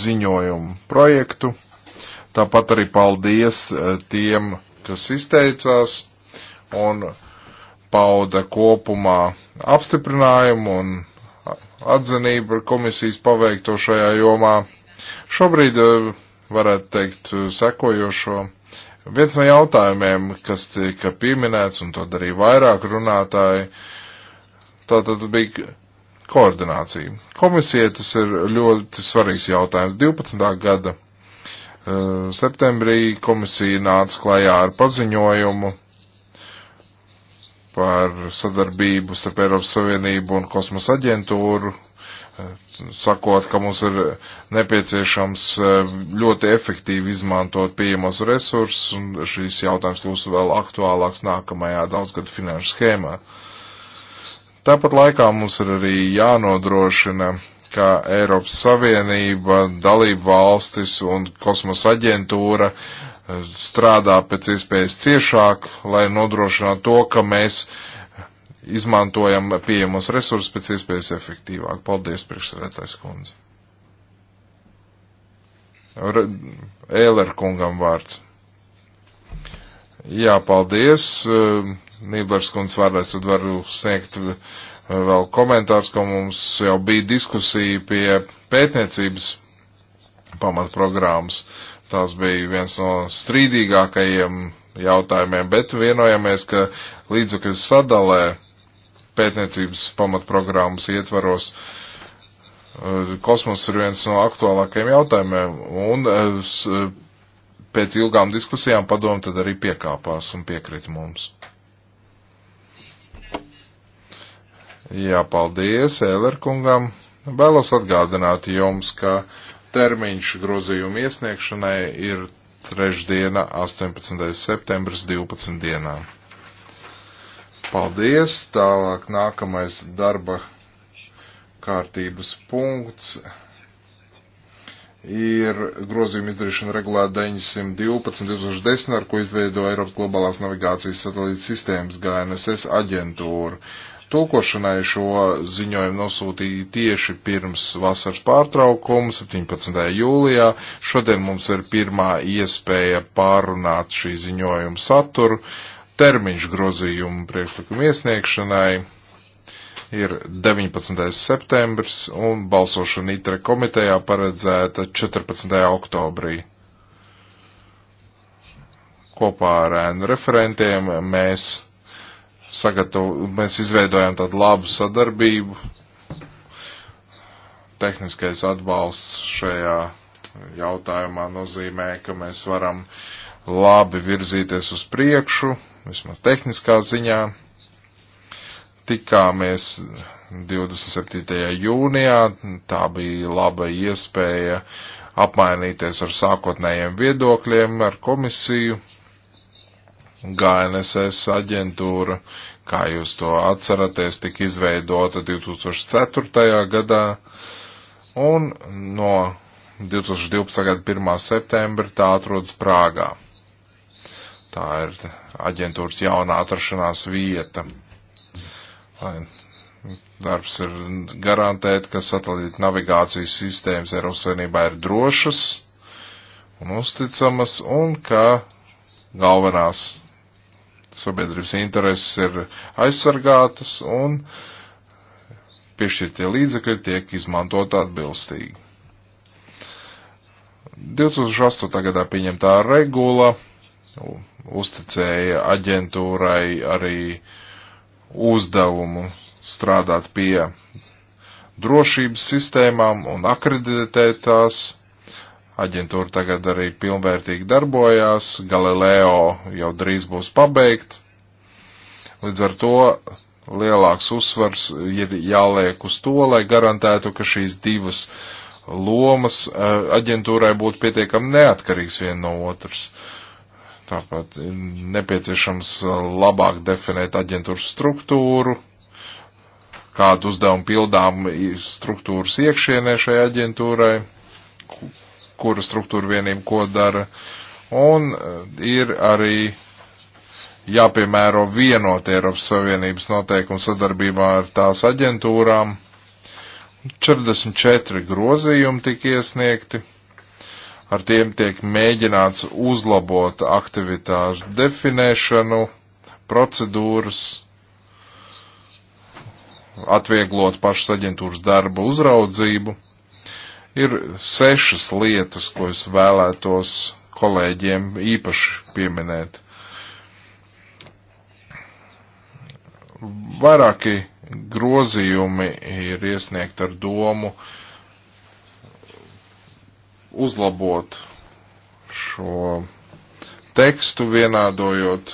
ziņojumu projektu. Tāpat arī paldies eh, tiem, kas izteicās un pauda kopumā apstiprinājumu un atzinību par komisijas paveikto šajā jomā. Šobrīd eh, varētu teikt eh, sekojošo. Viens no jautājumiem, kas tika pieminēts, un to darīja vairāk runātāji, tā tad bija koordinācija. Komisija tas ir ļoti svarīgs jautājums. 12. gada eh, septembrī komisija nāca klajā ar paziņojumu par sadarbību starp Eiropas Savienību un kosmosa aģentūru sakot, ka mums ir nepieciešams e, ļoti efektīvi izmantot pieejamos resursus, un šīs jautājums būs vēl aktuālāks nākamajā daudzgadu finanšu schēmā. Tāpat laikā mums ir arī jānodrošina, ka Eiropas Savienība, dalību valstis un kosmosa aģentūra e, strādā pēc iespējas ciešāk, lai nodrošinātu to, ka mēs uh, izmantojam pieejamos resursus pēc iespējas efektīvāk. Paldies, priekšsēdētājs kundze. Ēler kungam vārds. Jā, paldies. Eh, Nīblers kundze vārdais, tad varu sniegt eh, vēl komentārs, ka ko mums jau bija diskusija pie pētniecības pamatprogrammas. Tās bija viens no strīdīgākajiem jautājumiem, bet vienojamies, ka līdzekļu sadalē pētniecības pamatprogrammas ietvaros. Eh, kosmos ir viens no aktuālākajiem jautājumiem, un eh, eh, pēc ilgām diskusijām padomu tad arī piekāpās un piekrita mums. Jā, paldies Ēlerkungam. Vēlos atgādināt jums, ka termiņš grozījuma iesniegšanai ir trešdiena, 18. septembris, 12. dienā. Paldies! Tālāk nākamais darba kārtības punkts ir grozījuma izdarīšana regulā 912.2010, ar ko izveido Eiropas globālās navigācijas satelīta sistēmas GNSS aģentūra. Tūkošanai šo ziņojumu nosūtīja tieši pirms vasaras pārtraukuma, 17. jūlijā. Šodien mums ir pirmā iespēja pārunāt šī ziņojuma saturu. Uh, termiņš grozījumu priekšlikumu iesniegšanai ir 19. septembris un balsošana ITRE komitejā paredzēta 14. oktobrī. Kopā ar ēnu referentiem mēs, sagatav, mēs izveidojam tādu labu sadarbību. Tehniskais atbalsts šajā jautājumā nozīmē, ka mēs varam labi virzīties uz priekšu, vismaz tehniskā ziņā. Tikāmies 27. jūnijā, tā bija laba iespēja apmainīties ar sākotnējiem viedokļiem, ar komisiju, GNSS aģentūra, kā jūs to atceraties, tika izveidota 2004. gadā, un no 2012. gada 1. septembra tā atrodas Prāgā. Tā ir aģentūras jaunā atrašanās vieta. Lai darbs ir garantēt, ka satelīta navigācijas sistēmas Eiropas Savienībā ir drošas un uzticamas un ka galvenās sabiedrības intereses ir aizsargātas un piešķirtie līdzekļi tiek izmantot atbilstīgi. 2008. gadā pieņemtā regula uzticēja aģentūrai arī uzdevumu strādāt pie drošības sistēmām un akreditēt tās. Aģentūra tagad arī pilnvērtīgi darbojās, Galileo jau drīz būs pabeigt. Līdz ar to lielāks uzsvars ir jāliek uz to, lai garantētu, ka šīs divas lomas eh, aģentūrai būtu pietiekami neatkarīgas viena no otras. Uh, Tāpat ir nepieciešams labāk definēt aģentūras struktūru, kādu uzdevumu pildām struktūras iekšienē šai aģentūrai, kura struktūra vienība ko dara, un e, ir arī jāpiemēro vienot Eiropas Savienības noteikumu sadarbībā ar tās aģentūrām. 44 grozījumi tika iesniegti ar tiem tiek mēģināts uzlabot aktivitāšu definēšanu, procedūras, atvieglot pašas aģentūras darba uzraudzību. Ir sešas lietas, ko es vēlētos kolēģiem īpaši pieminēt. Vairāki grozījumi ir iesniegti ar domu, uh, uzlabot šo tekstu, vienādojot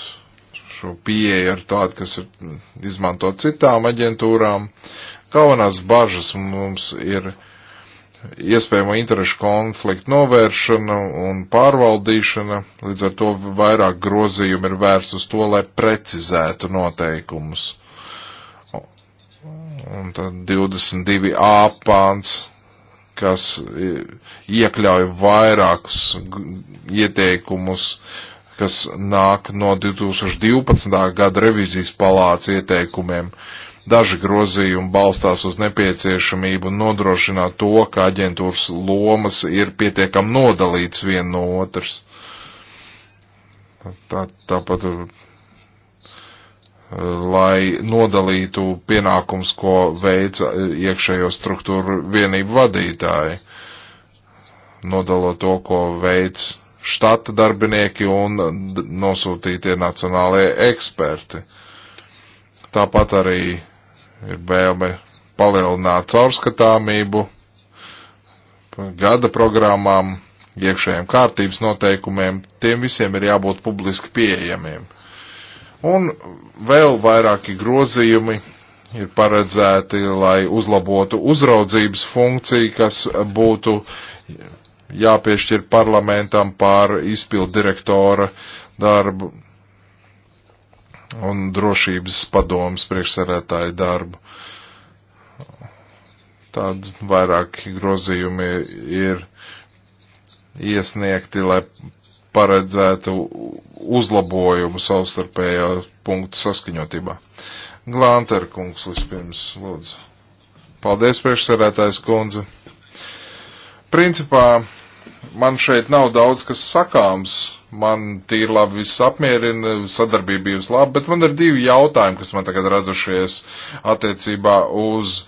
šo pieeju ar tādu, kas ir izmanto citām aģentūrām. Galvenās bažas mums ir iespējamo interešu konfliktu novēršana un pārvaldīšana, līdz ar to vairāk grozījumi ir vērsts uz to, lai precizētu noteikumus. Un tad 22a pāns kas e, iekļauj vairākus ieteikumus, kas nāk no 2012. gada revizijas palāca ieteikumiem. Daži grozījumi balstās uz nepieciešamību nodrošināt to, ka aģentūras lomas ir pietiekam nodalīts vien no otras. Tā, tāpat lai nodalītu pienākums, ko veica iekšējo struktūru vienību vadītāji, nodalot to, ko veic štata darbinieki un nosūtītie nacionālie eksperti. Tāpat arī ir vēlme palielināt caurskatāmību gada programmām, iekšējiem kārtības noteikumiem, tiem visiem ir jābūt publiski pieejamiem. Un vēl vairāki grozījumi ir paredzēti, lai uzlabotu uzraudzības funkciju, kas būtu jāpiešķir parlamentam pār izpildu direktora darbu un drošības padomas priekšsarētāju darbu. Tādi vairāki grozījumi ir iesniegti, lai paredzētu uzlabojumu savstarpējā punktu saskaņotībā. Glānter kungs vispirms, lūdzu. Paldies, priekšsarētājs kundze. Principā man šeit nav daudz kas sakāms. Man tīri labi viss apmierina, sadarbība bijusi laba, bet man ir divi jautājumi, kas man tagad radušies attiecībā uz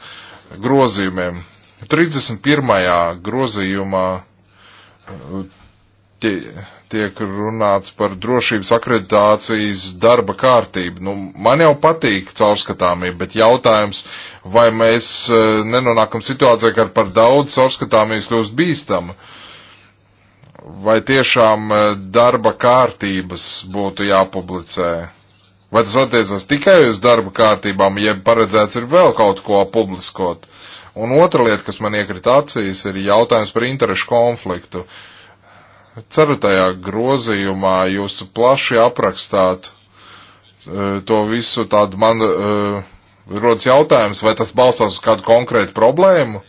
grozījumiem. 31. grozījumā tie, tiek runāts par drošības akreditācijas darba kārtību. Nu, man jau patīk caurskatāmība, bet jautājums, vai mēs e, nenonākam situācijā, ka par daudz caurskatāmības kļūst bīstama. Vai tiešām e, darba kārtības būtu jāpublicē? Vai tas attiecas tikai uz darba kārtībām, ja paredzēts ir vēl kaut ko publiskot? Un otra lieta, kas man iekrita acīs, ir jautājums par interešu konfliktu. Uh, Ceturtajā grozījumā jūs plaši aprakstāt e, to visu tādu man e, rodas jautājums, vai tas balstās uz kādu konkrētu problēmu,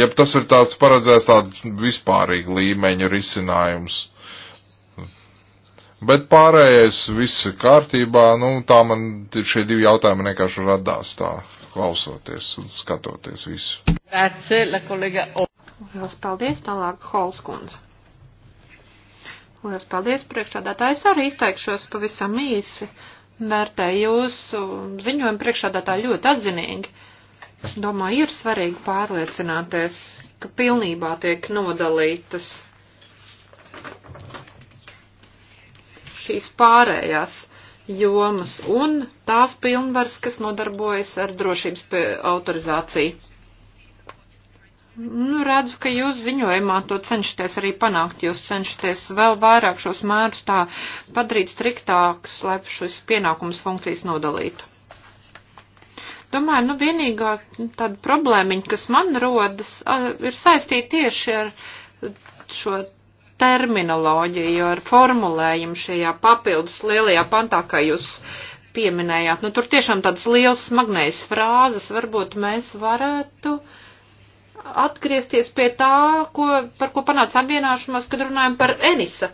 jeb tas ir tāds paredzēts tāds vispārīgi līmeņa risinājums. Bet pārējais viss kārtībā, nu tā man šie divi jautājumi vienkārši radās tā klausoties un skatoties
visu. Vēlas paldies, tālāk Holskundze. Lielas paldies priekšādātājs arī izteikšos pavisam īsi. Vērtēju jūsu ziņojumu priekšādātāju ļoti atzinīgi. Domāju, ir svarīgi pārliecināties, ka pilnībā tiek nodalītas šīs pārējās jomas un tās pilnvars, kas nodarbojas ar drošības autorizāciju. Nu, redzu, ka jūs ziņojumā to cenšaties arī panākt. Jūs cenšaties vēl vairāk šos mērus tā padarīt striktāks, lai šis pienākums funkcijas nodalītu. Domāju, nu vienīgā tāda problēmiņa, kas man rodas, ir saistīta tieši ar šo terminoloģiju, ar formulējumu šajā papildus lielajā pantā, kā jūs pieminējāt. Nu, tur tiešām tādas liels smagnējas frāzes, varbūt mēs varētu. Uh, atgriezties pie tā, ko, par ko panācām vienāšanos, kad runājam par Enisa.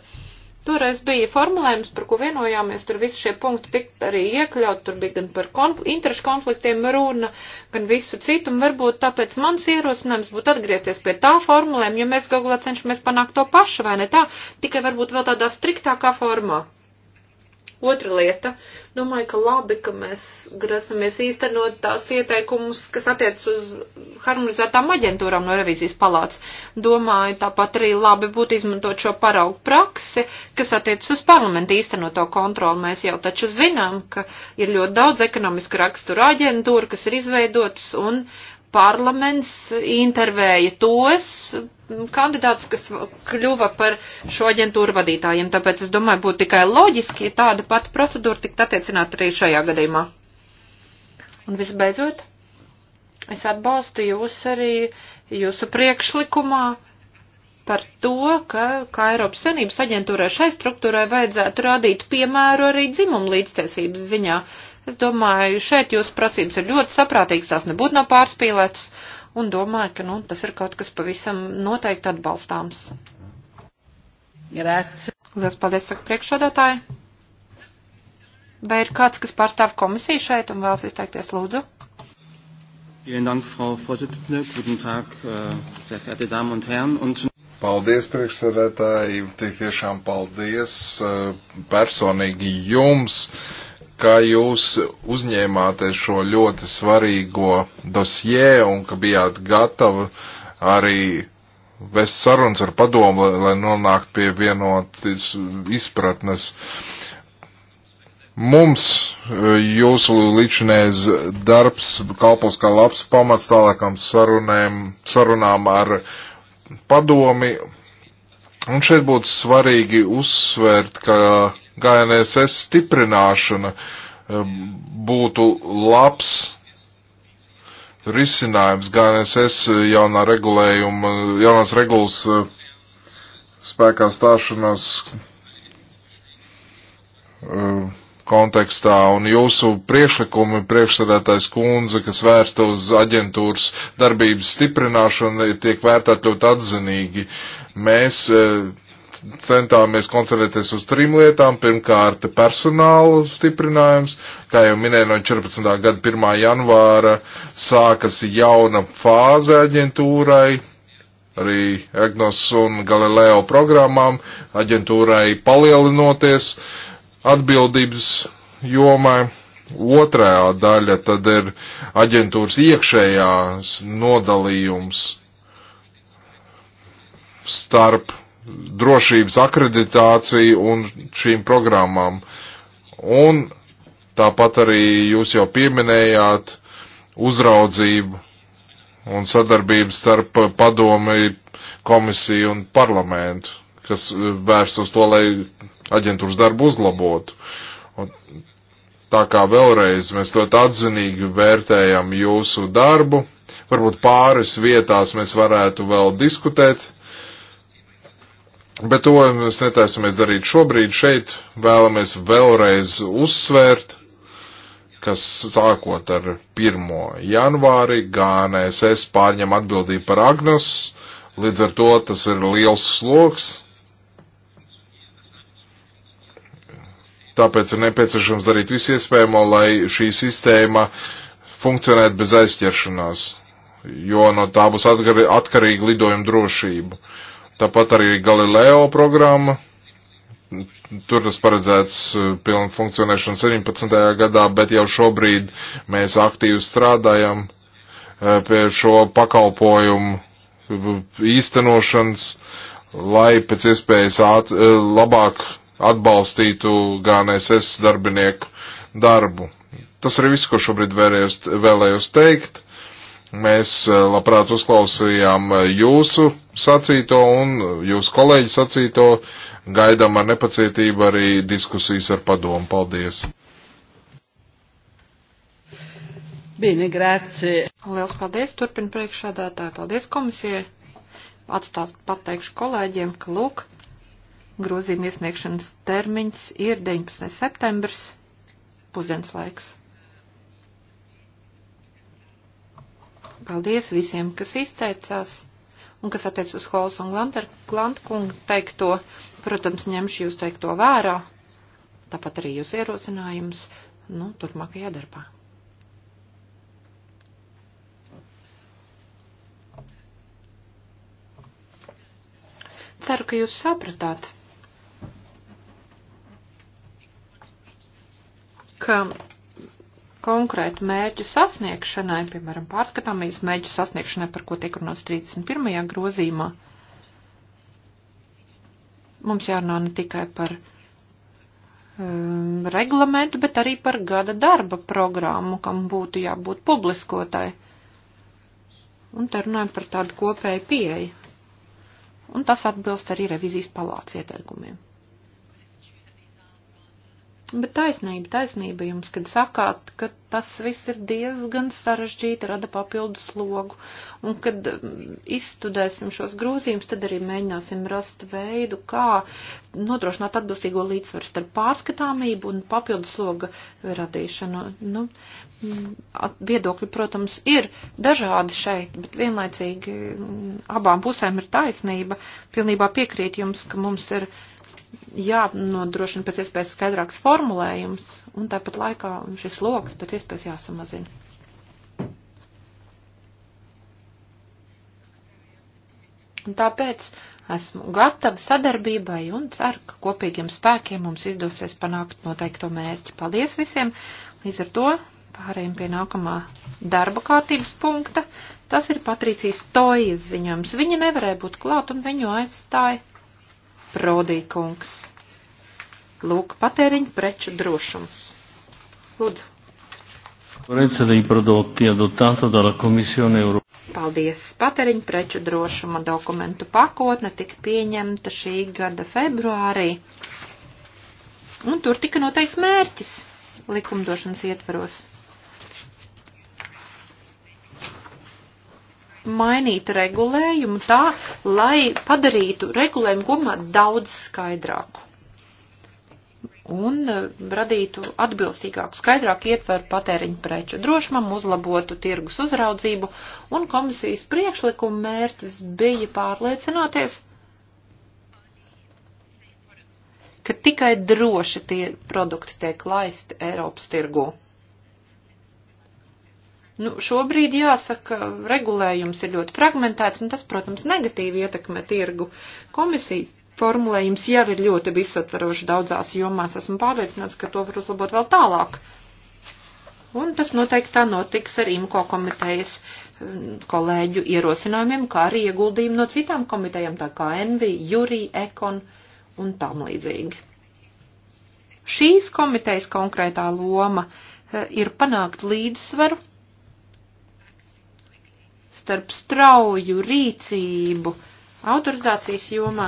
Toreiz bija formulējums, par ko vienojāmies, tur visi šie punkti tikt arī iekļaut, tur bija gan par konfl interešu konfliktiem runa, gan visu citu, un varbūt tāpēc mans ierosinājums būtu atgriezties pie tā formulējuma, jo mēs galvā cenšamies panākt to pašu, vai ne tā, tikai varbūt vēl tādā striktākā formā. Otra lieta, domāju, ka labi, ka mēs grasamies īstenot tās ieteikumus, kas attiec uz harmonizētām aģentūrām no revīzijas palāts. Domāju, tāpat arī labi būtu izmantot šo paraugu praksi, kas attiec uz parlamentu īstenoto kontroli. Mēs jau taču zinām, ka ir ļoti daudz ekonomiska rakstura aģentūra, kas ir izveidotas un parlaments intervēja tos kandidātus, kas kļuva par šo aģentūru vadītājiem. Tāpēc es domāju, būtu tikai loģiski, ja tāda pati procedūra tikt attiecināt arī šajā gadījumā. Un visbeidzot, es atbalstu jūs arī jūsu priekšlikumā par to, ka, kā Eiropas Savienības aģentūrai šai struktūrai vajadzētu rādīt piemēru arī dzimumu līdztiesības ziņā. Uh, Es domāju, šeit jūsu prasības ir ļoti saprātīgas, tās nebūtu nav pārspīlētas, un domāju, ka, nu, tas ir kaut kas pavisam noteikti atbalstāms. Grāts. Lielas paldies, saka priekšsādātāji. Vai ir kāds, kas pārstāv komisiju šeit un vēlas izteikties, lūdzu?
Vielen Dank, Frau Vorsitzende. Guten Tag, äh, sehr verehrte Damen und Herren.
Und Paldies, priekšsēdētāji, tik tiešām paldies äh, personīgi jums ka jūs uzņēmāties šo ļoti svarīgo dosjē un ka bijāt gatavi arī vest sarunas ar padomu, lai nonāktu pie vienotas izpratnes. Mums e, jūsu līdzinējais darbs kalpos kā labs pamats tālākam sarunēm, sarunām ar padomi. Un šeit būtu svarīgi uzsvērt, ka GNSS stiprināšana eh, būtu labs risinājums GNSS eh, jaunā regulējuma, jaunās regulas eh, spēkā stāšanās kontekstā un jūsu priekšlikumi priekšsēdētājs kundze, kas vērsta uz aģentūras darbības stiprināšanu, tiek vērtēt ļoti atzinīgi. Mēs centāmies koncentrēties uz trim lietām. Pirmkārt, personāla stiprinājums. Kā jau minēju, no 14. gada 1. janvāra sākas jauna fāze aģentūrai, arī Egnos un Galileo programmām, aģentūrai palielinoties atbildības jomai. Otrā daļa tad ir aģentūras iekšējās nodalījums starp drošības akreditāciju un šīm programmām. Un tāpat arī jūs jau pieminējāt uzraudzību un sadarbību starp padomi, komisiju un parlamentu, kas e, vērst uz to, lai aģentūras darbu uzlabotu. Un tā kā vēlreiz mēs to atzinīgi vērtējam jūsu darbu, varbūt pāris vietās mēs varētu vēl diskutēt Bet to mēs netaisamies darīt šobrīd šeit. Vēlamies vēlreiz uzsvērt, kas sākot ar 1. janvāri GNSS pārņem atbildību par Agnes. Līdz ar to tas ir liels sloks. Tāpēc ir nepieciešams darīt visu iespējamo, lai šī sistēma funkcionētu bez aizķeršanās, jo no tā būs atkarīga lidojuma drošība. Uh, Tāpat arī Galileo programma. Tur tas paredzēts eh, pilnu funkcionēšanu 17. gadā, bet jau šobrīd mēs aktīvi strādājam eh, pie šo pakalpojumu eh, īstenošanas, lai pēc iespējas at, labāk atbalstītu gan SS darbinieku darbu. Tas arī viss, ko šobrīd vēlējos, vēlējos teikt. Mēs eh, labprāt uzklausījām eh, jūsu sacīto un eh, jūsu kolēģi sacīto. Gaidām ar nepacietību arī diskusijas ar padomu. Paldies!
Bine, grāci. Liels paldies, turpina priekšādātāji. Paldies komisijai. Atstās pateikšu kolēģiem, ka lūk, grozījuma iesniegšanas termiņš ir 19. septembris, pusdienas laiks. Paldies visiem, kas izteicās un kas attiec uz Hols un Glantkungu teikto. Protams, ņemšu jūs teikto vērā, tāpat arī jūs ierosinājums, nu, turpmākajā darbā. Ceru, ka jūs sapratāt, ka konkrētu mērķu sasniegšanai, piemēram, pārskatāmības mērķu sasniegšanai, par ko tiek runāts 31. grozīmā, mums jārunā ne tikai par um, reglamentu, bet arī par gada darba programmu, kam būtu jābūt publiskotai. Un te runājam par tādu kopēju pieeju. Un tas atbilst arī revizijas palāca ieteikumiem. Bet taisnība, taisnība jums, kad sakāt, ka tas viss ir diezgan sarežģīti, rada papildus slogu, un kad um, izstudēsim šos grūzījumus, tad arī mēģināsim rast veidu, kā nodrošināt atbilstīgo līdzsvaru starp pārskatāmību un papildus sloga radīšanu. Nu, mm, viedokļi, protams, ir dažādi šeit, bet vienlaicīgi mm, abām pusēm ir taisnība. Pilnībā piekrīt jums, ka mums ir jānodrošina pēc iespējas skaidrāks formulējums, un tāpat laikā šis loks pēc iespējas jāsamazina. Un tāpēc esmu gatava sadarbībai un ceru, ka kopīgiem spēkiem mums izdosies panākt noteikto mērķi. Paldies visiem! Līdz ar to pārējiem pie nākamā darba kārtības punkta. Tas ir Patricijas Tojas ziņojums. Viņa nevarēja būt klāt un viņu aizstāja Prodīkungs. Lūk, patēriņu preču drošums. Lūdzu. Paldies! Patēriņu preču drošuma dokumentu pakotne tika pieņemta šī gada februārī. Un tur tika noteikts mērķis likumdošanas ietvaros mainīt regulējumu tā, lai padarītu regulējumu kopumā daudz skaidrāku un eh, radītu atbilstīgāku, skaidrāku ietveru patēriņu preču drošumam, uzlabotu tirgus uzraudzību, un komisijas priekšlikuma mērķis bija pārliecināties, ka tikai droši tie produkti tiek laisti Eiropas tirgū. Nu, šobrīd jāsaka, regulējums ir ļoti fragmentēts, un tas, protams, negatīvi ietekmē tirgu. Komisijas formulējums jau ir ļoti visatvaroši daudzās jomās. Esmu pārliecināts, ka to var uzlabot vēl tālāk. Un tas noteikti tā notiks ar IMCO komitejas um, kolēģu ierosinājumiem, kā arī ieguldījumu no citām komitejām, tā kā NV, Jurī, Ekon un tam līdzīgi. Šīs komitejas konkrētā loma eh, ir panākt līdzsvaru starp strauju rīcību autorizācijas jomā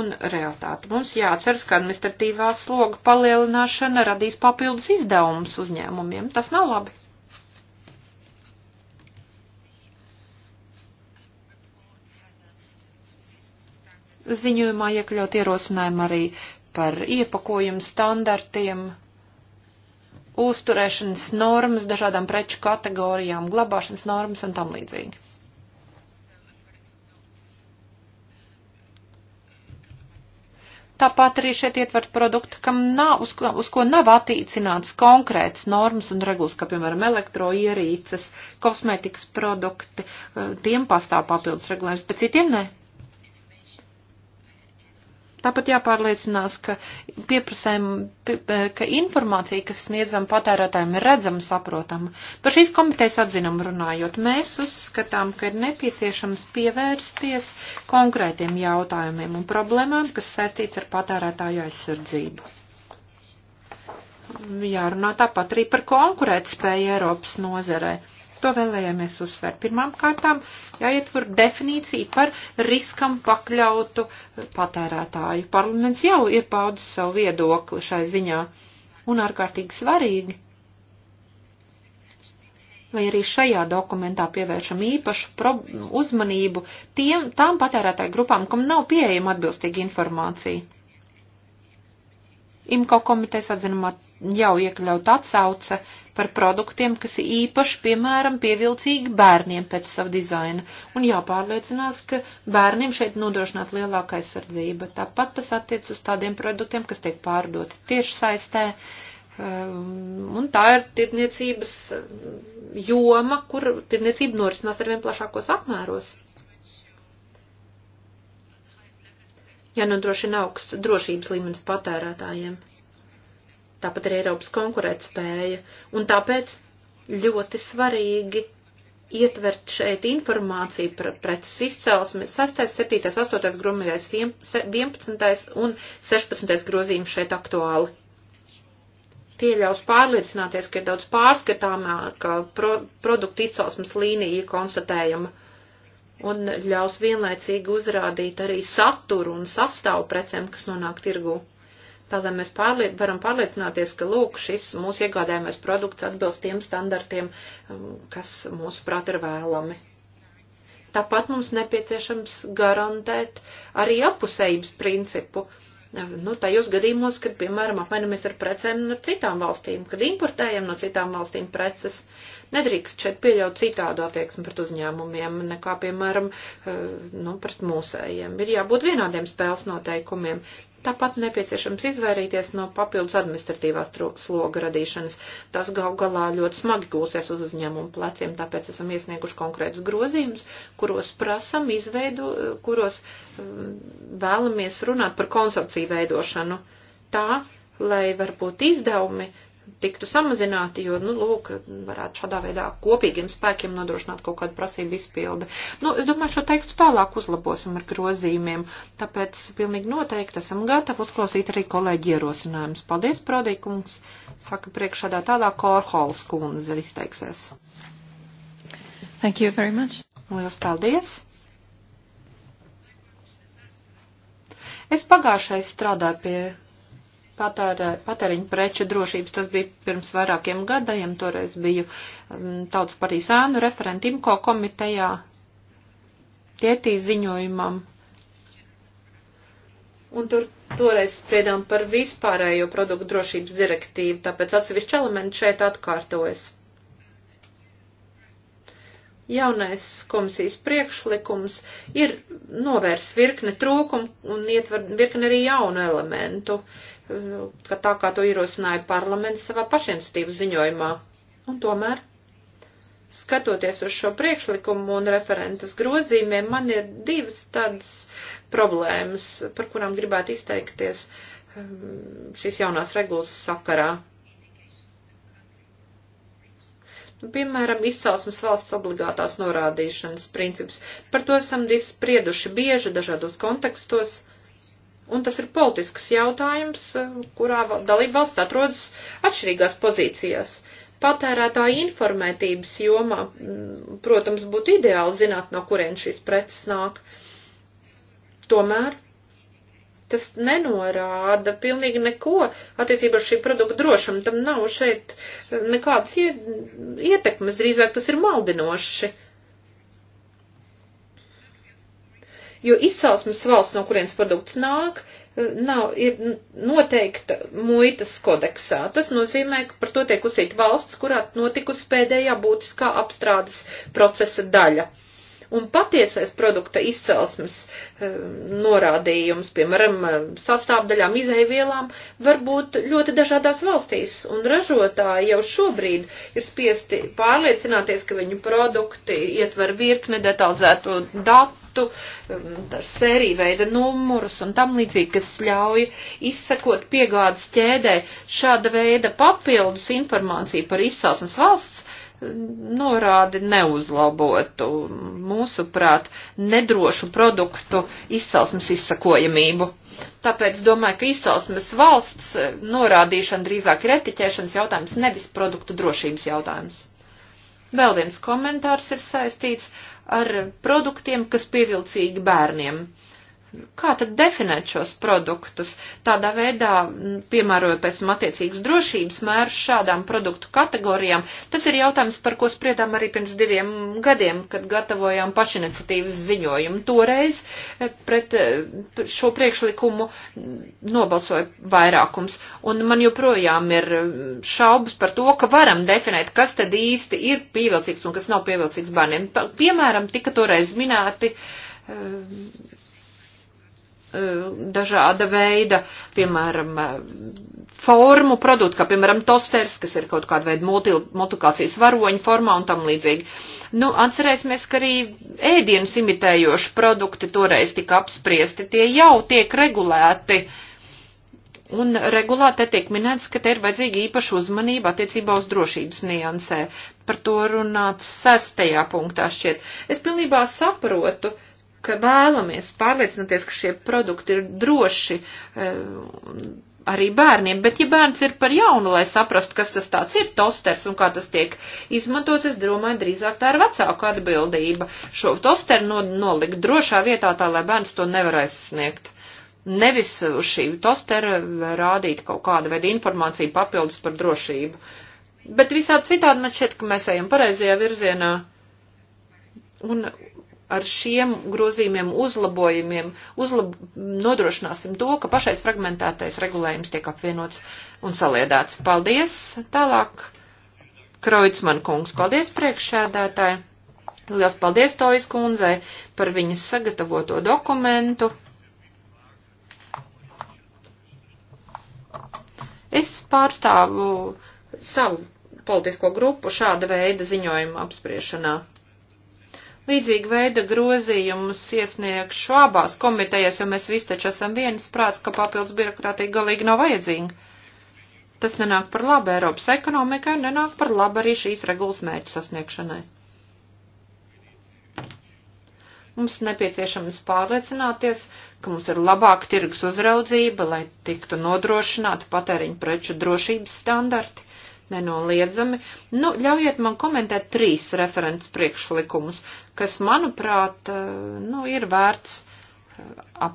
un realitāti. Mums jāatceras, ka administratīvā sloga palielināšana radīs papildus izdevumus uzņēmumiem. Tas nav labi. Ziņojumā iekļaut ierosinājumu arī par iepakojumu standartiem uzturēšanas normas dažādām preču kategorijām, glabāšanas normas un tam līdzīgi. Tāpat arī šeit ietver produktu, kam nav, uz, ko, uz ko nav attīcināts konkrēts normas un regulas, kā piemēram elektroierīces, kosmētikas produkti, eh, tiem pastāv papildus regulējums, bet citiem ne. Tāpat jāpārliecinās, ka pieprasēm, eh, ka informācija, kas sniedzam patērētājiem, ir redzama, saprotama. Par šīs komitejas atzinumu runājot, mēs uzskatām, ka ir nepieciešams pievērsties konkrētiem jautājumiem un problēmām, kas saistīts ar patērētāju aizsardzību. Jārunā tāpat arī par konkurētspēju Eiropas nozerē. To vēlējāmies uzsvērt. Pirmām kārtām jāietver definīcija par riskam pakļautu patērētāju. Parlaments jau ir paudis savu viedokli šai ziņā un ārkārtīgi svarīgi. Lai arī šajā dokumentā pievēršam īpašu uzmanību tiem, tām patērētāju grupām, kam nav pieejama atbilstīga informācija. IMCO komitejas atzinumā jau iekļaut atsauce par produktiem, kas īpaši, piemēram, pievilcīgi bērniem pēc sava dizaina, un jāpārliecinās, ka bērniem šeit nodrošināt lielāka aizsardzība. Tāpat tas attiec uz tādiem produktiem, kas tiek pārdoti tieši saistē, ehm, un tā ir tirniecības ehm, joma, kur tirniecība norisinās ar vien plašākos apmēros. Ja nodrošina augsts drošības līmenis patērētājiem tāpat arī Eiropas konkurētspēja. Un tāpēc ļoti svarīgi ietvert šeit informāciju par preces izcelsmi 6, 7, 8, grumīgais 11 un 16 grozījums šeit aktuāli. Tie ļaus pārliecināties, ka ir daudz pārskatāmāka pro, produktu izcelsmes līnija konstatējama un ļaus vienlaicīgi uzrādīt arī saturu un sastāvu precēm, kas nonāk tirgū tā lai mēs pārlie varam pārliecināties, ka lūk, šis mūsu iegādājumais produkts atbilst tiem standartiem, um, kas mūsuprāt ir vēlami. Tāpat mums nepieciešams garantēt arī apusējības principu. Um, nu, tajos gadījumos, kad, piemēram, apmainamies ar precēm no citām valstīm, kad importējam no citām valstīm preces, nedrīkst šeit pieļaut citādu attieksmi pret uzņēmumiem nekā, piemēram, uh, nu, pret mūsējiem. Ir jābūt vienādiem spēles noteikumiem. Tāpat nepieciešams izvairīties no papildus administratīvās sloga radīšanas. Tas gal galā ļoti smagi gulsies uz uzņēmumu pleciem, tāpēc esam iesnieguši konkrētus grozījumus, kuros prasam izveidu, kuros mm, vēlamies runāt par konsorciju veidošanu. Tā, lai varbūt izdevumi tiktu samazināti, jo, nu, lūk, varētu šādā veidā kopīgiem spēkiem nodrošināt kaut kādu prasību izpildi. Nu, es domāju, šo tekstu tālāk uzlabosim ar grozījumiem, tāpēc pilnīgi noteikti esam gatavi uzklausīt arī kolēģi ierosinājumus. Paldies, Prodīkums, saka priekšādā tādā Korholas kundze izteiksies. Thank you very much. Lielas paldies. Es pagājušais strādāju pie patēriņu preču drošības. Tas bija pirms vairākiem gadiem, toreiz biju um, Tautas partijas ēnu referenti IMKO komitejā tietī ziņojumam. Un tur toreiz spriedām par vispārējo produktu drošības direktīvu, tāpēc atsevišķi elementi šeit atkārtojas. Jaunais komisijas priekšlikums ir novērs virkne trūkumu un ietver virkne arī jaunu elementu. Uh, ka tā kā to ierosināja parlaments savā pašinstīvas ziņojumā. Un tomēr, skatoties uz šo priekšlikumu un referentas grozījumiem, man ir divas tādas problēmas, par kurām gribētu izteikties um, šīs jaunās regulas sakarā. Nu, piemēram, izcelsmes valsts obligātās norādīšanas princips. Par to esam disprieduši bieži dažādos kontekstos un tas ir politisks jautājums, kurā dalība valsts atrodas atšķirīgās pozīcijās. Patērētāja informētības jomā, mm, protams, būtu ideāli zināt, no kurien šīs preces nāk. Tomēr tas nenorāda pilnīgi neko attiecībā ar šī produkta drošumu. Tam nav šeit nekādas ietekmes, drīzāk tas ir maldinoši. jo izcelsmes valsts, no kurienes produkts nāk, eh, nav, ir noteikta muitas kodeksā. Tas nozīmē, ka par to tiek uzsīt valsts, kurā notikusi pēdējā būtiskā apstrādes procesa daļa. Uh, un patiesais produkta izcelsmes eh, norādījums, piemēram, eh, sastāvdaļām, izēvielām, var būt ļoti dažādās valstīs, un ražotāji jau šobrīd ir spiesti pārliecināties, ka viņu produkti ietver virkni detalizētu datu, eh, sēriju veida numurus un tam līdzīgi, kas ļauj izsekot piegādes ķēdē šāda veida papildus informāciju par izcelsmes valsts norādi neuzlabotu mūsuprāt nedrošu produktu izcelsmes izsakojamību. Tāpēc domāju, ka izcelsmes valsts norādīšana drīzāk ir etiķēšanas jautājums, nevis produktu drošības jautājums. Vēl viens komentārs ir saistīts ar produktiem, kas pievilcīgi bērniem. Uh, Kā tad definēt šos produktus? Tādā veidā, piemērojot pēc tam attiecīgas drošības mērus šādām produktu kategorijām, tas ir jautājums, par ko spriedām arī pirms diviem gadiem, kad gatavojām pašiniciatīvas ziņojumu. Toreiz e, pret e, šo priekšlikumu nobalsoja vairākums, un man joprojām ir šaubas par to, ka varam definēt, kas tad īsti ir pievilcīgs un kas nav pievilcīgs bērniem. Piemēram, tika toreiz minēti e, Eh, dažāda veida, piemēram, eh, formu produktu, kā piemēram tosters, kas ir kaut kāda veida multi, multiplikācijas varoņa formā un tam līdzīgi. Nu, atcerēsimies, ka arī ēdienus imitējoši produkti toreiz tika apspriesti, tie jau tiek regulēti. Un regulāti tiek minēts, ka te ir vajadzīga īpaša uzmanība attiecībā uz drošības niansē. Par to runāts sestajā punktā šķiet. Es pilnībā saprotu, uh, ka vēlamies pārliecināties, ka šie produkti ir droši e, arī bērniem, bet ja bērns ir par jaunu, lai saprastu, kas tas tāds ir tosters un kā tas tiek izmantots, es domāju, drīzāk tā ir vecāku atbildība šo tosteru no, nolikt drošā vietā tā, lai bērns to nevar aizsniegt. Nevis uz šī tostera rādīt kaut kādu veidu informāciju papildus par drošību. Bet visādi citādi man šķiet, ka mēs ejam pareizajā virzienā. Un ar šiem grozījumiem uzlabojumiem uzlab, nodrošināsim to, ka pašais fragmentētais regulējums tiek apvienots un saliedāts. Paldies! Tālāk, Kreutzmann kungs, paldies priekšsēdētāji! Liels paldies Tojas kundzei par viņas sagatavoto dokumentu! Es pārstāvu savu politisko grupu šāda veida ziņojuma apspriešanā. Līdzīga veida grozījumus iesniegšu abās komitejas, jo mēs visi taču esam vienas prāts, ka papildus birokrātija galīgi nav vajadzīga. Tas nenāk par labu Eiropas ekonomikai, nenāk par labu arī šīs regulas mērķu sasniegšanai. Mums nepieciešams pārliecināties, ka mums ir labāka tirgus uzraudzība, lai tiktu nodrošināta patēriņu preču drošības standarti, nenoliedzami. Nu, ļaujiet man komentēt trīs referents priekšlikumus, kas, manuprāt, eh, nu, ir vērts eh, ap,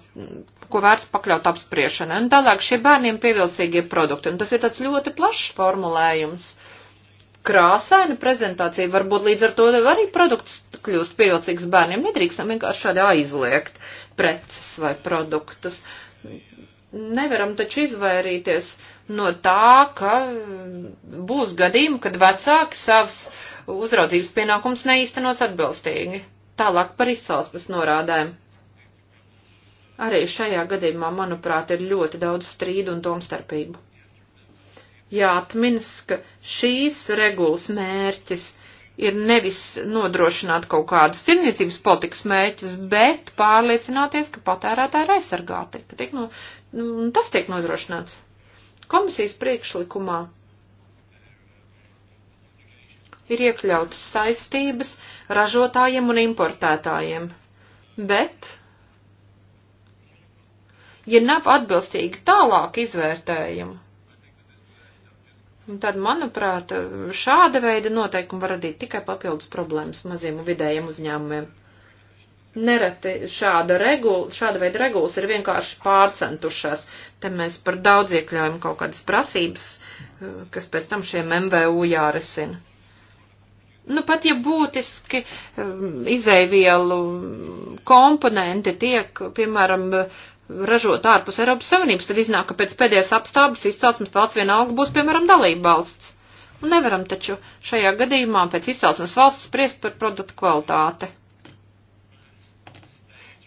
ko vērts pakļaut apspriešanai. Un tālāk šie bērniem pievilcīgie produkti. Un tas ir tāds ļoti plašs formulējums. Krāsaina prezentācija varbūt līdz ar to arī produkts kļūst pievilcīgs bērniem. Nedrīkstam vienkārši šādi aizliegt preces vai produktus. Nevaram taču izvairīties no tā, ka būs gadījumi, kad vecāki savas uzraudzības pienākums neīstenos atbilstīgi. Tālāk par izcelsmes norādēm. Arī šajā gadījumā, manuprāt, ir ļoti daudz strīdu un domstarpību. Jāatminas, ka šīs regulas mērķis ir nevis nodrošināt kaut kādas tirniecības politikas mērķus, bet pārliecināties, ka patērētāji ir aizsargāti, ka tiek no, nu, tas tiek nodrošināts. Komisijas priekšlikumā ir iekļautas saistības ražotājiem un importētājiem, bet, ja nav atbilstīgi tālāk izvērtējumu, tad, manuprāt, šāda veida noteikumi var radīt tikai papildus problēmas maziem un vidējiem uzņēmumiem nereti šāda, regula, šāda veida regulas ir vienkārši pārcentušās. Te mēs par daudz iekļaujam kaut kādas prasības, eh, kas pēc tam šiem MVU jārisina. Nu, pat ja būtiski eh, izēvielu komponenti tiek, piemēram, ražot ārpus Eiropas Savienības, tad iznāk, ka pēc pēdējās apstākļas izcelsmes valsts vienalga būtu, piemēram, dalība valsts. Un nu, nevaram taču šajā gadījumā pēc izcelsmes valsts spriest par produktu kvalitāti.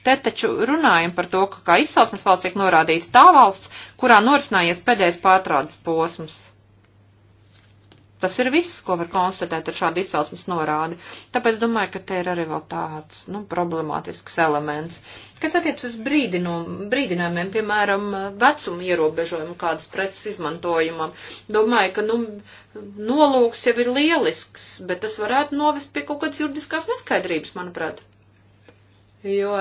Te taču runājam par to, ka kā izcelsmes valsts tiek norādīta tā valsts, kurā norisinājies pēdējais pārtraudas posms. Tas ir viss, ko var konstatēt ar šādu izcelsmes norādi. Tāpēc domāju, ka te ir arī vēl tāds, nu, problemātisks elements, kas attiec uz brīdinum, brīdinājumiem, piemēram, vecuma ierobežojumu kādas preses izmantojumam. Domāju, ka, nu, nolūks jau ir lielisks, bet tas varētu novest pie kaut kādas juridiskās neskaidrības, manuprāt. Jo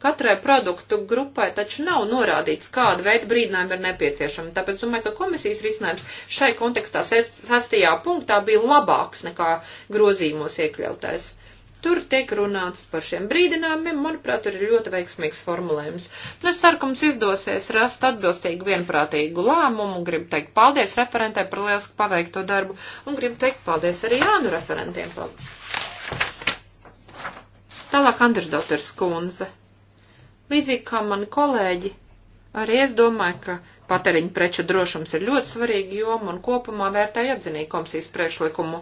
Katrai produktu grupai taču nav norādīts, kāda veida brīdinājumi ir nepieciešami. Tāpēc domāju, ka komisijas risinājums šai kontekstā sestajā punktā bija labāks nekā grozīmos iekļautais. Tur tiek runāts par šiem brīdinājumiem, manuprāt, tur ir ļoti veiksmīgs formulējums. Nu, es ceru, ka mums izdosies rast atbilstīgu vienprātīgu lēmumu, gribu teikt paldies referentē par lielisku paveikto darbu, un gribu teikt paldies arī Jānu referentiem. Paldies. Tālāk Andrdotters kundze. Līdzīgi kā mani kolēģi, arī es domāju, ka patēriņu preču drošums ir ļoti svarīga joma un kopumā vērtēju atzinīgi komisijas priekšlikumu.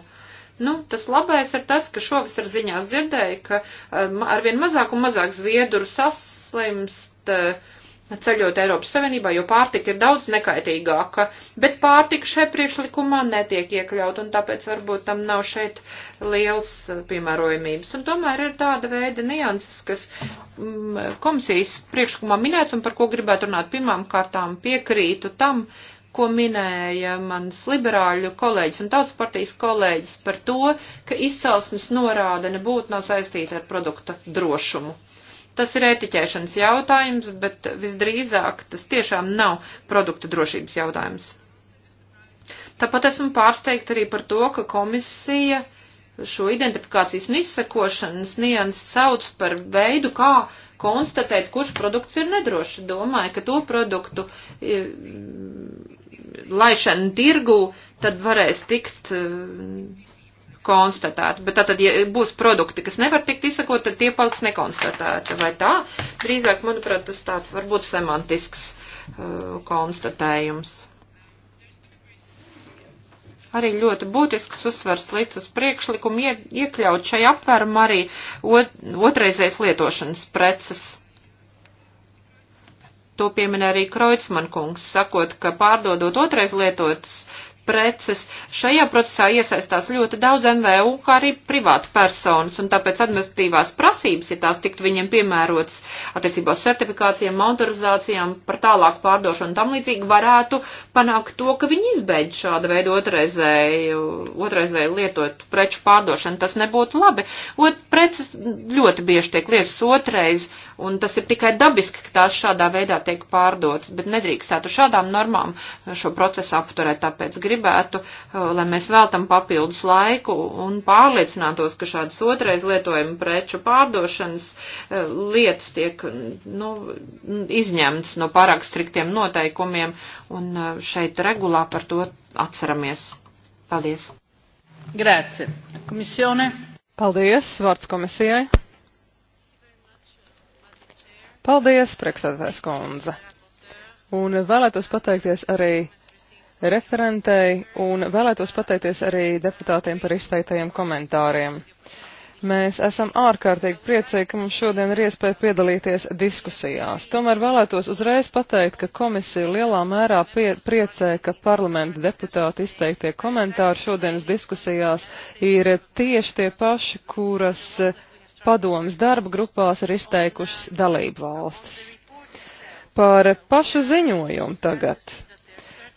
Nu, tas labais ir tas, ka šovasar ziņās dzirdēju, ka eh, arvien mazāk un mazāk zviedru saslimst uh, ceļot Eiropas Savienībā, jo pārtika ir daudz nekaitīgāka, bet pārtika šai priekšlikumā netiek iekļaut, un tāpēc varbūt tam nav šeit liels eh, piemērojumības. Un tomēr ir tāda veida nianses, kas mm, komisijas priekšlikumā minēts un par ko gribētu runāt. Pirmām kārtām piekrītu tam, ko minēja mans liberāļu kolēģis un tautas partijas kolēģis par to, ka izcelsmes norāde nebūtu nav saistīta ar produkta drošumu Tas ir etiķēšanas jautājums, bet visdrīzāk tas tiešām nav produktu drošības jautājums. Tāpat esmu pārsteigta arī par to, ka komisija šo identifikācijas un izsekošanas nianses sauc par veidu, kā konstatēt, kurš produkts ir nedrošs. Domāju, ka to produktu e, laišana tirgū tad varēs tikt e, konstatēti. Bet tātad, ja būs produkti, kas nevar tikt izsakot, tad tie paliks nekonstatēti. Vai tā? Drīzāk, manuprāt, tas tāds varbūt semantisks uh, konstatējums. Arī ļoti būtisks uzsvers līdz uz priekšlikumu ie, iekļaut šai aptvērumu arī ot, otraizais lietošanas preces. To pieminē arī Kreutzmann kungs, sakot, ka pārdodot otrais lietotas uh, preces. Šajā procesā iesaistās ļoti daudz MVU, kā arī privātu personas, un tāpēc administratīvās prasības, ja tās tiktu viņiem piemērotas attiecībā uz certifikācijām, autorizācijām, par tālāku pārdošanu tam līdzīgi, varētu panākt to, ka viņi izbeidz šāda veida otrreizēju, otrreizēju lietot preču pārdošanu. Tas nebūtu labi. Ot, preces ļoti bieži tiek lietas otrais, un tas ir tikai dabiski, ka tās šādā veidā tiek pārdotas, bet nedrīkstētu šādām normām šo procesu apturēt, tāpēc gribu gribētu, uh, lai mēs veltam papildus laiku un pārliecinātos, ka šādas otrais lietojuma preču pārdošanas uh, lietas tiek nu, izņemtas no pārāk striktiem noteikumiem, un uh, šeit regulā par to atceramies. Paldies!
Grāci. Komisione. Paldies, vārds komisijai. Paldies, priekšsēdētājs kundze. Un vēlētos pateikties arī referentei un vēlētos pateikties arī deputātiem par izteiktajiem komentāriem. Mēs esam ārkārtīgi priecīgi, ka mums šodien ir iespēja piedalīties diskusijās. Tomēr vēlētos uzreiz pateikt, ka komisija lielā mērā pie, priecē, ka parlamenta deputāti izteiktie komentāri šodienas diskusijās ir tieši tie paši, kuras padomas darba grupās ir izteikušas dalību valstis. Par pašu ziņojumu tagad.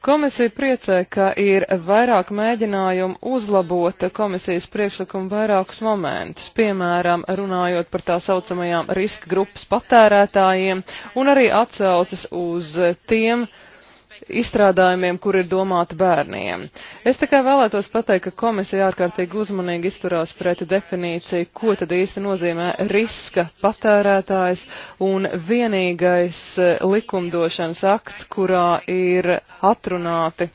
Komisija priecē, ka ir vairāk mēģinājumu uzlabot komisijas priekšlikumu vairākus momentus, piemēram, runājot par tā saucamajām riska grupas patērētājiem un arī atsaucas uz tiem, uh, izstrādājumiem, kur ir domāti bērniem. Es tikai vēlētos pateikt, ka komisija ārkārtīgi uzmanīgi izturās pret definīciju, ko tad īsti nozīmē riska patērētājs un vienīgais e, likumdošanas akts, kurā ir atrunāti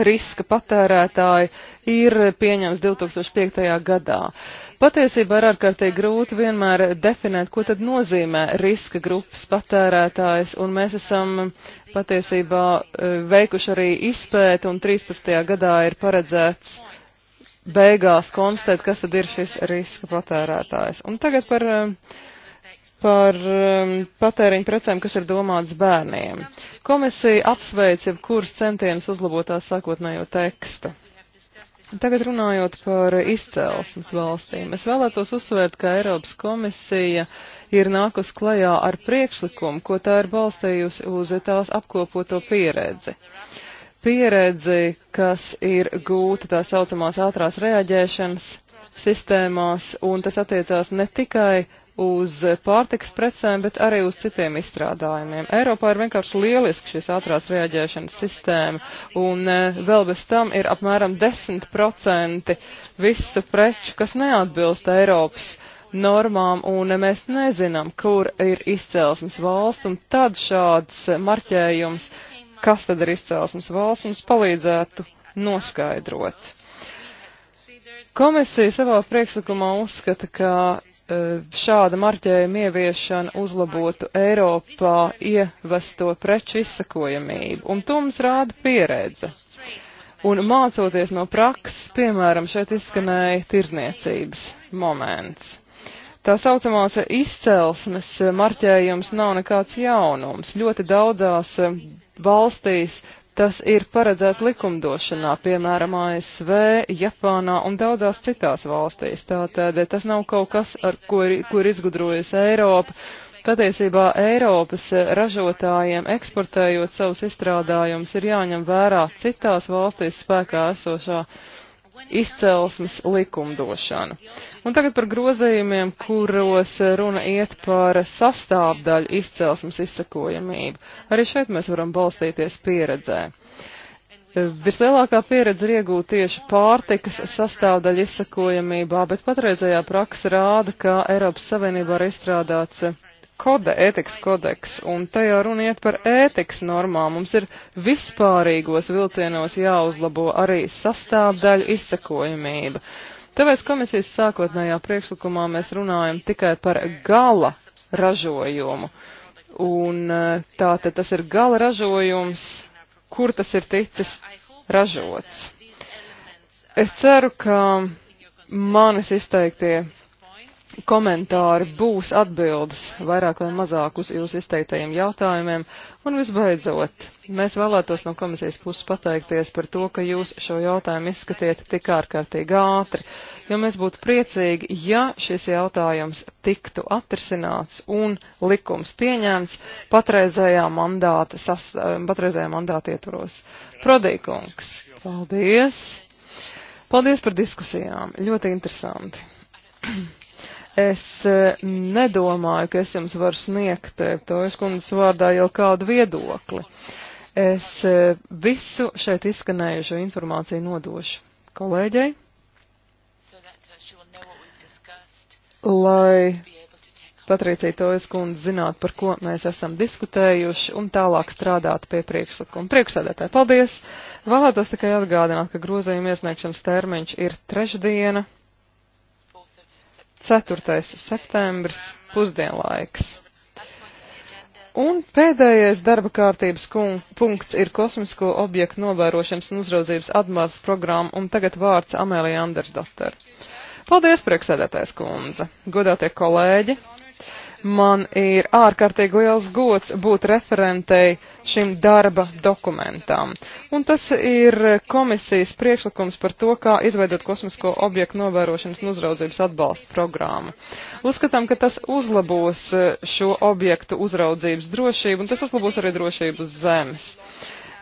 riska patērētāji, ir pieņems 2005. gadā. Patiesībā ir ārkārtīgi grūti vienmēr definēt, ko tad nozīmē riska grupas patērētājs, un mēs esam patiesībā e, veikuši arī izpēti, un 13. gadā ir paredzēts beigās konstatēt, kas tad ir šis riska patērētājs. Un tagad par, e, par e, patēriņu precēm, kas ir domāts bērniem. Komisija apsveic jau kurs centienus uzlabotā sākotnējo tekstu. Tagad runājot par izcēlesmes valstīm, es vēlētos uzsvērt, ka Eiropas komisija ir nākus klajā ar priekšlikumu, ko tā ir balstījusi uz tās apkopoto pieredzi. Pieredzi, kas ir gūta tā saucamās ātrās reaģēšanas sistēmās, un tas attiecās ne tikai uz pārtiks precēm, bet arī uz citiem izstrādājumiem. Eiropā ir vienkārši lieliski šis ātrās reaģēšanas sistēma, un e, vēl bez tam ir apmēram 10% visu preču, kas neatbilst Eiropas normām, un e, mēs nezinām, kur ir izcelsmes valsts, un tad šāds e, marķējums, kas tad ir izcelsmes valsts, mums palīdzētu noskaidrot. Komisija savā priekšlikumā uzskata, ka e, šāda marķējuma ieviešana uzlabotu Eiropā ievesto preču izsakojamību, un to mums rāda pieredze. Un mācoties no prakses, piemēram, šeit izskanēja tirzniecības moments. Tā saucamās izcelsmes marķējums nav nekāds jaunums. Ļoti daudzās e, valstīs Tas ir paredzēts likumdošanā, piemēram, ASV, Japānā un daudzās citās valstīs. Tātad tas nav kaut kas, ar ko ir, ko ir izgudrojusi Eiropa. Patiesībā Eiropas ražotājiem, eksportējot savus izstrādājumus, ir jāņem vērā citās valstīs spēkā esošā izcelsmes likumdošanu. Un tagad par grozējumiem, kuros runa iet par sastāvdaļu izcelsmes izsakojamību. Arī šeit mēs varam balstīties pieredzē. Vislielākā pieredze ir iegūta tieši pārtikas sastāvdaļa izsakojamībā, bet patreizējā praksa rāda, ka Eiropas Savienībā ir izstrādāts kode, ētikas kodeks, un tajā runiet par ētikas normām. Mums ir vispārīgos vilcienos jāuzlabo arī sastāvdaļu izsakojumība. Tāpēc komisijas sākotnējā priekšlikumā mēs runājam tikai par gala ražojumu. Un eh, tā tad tas ir gala ražojums, kur tas ir ticis ražots. Es ceru, ka manis izteiktie komentāri būs atbildes vairāk vai mazāk uz jūsu izteiktajiem jautājumiem. Un visbeidzot, mēs vēlētos no komisijas puses pateikties par to, ka jūs šo jautājumu izskatiet tik ārkārtīgi ātri, jo mēs būtu priecīgi, ja šis jautājums tiktu atrisināts un likums pieņemts patreizējā mandāta, sas, eh, patreizējā mandāta ietvaros. Prodīkungs, paldies! Paldies par diskusijām, ļoti interesanti. Es e, nedomāju, ka es jums varu sniegt e, to es kundas vārdā jau kādu viedokli. Es e, visu šeit izskanējušo informāciju nodošu kolēģei, uh, lai Patricija Tojas kundze zināt, par ko mēs esam diskutējuši un tālāk strādāt pie priekšlikuma. Priekšsēdētāji, paldies! Vēlētos tikai atgādināt, ka grozījuma iesniegšanas termiņš ir trešdiena. 4. septembris, pusdienlaiks. Un pēdējais darba kārtības punkts ir kosmisko objektu novērošanas un uzraudzības atbalsta programma, un tagad vārds Amēlija Andersdotter. Paldies, prieksēdētājs kundze, godātie kolēģi, Man ir ārkārtīgi liels gods būt referentei šim darba dokumentam. Un tas ir komisijas priekšlikums par to, kā izveidot kosmisko objektu novērošanas un uzraudzības atbalsta programmu. Uzskatām, ka tas uzlabos e, šo objektu uzraudzības drošību, un tas uzlabos arī drošību uz zemes.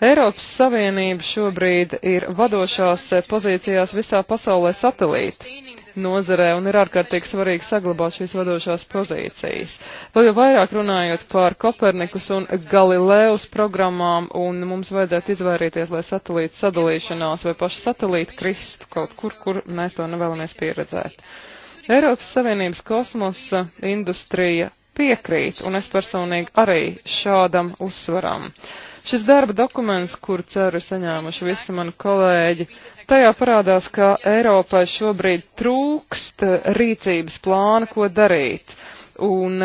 Eiropas Savienība šobrīd ir vadošās e, pozīcijās visā pasaulē satelītu nozarē un ir ārkārtīgi svarīgi saglabāt šīs vadošās pozīcijas. Vēl jau vairāk runājot par Kopernikus un Galileus programmām un mums vajadzētu izvairīties, lai satelītu sadalīšanās vai paši satelīti kristu kaut kur, kur mēs to nevēlamies pieredzēt. Eiropas Savienības kosmosa industrija piekrīt, un es personīgi arī šādam uzsvaram. Uh, Šis darba dokuments, kur ceru saņēmuši visi mani kolēģi, tajā parādās, ka Eiropai šobrīd trūkst rīcības plāna, ko darīt. Un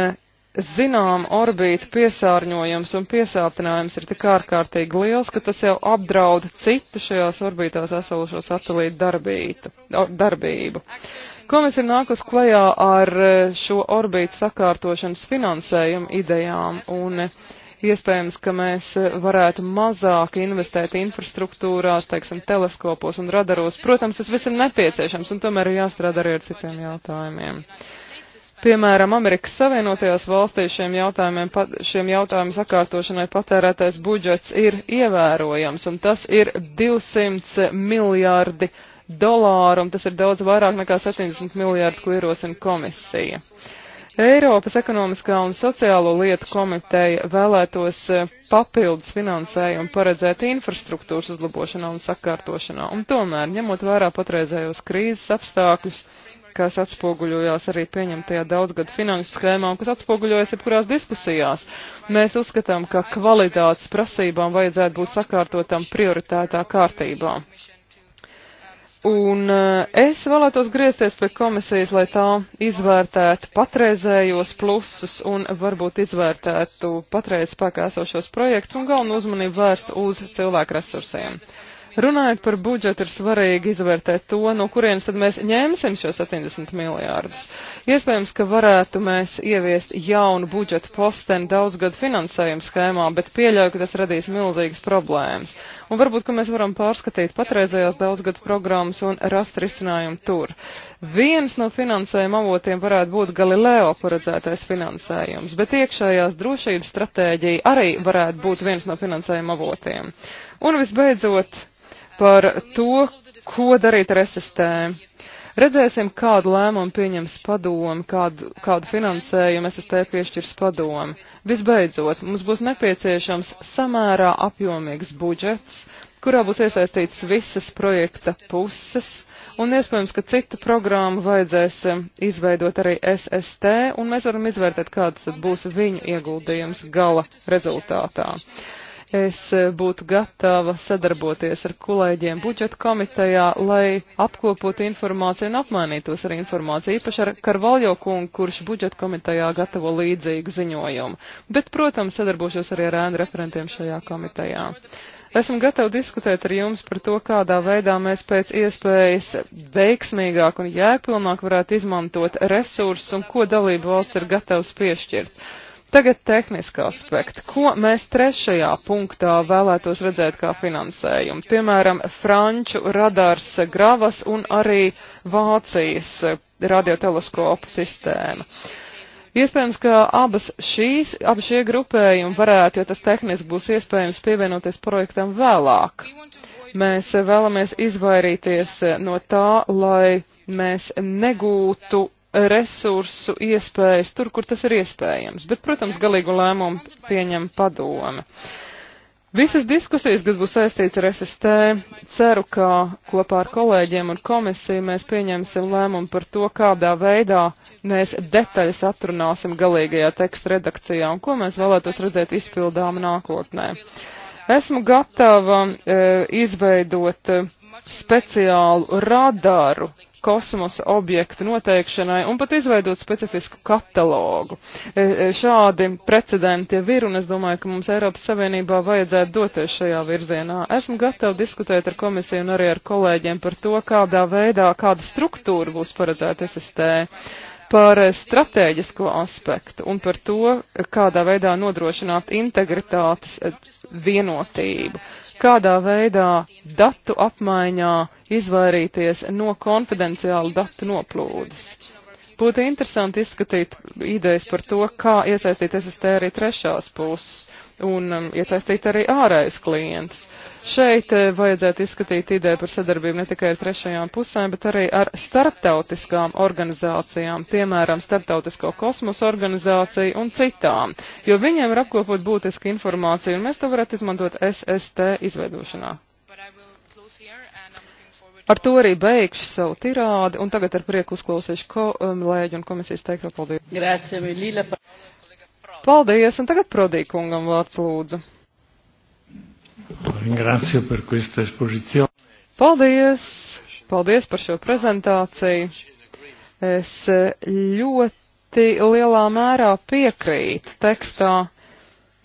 zinām orbīta piesārņojums un piesātinājums ir tik ārkārtīgi liels, ka tas jau apdraud citu šajās orbītās esošo satelītu darbītu, darbību. Komisija nākus klajā ar šo orbītu sakārtošanas finansējumu idejām un uh, Iespējams, ka mēs eh, varētu mazāk investēt infrastruktūrās, teiksim, teleskopos un radaros. Protams, tas viss ir nepieciešams un tomēr ir jāstrādā arī ar citiem jautājumiem. Piemēram, Amerikas Savienotajās valstīs šiem jautājumiem, šiem jautājumu sakārtošanai patērētais budžets ir ievērojams, un tas ir 200 miljārdi dolāru, un tas ir daudz vairāk nekā 70 miljārdi, ko ierosina komisija. Uh, Ja Eiropas ekonomiskā un sociālo lietu komiteja vēlētos e, papildus finansējumu paredzēt infrastruktūras uzlabošanā un sakārtošanā, un tomēr, ņemot vērā patreizējos krīzes apstākļus, kas atspoguļojās arī pieņemtajā daudzgadu finanšu schēmā un kas atspoguļojas jebkurās diskusijās. Mēs uzskatām, ka kvalitātes prasībām vajadzētu būt sakārtotam prioritētā kārtībā. Un eh, es vēlētos griezties pie komisijas, lai tā izvērtētu patreizējos plusus un varbūt izvērtētu patreiz spēkā esošos projektus un galvenu uzmanību vērst uz cilvēku resursiem. Uh, Runājot par budžetu, ir svarīgi izvērtēt to, no kurienes tad mēs ņemsim šo 70 miljārdus. Iespējams, ka varētu mēs ieviest jaunu budžetu posteni daudzgadu finansējumu schēmā, bet pieļauju, ka tas radīs milzīgas problēmas. Un varbūt, ka mēs varam pārskatīt patreizējās daudzgadu programmas un rast risinājumu tur. Viens no finansējuma avotiem varētu būt Galileo paredzētais finansējums, bet iekšējās drošības stratēģija arī varētu būt viens no finansējuma avotiem. Un visbeidzot, par to, ko darīt ar SST. Redzēsim, kādu lēmumu pieņems padomu, kādu, kādu finansējumu SST piešķirs padomu. Visbeidzot, mums būs nepieciešams samērā apjomīgs budžets, kurā būs iesaistīts visas projekta puses, un iespējams, ka citu programmu vajadzēs um, izveidot arī SST, un mēs varam izvērtēt, kāds būs viņu ieguldījums gala rezultātā. Uh, es e, būtu gatava sadarboties ar kolēģiem budžeta komitejā, lai apkopotu informāciju un apmainītos ar informāciju, īpaši ar Karvaljo kungu, kurš budžeta komitejā gatavo līdzīgu ziņojumu. Bet, protams, sadarbošos arī ar ēnu referentiem šajā komitejā. Esmu gatava diskutēt ar jums par to, kādā veidā mēs pēc iespējas veiksmīgāk un jēgpilnāk varētu izmantot resursus un ko dalību valsts ir gatavs piešķirt. Tagad tehniska aspekta. Ko mēs trešajā punktā vēlētos redzēt kā finansējumu? Piemēram, franču radars gravas un arī Vācijas radioteleskopu sistēma. Iespējams, ka abas šīs, abi šie grupējumi varētu, jo tas tehniski būs iespējams pievienoties projektam vēlāk. Mēs vēlamies izvairīties no tā, lai mēs negūtu resursu iespējas tur, kur tas ir iespējams. Bet, protams, galīgu lēmumu pieņem padome. Visas diskusijas, kas būs saistīts ar SST, ceru, ka kopā ar kolēģiem un komisiju mēs pieņemsim lēmumu par to, kādā veidā mēs detaļas atrunāsim galīgajā teksta redakcijā un ko mēs vēlētos redzēt izpildām nākotnē. Esmu gatava e, izveidot e, speciālu radaru kosmosa objektu noteikšanai un pat izveidot specifisku katalogu. E, e, šādi precedenti jau ir, un es domāju, ka mums Eiropas Savienībā vajadzētu doties šajā virzienā. Esmu gatava diskutēt ar komisiju un arī ar kolēģiem par to, kādā veidā, kāda struktūra būs paredzēta SST par stratēģisko aspektu un par to, kādā veidā nodrošināt integritātes e, vienotību kādā veidā datu apmaiņā izvairīties no konfidenciālu datu noplūdes. Būtu interesanti izskatīt idejas par to, kā iesaistīties uz te arī trešās puses un um, iesaistīt arī ārējais klients. Šeit eh, vajadzētu izskatīt ideju par sadarbību ne tikai ar trešajām pusēm, bet arī ar starptautiskām organizācijām, piemēram, Starptautisko kosmosa organizāciju un citām, jo viņiem ir apkopot būtiski informāciju, un mēs to varētu izmantot SST izveidošanā. Ar to arī beigšu savu tirādi, un tagad ar prieku uzklausīšu kolēģi um, un komisijas teikto paldies. Grācija, Paldies, un tagad Prodīkungam vārds lūdzu. Paldies! Paldies par šo prezentāciju. Es eh, ļoti lielā mērā piekrītu tekstā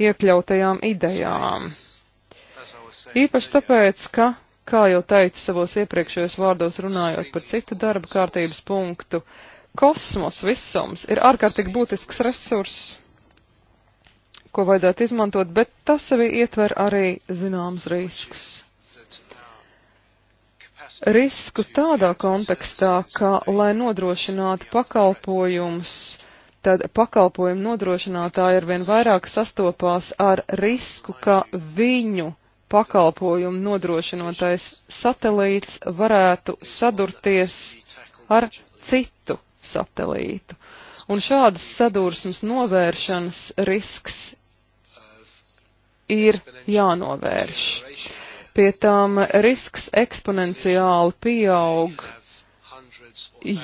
iekļautajām idejām. Īpaši tāpēc, ka, kā jau teicu savos iepriekšējos vārdos runājot par citu darba kārtības punktu, kosmos visums ir ārkārtīgi būtisks resurss ko vajadzētu izmantot, bet tas sevi ietver arī zināms riskus. Risku tādā kontekstā, ka, lai nodrošinātu pakalpojumus, tad pakalpojumu nodrošinātāji arvien vairāk sastopās ar risku, ka viņu pakalpojumu nodrošinotais satelīts varētu sadurties ar citu satelītu. Un šādas sadursmes novēršanas risks ir jānovērš. Pie tam risks eksponenciāli pieaug,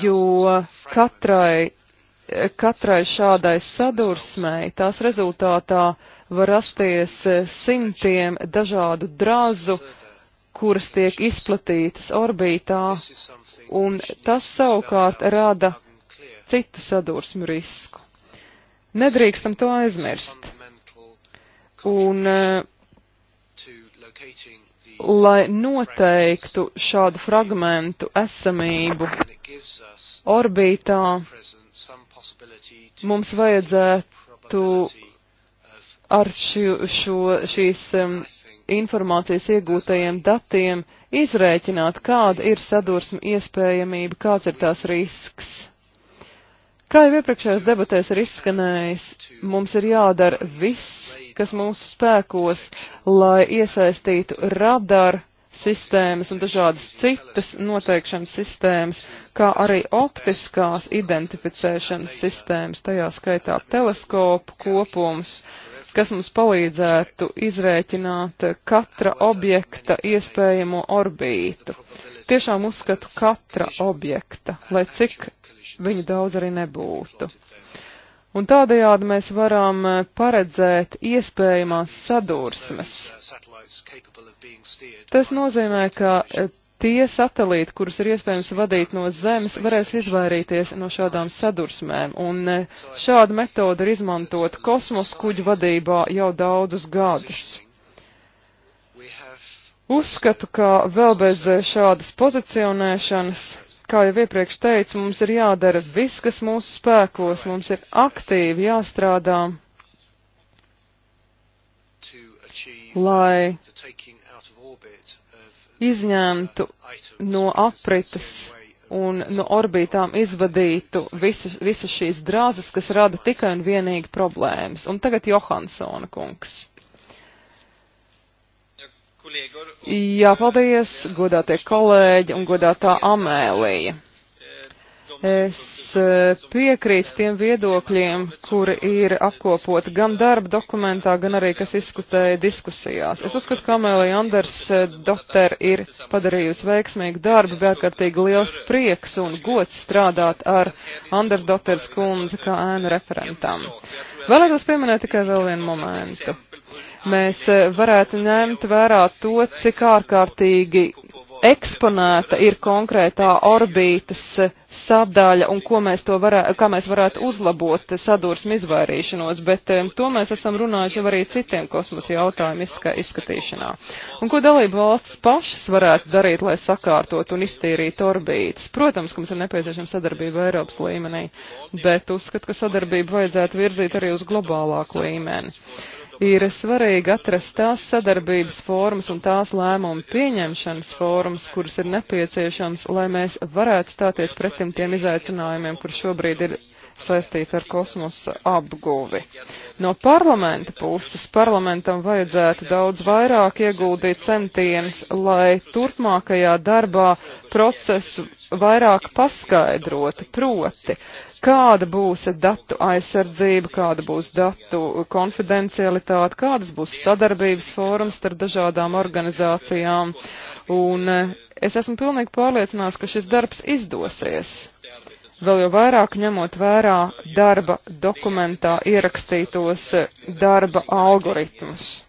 jo katrai, katrai šādai sadursmei tās rezultātā var rasties simtiem dažādu drazu, kuras tiek izplatītas orbītā, un tas savukārt rada citu sadursmu risku. Nedrīkstam to aizmirst. Un, eh, lai noteiktu šādu fragmentu esamību orbītā, mums vajadzētu ar šo, šo, šīs informācijas iegūtajiem datiem izrēķināt, kāda ir sadursme iespējamība, kāds ir tās risks. Kā jau iepriekšējās debatēs ir izskanējis, mums ir jādara viss, kas mūsu spēkos, lai iesaistītu radaru sistēmas un dažādas citas noteikšanas sistēmas, kā arī optiskās identificēšanas sistēmas, tajā skaitā teleskopu kopums, kas mums palīdzētu izrēķināt katra objekta iespējamo orbītu. Tiešām uzskatu katra objekta, lai cik viņu daudz arī nebūtu. Un tādējādi mēs varam eh, paredzēt iespējamās sadursmes. Tas nozīmē, ka eh, tie satelīti, kurus ir iespējams vadīt no Zemes, varēs izvairīties no šādām sadursmēm, un eh, šāda metode ir izmantota kosmosa kuģu vadībā jau daudzus gadus. Uzskatu, ka vēl bez šādas pozicionēšanas kā jau iepriekš teicu, mums ir jādara viss, kas mūsu spēkos, mums ir aktīvi jāstrādā,
lai izņemtu
no aprites un no orbītām izvadītu visas visu šīs drāzes, kas rada tikai un vienīgi problēmas. Un tagad Johansona kungs. Jā, paldies, godātie kolēģi un godātā Amēlija. Es eh, piekrītu tiem viedokļiem, kuri ir apkopoti gan darba dokumentā, gan arī, kas izskutēja diskusijās. Es uzskatu, ka Amēlija Anders eh, doktor ir padarījusi veiksmīgu darbu, bija ārkārtīgi liels prieks un gods strādāt ar Anders doktors kundzi kā ēnu referentam. Vēlētos pieminēt tikai vēl vienu momentu mēs e, varētu ņemt vērā to, cik ārkārtīgi eksponēta ir konkrētā orbītas e, sadaļa un ko mēs to varētu, kā mēs varētu uzlabot sadursmi izvairīšanos, bet e, to mēs esam runājuši jau arī citiem kosmosa jautājumu izska, izskatīšanā. Un ko dalību valsts pašas varētu darīt, lai sakārtot un iztīrīt orbītas? Protams, ka mums ir nepieciešama sadarbība Eiropas līmenī, bet uzskatu, ka sadarbību vajadzētu virzīt arī uz globālāku līmeni ir svarīgi atrast tās sadarbības formas un tās lēmumu pieņemšanas formas, kuras ir nepieciešams, lai mēs varētu stāties pretim tiem izaicinājumiem, kur šobrīd ir saistīta ar kosmosa apguvi. No parlamenta puses parlamentam vajadzētu daudz vairāk ieguldīt centienus, lai turpmākajā darbā procesu vairāk paskaidrotu, proti, kāda būs datu aizsardzība, kāda būs datu konfidencialitāte, kādas būs sadarbības fórums starp dažādām organizācijām. Un es esmu pilnīgi pārliecināts, ka šis darbs izdosies vēl jau vairāk ņemot vērā darba dokumentā ierakstītos eh, darba algoritmus.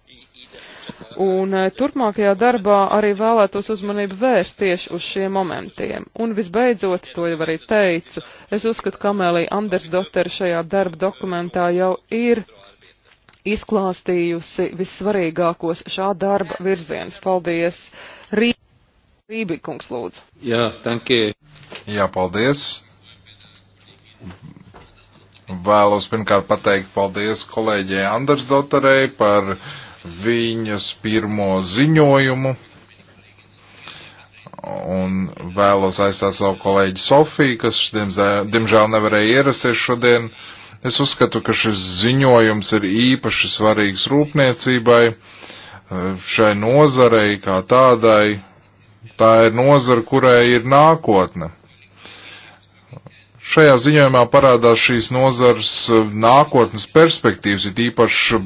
Un eh, turpmākajā darbā arī vēlētos uzmanību vērst tieši uz šiem momentiem. Un visbeidzot, to jau arī teicu, es uzskatu, ka Amēlija Andersdotter šajā darba dokumentā jau ir izklāstījusi vissvarīgākos šā darba virziens. Paldies! Rī Rībikungs lūdzu.
Jā, tankie. Jā, paldies. Vēlos pirmkārt pateikt paldies kolēģei Anders Dotarei par viņas pirmo ziņojumu. Un vēlos aizstāt savu kolēģi Sofiju, kas diemžēl, diemžēl nevarēja ierasties šodien. Es uzskatu, ka šis ziņojums ir īpaši svarīgs rūpniecībai, šai nozarei kā tādai. Tā ir nozara, kurai ir nākotne. Šajā ziņojumā parādās šīs nozars eh, nākotnes perspektīvas, it īpaši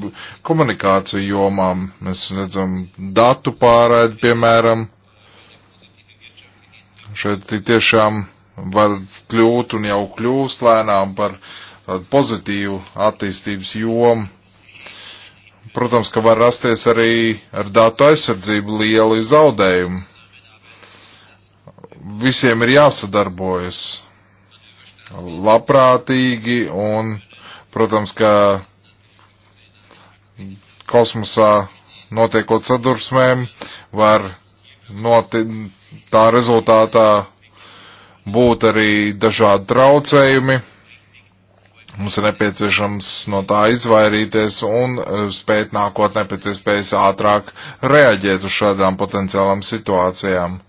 komunikāciju jomām. Mēs redzam datu pārēdi, piemēram. Šeit tiešām var kļūt un jau kļūst lēnām par eh, pozitīvu attīstības jomu. Protams, ka var rasties arī ar datu aizsardzību lieli zaudējumi. Visiem ir jāsadarbojas labprātīgi un, protams, ka kosmosā notiekot sadursmēm var noti tā rezultātā būt arī dažādi traucējumi. Mums ir nepieciešams no tā izvairīties un e, spēt nākotnē pēc iespējas ātrāk reaģēt uz šādām potenciālām situācijām.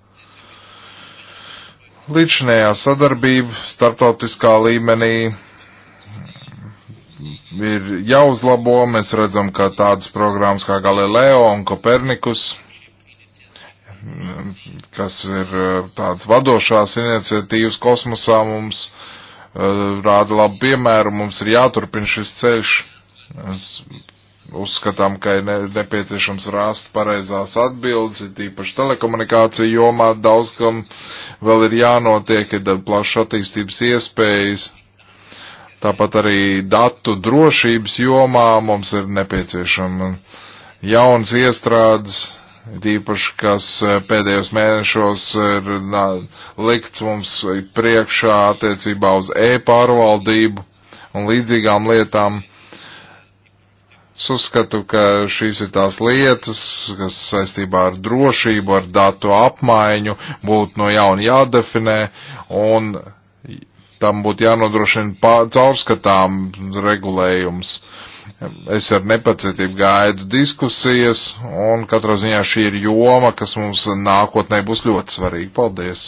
Līdzinējā sadarbība starptautiskā līmenī ir jāuzlabo. Mēs redzam, ka tādas programmas kā Galileo un Kopernikus, kas ir eh, tādas vadošās iniciatīvas kosmosā, mums eh, rāda labu piemēru. Mums ir jāturpina šis ceļš. Es Uzskatām, ka ir nepieciešams rast pareizās atbildes, tīpaši telekomunikāciju jomā daudz kam vēl ir jānotiek, ir plašas attīstības iespējas. Tāpat arī datu drošības jomā mums ir nepieciešama jauns iestrādes, tīpaši, kas eh, pēdējos mēnešos ir nā, likts mums priekšā attiecībā uz e-pārvaldību un līdzīgām lietām Es uzskatu, ka šīs ir tās lietas, kas saistībā ar drošību, ar datu apmaiņu būtu no jauna jādefinē, un tam būtu jānodrošina caurskatām regulējums. Es ar nepacietību gaidu diskusijas, un katrā ziņā šī ir joma, kas mums nākotnē būs ļoti svarīga. Paldies!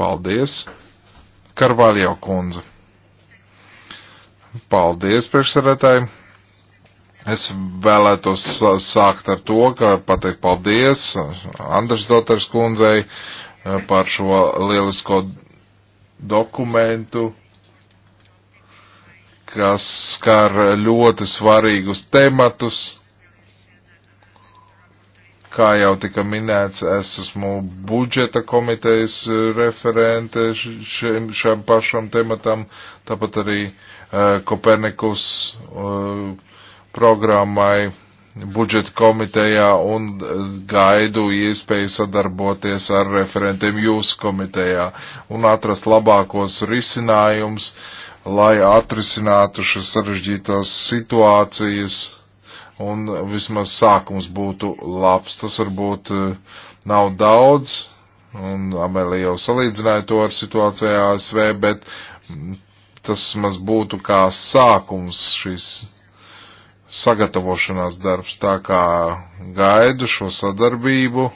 Paldies! Karvaļo kundze! Paldies, priekšsarētāji! Es vēlētos sākt ar to, ka pateikt paldies Andras Dotars kundzei eh, par šo lielisko dokumentu, kas skar ļoti svarīgus tematus. Kā jau tika minēts, es esmu budžeta komitejas eh, referente šim, šim pašam tematam, tāpat arī uh, Kopernikus uh, programmai budžeta komitejā un eh, gaidu iespēju sadarboties ar referentiem jūsu komitejā un atrast labākos risinājumus, lai atrisinātu šas sarežģītās situācijas un vismaz sākums būtu labs. Tas varbūt eh, nav daudz, un Amelija jau salīdzināja to ar situācijā ASV, bet mm, tas maz būtu kā sākums šīs sagatavošanās darbs, tā kā gaidu šo sadarbību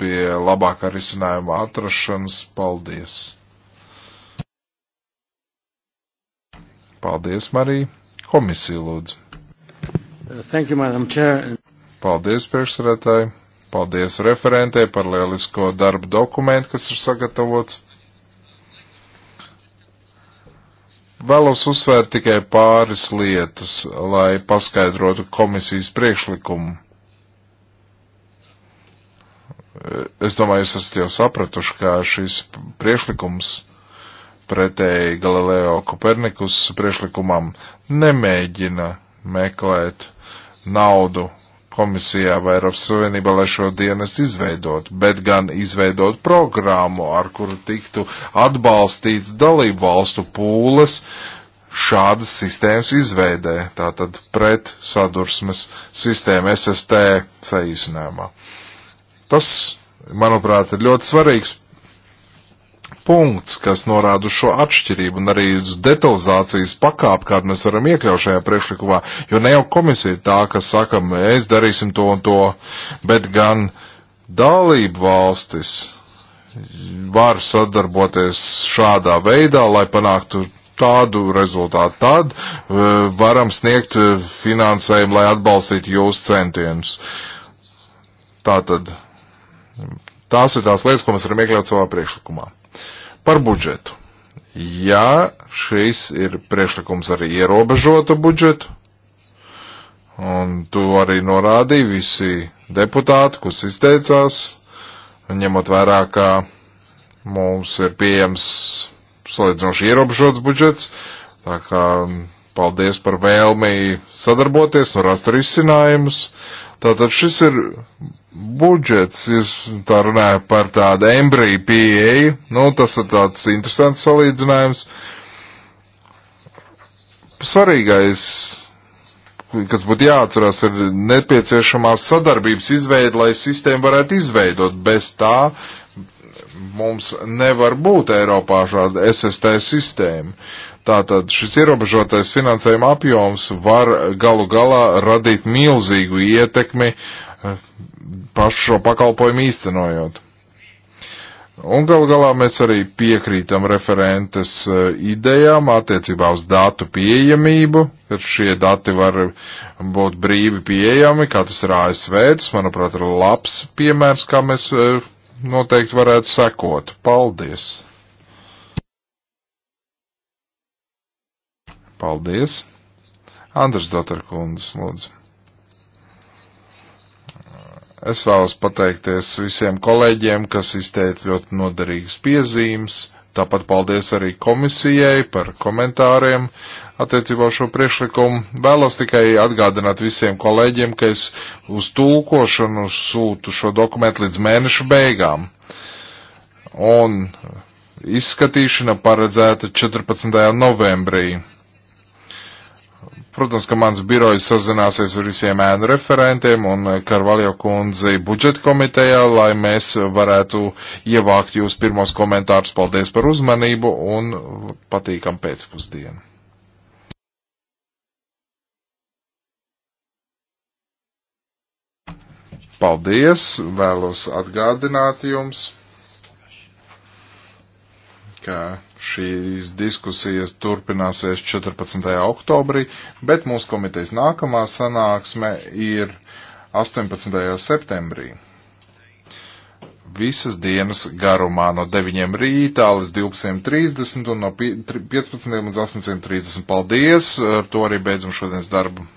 pie labākā risinājuma atrašanas. Paldies! Paldies, Marija! Komisija lūdzu! Thank you, Madam Chair. Paldies, priekšsarētāji! Paldies referentē par lielisko darbu dokumentu, kas ir sagatavots. Vēlos uzsvērt tikai pāris lietas, lai paskaidrotu komisijas priekšlikumu. Es domāju, jūs esat jau sapratuši, ka šis priekšlikums pretēji Galileo Kopernikus priekšlikumam nemēģina meklēt naudu komisijā vai Eiropas Savienībā, lai šo dienestu izveidot, bet gan izveidot programmu, ar kuru tiktu atbalstīts dalību valstu pūles šādas sistēmas izveidē, tātad pret sadursmes sistēmu SST saīsinājumā. Tas, manuprāt, ir ļoti svarīgs punkts, kas norāda uz šo atšķirību un arī uz detalizācijas pakāpi, kādu mēs varam iekļaut šajā priekšlikumā, jo ne jau komisija tā, kas saka, mēs darīsim to un to, bet gan dalību valstis var sadarboties šādā veidā, lai panāktu tādu rezultātu. Tad e, varam sniegt e, finansējumu, lai atbalstītu jūsu centienus. Tātad. Tās ir tās lietas, ko mēs varam iekļaut savā priekšlikumā. Par budžetu. Ja šis ir priekšlikums arī ierobežotu budžetu, un to arī norādīja visi deputāti, kas izteicās, ņemot vērā, ka mums ir pieejams salīdzinoši ierobežots budžets, tā kā paldies par vēlmi sadarboties un rast risinājumus. Tātad šis ir budžets, jūs tā runājat par tādu embriju pieeju, nu tas ir tāds interesants salīdzinājums. Svarīgais, kas būtu jāatcerās, ir nepieciešamā sadarbības izveida, lai sistēmu varētu izveidot. Bez tā mums nevar būt Eiropā šāda SST sistēma. Tātad šis ierobežotais finansējuma apjoms var galu galā radīt milzīgu ietekmi uh, pašu šo pakalpojumu īstenojot. Un gal galā mēs arī piekrītam referentes eh, idejām attiecībā uz datu pieejamību, ka šie dati var būt brīvi pieejami, kā tas ir ASV, tas, manuprāt, ir labs piemērs, kā mēs eh, noteikti varētu sekot. Paldies! Paldies! Andrs Dotarkundas, lūdzu. Es vēlos pateikties visiem kolēģiem, kas izteica ļoti noderīgas piezīmes. Tāpat paldies arī komisijai par komentāriem attiecībā šo priekšlikumu. Vēlos tikai atgādināt visiem kolēģiem, ka es uz tulkošanu sūtu šo dokumentu līdz mēneša beigām. Un izskatīšana paredzēta 14. novembrī. Protams, ka mans birojs sazināsies ar visiem ēnu referentiem un eh, Karvaljo kundzi budžeta komitejā, lai mēs varētu ievākt jūs pirmos komentārus. Paldies par uzmanību un patīkam pēcpusdienu. Paldies, vēlos atgādināt jums ka šīs diskusijas turpināsies 14. oktobrī, bet mūsu komitejas nākamā sanāksme ir 18. septembrī. Visas dienas garumā no 9 rītā līdz 12.30 un no 15 līdz 18.30. Paldies! Ar to arī beidzam šodienas darbu.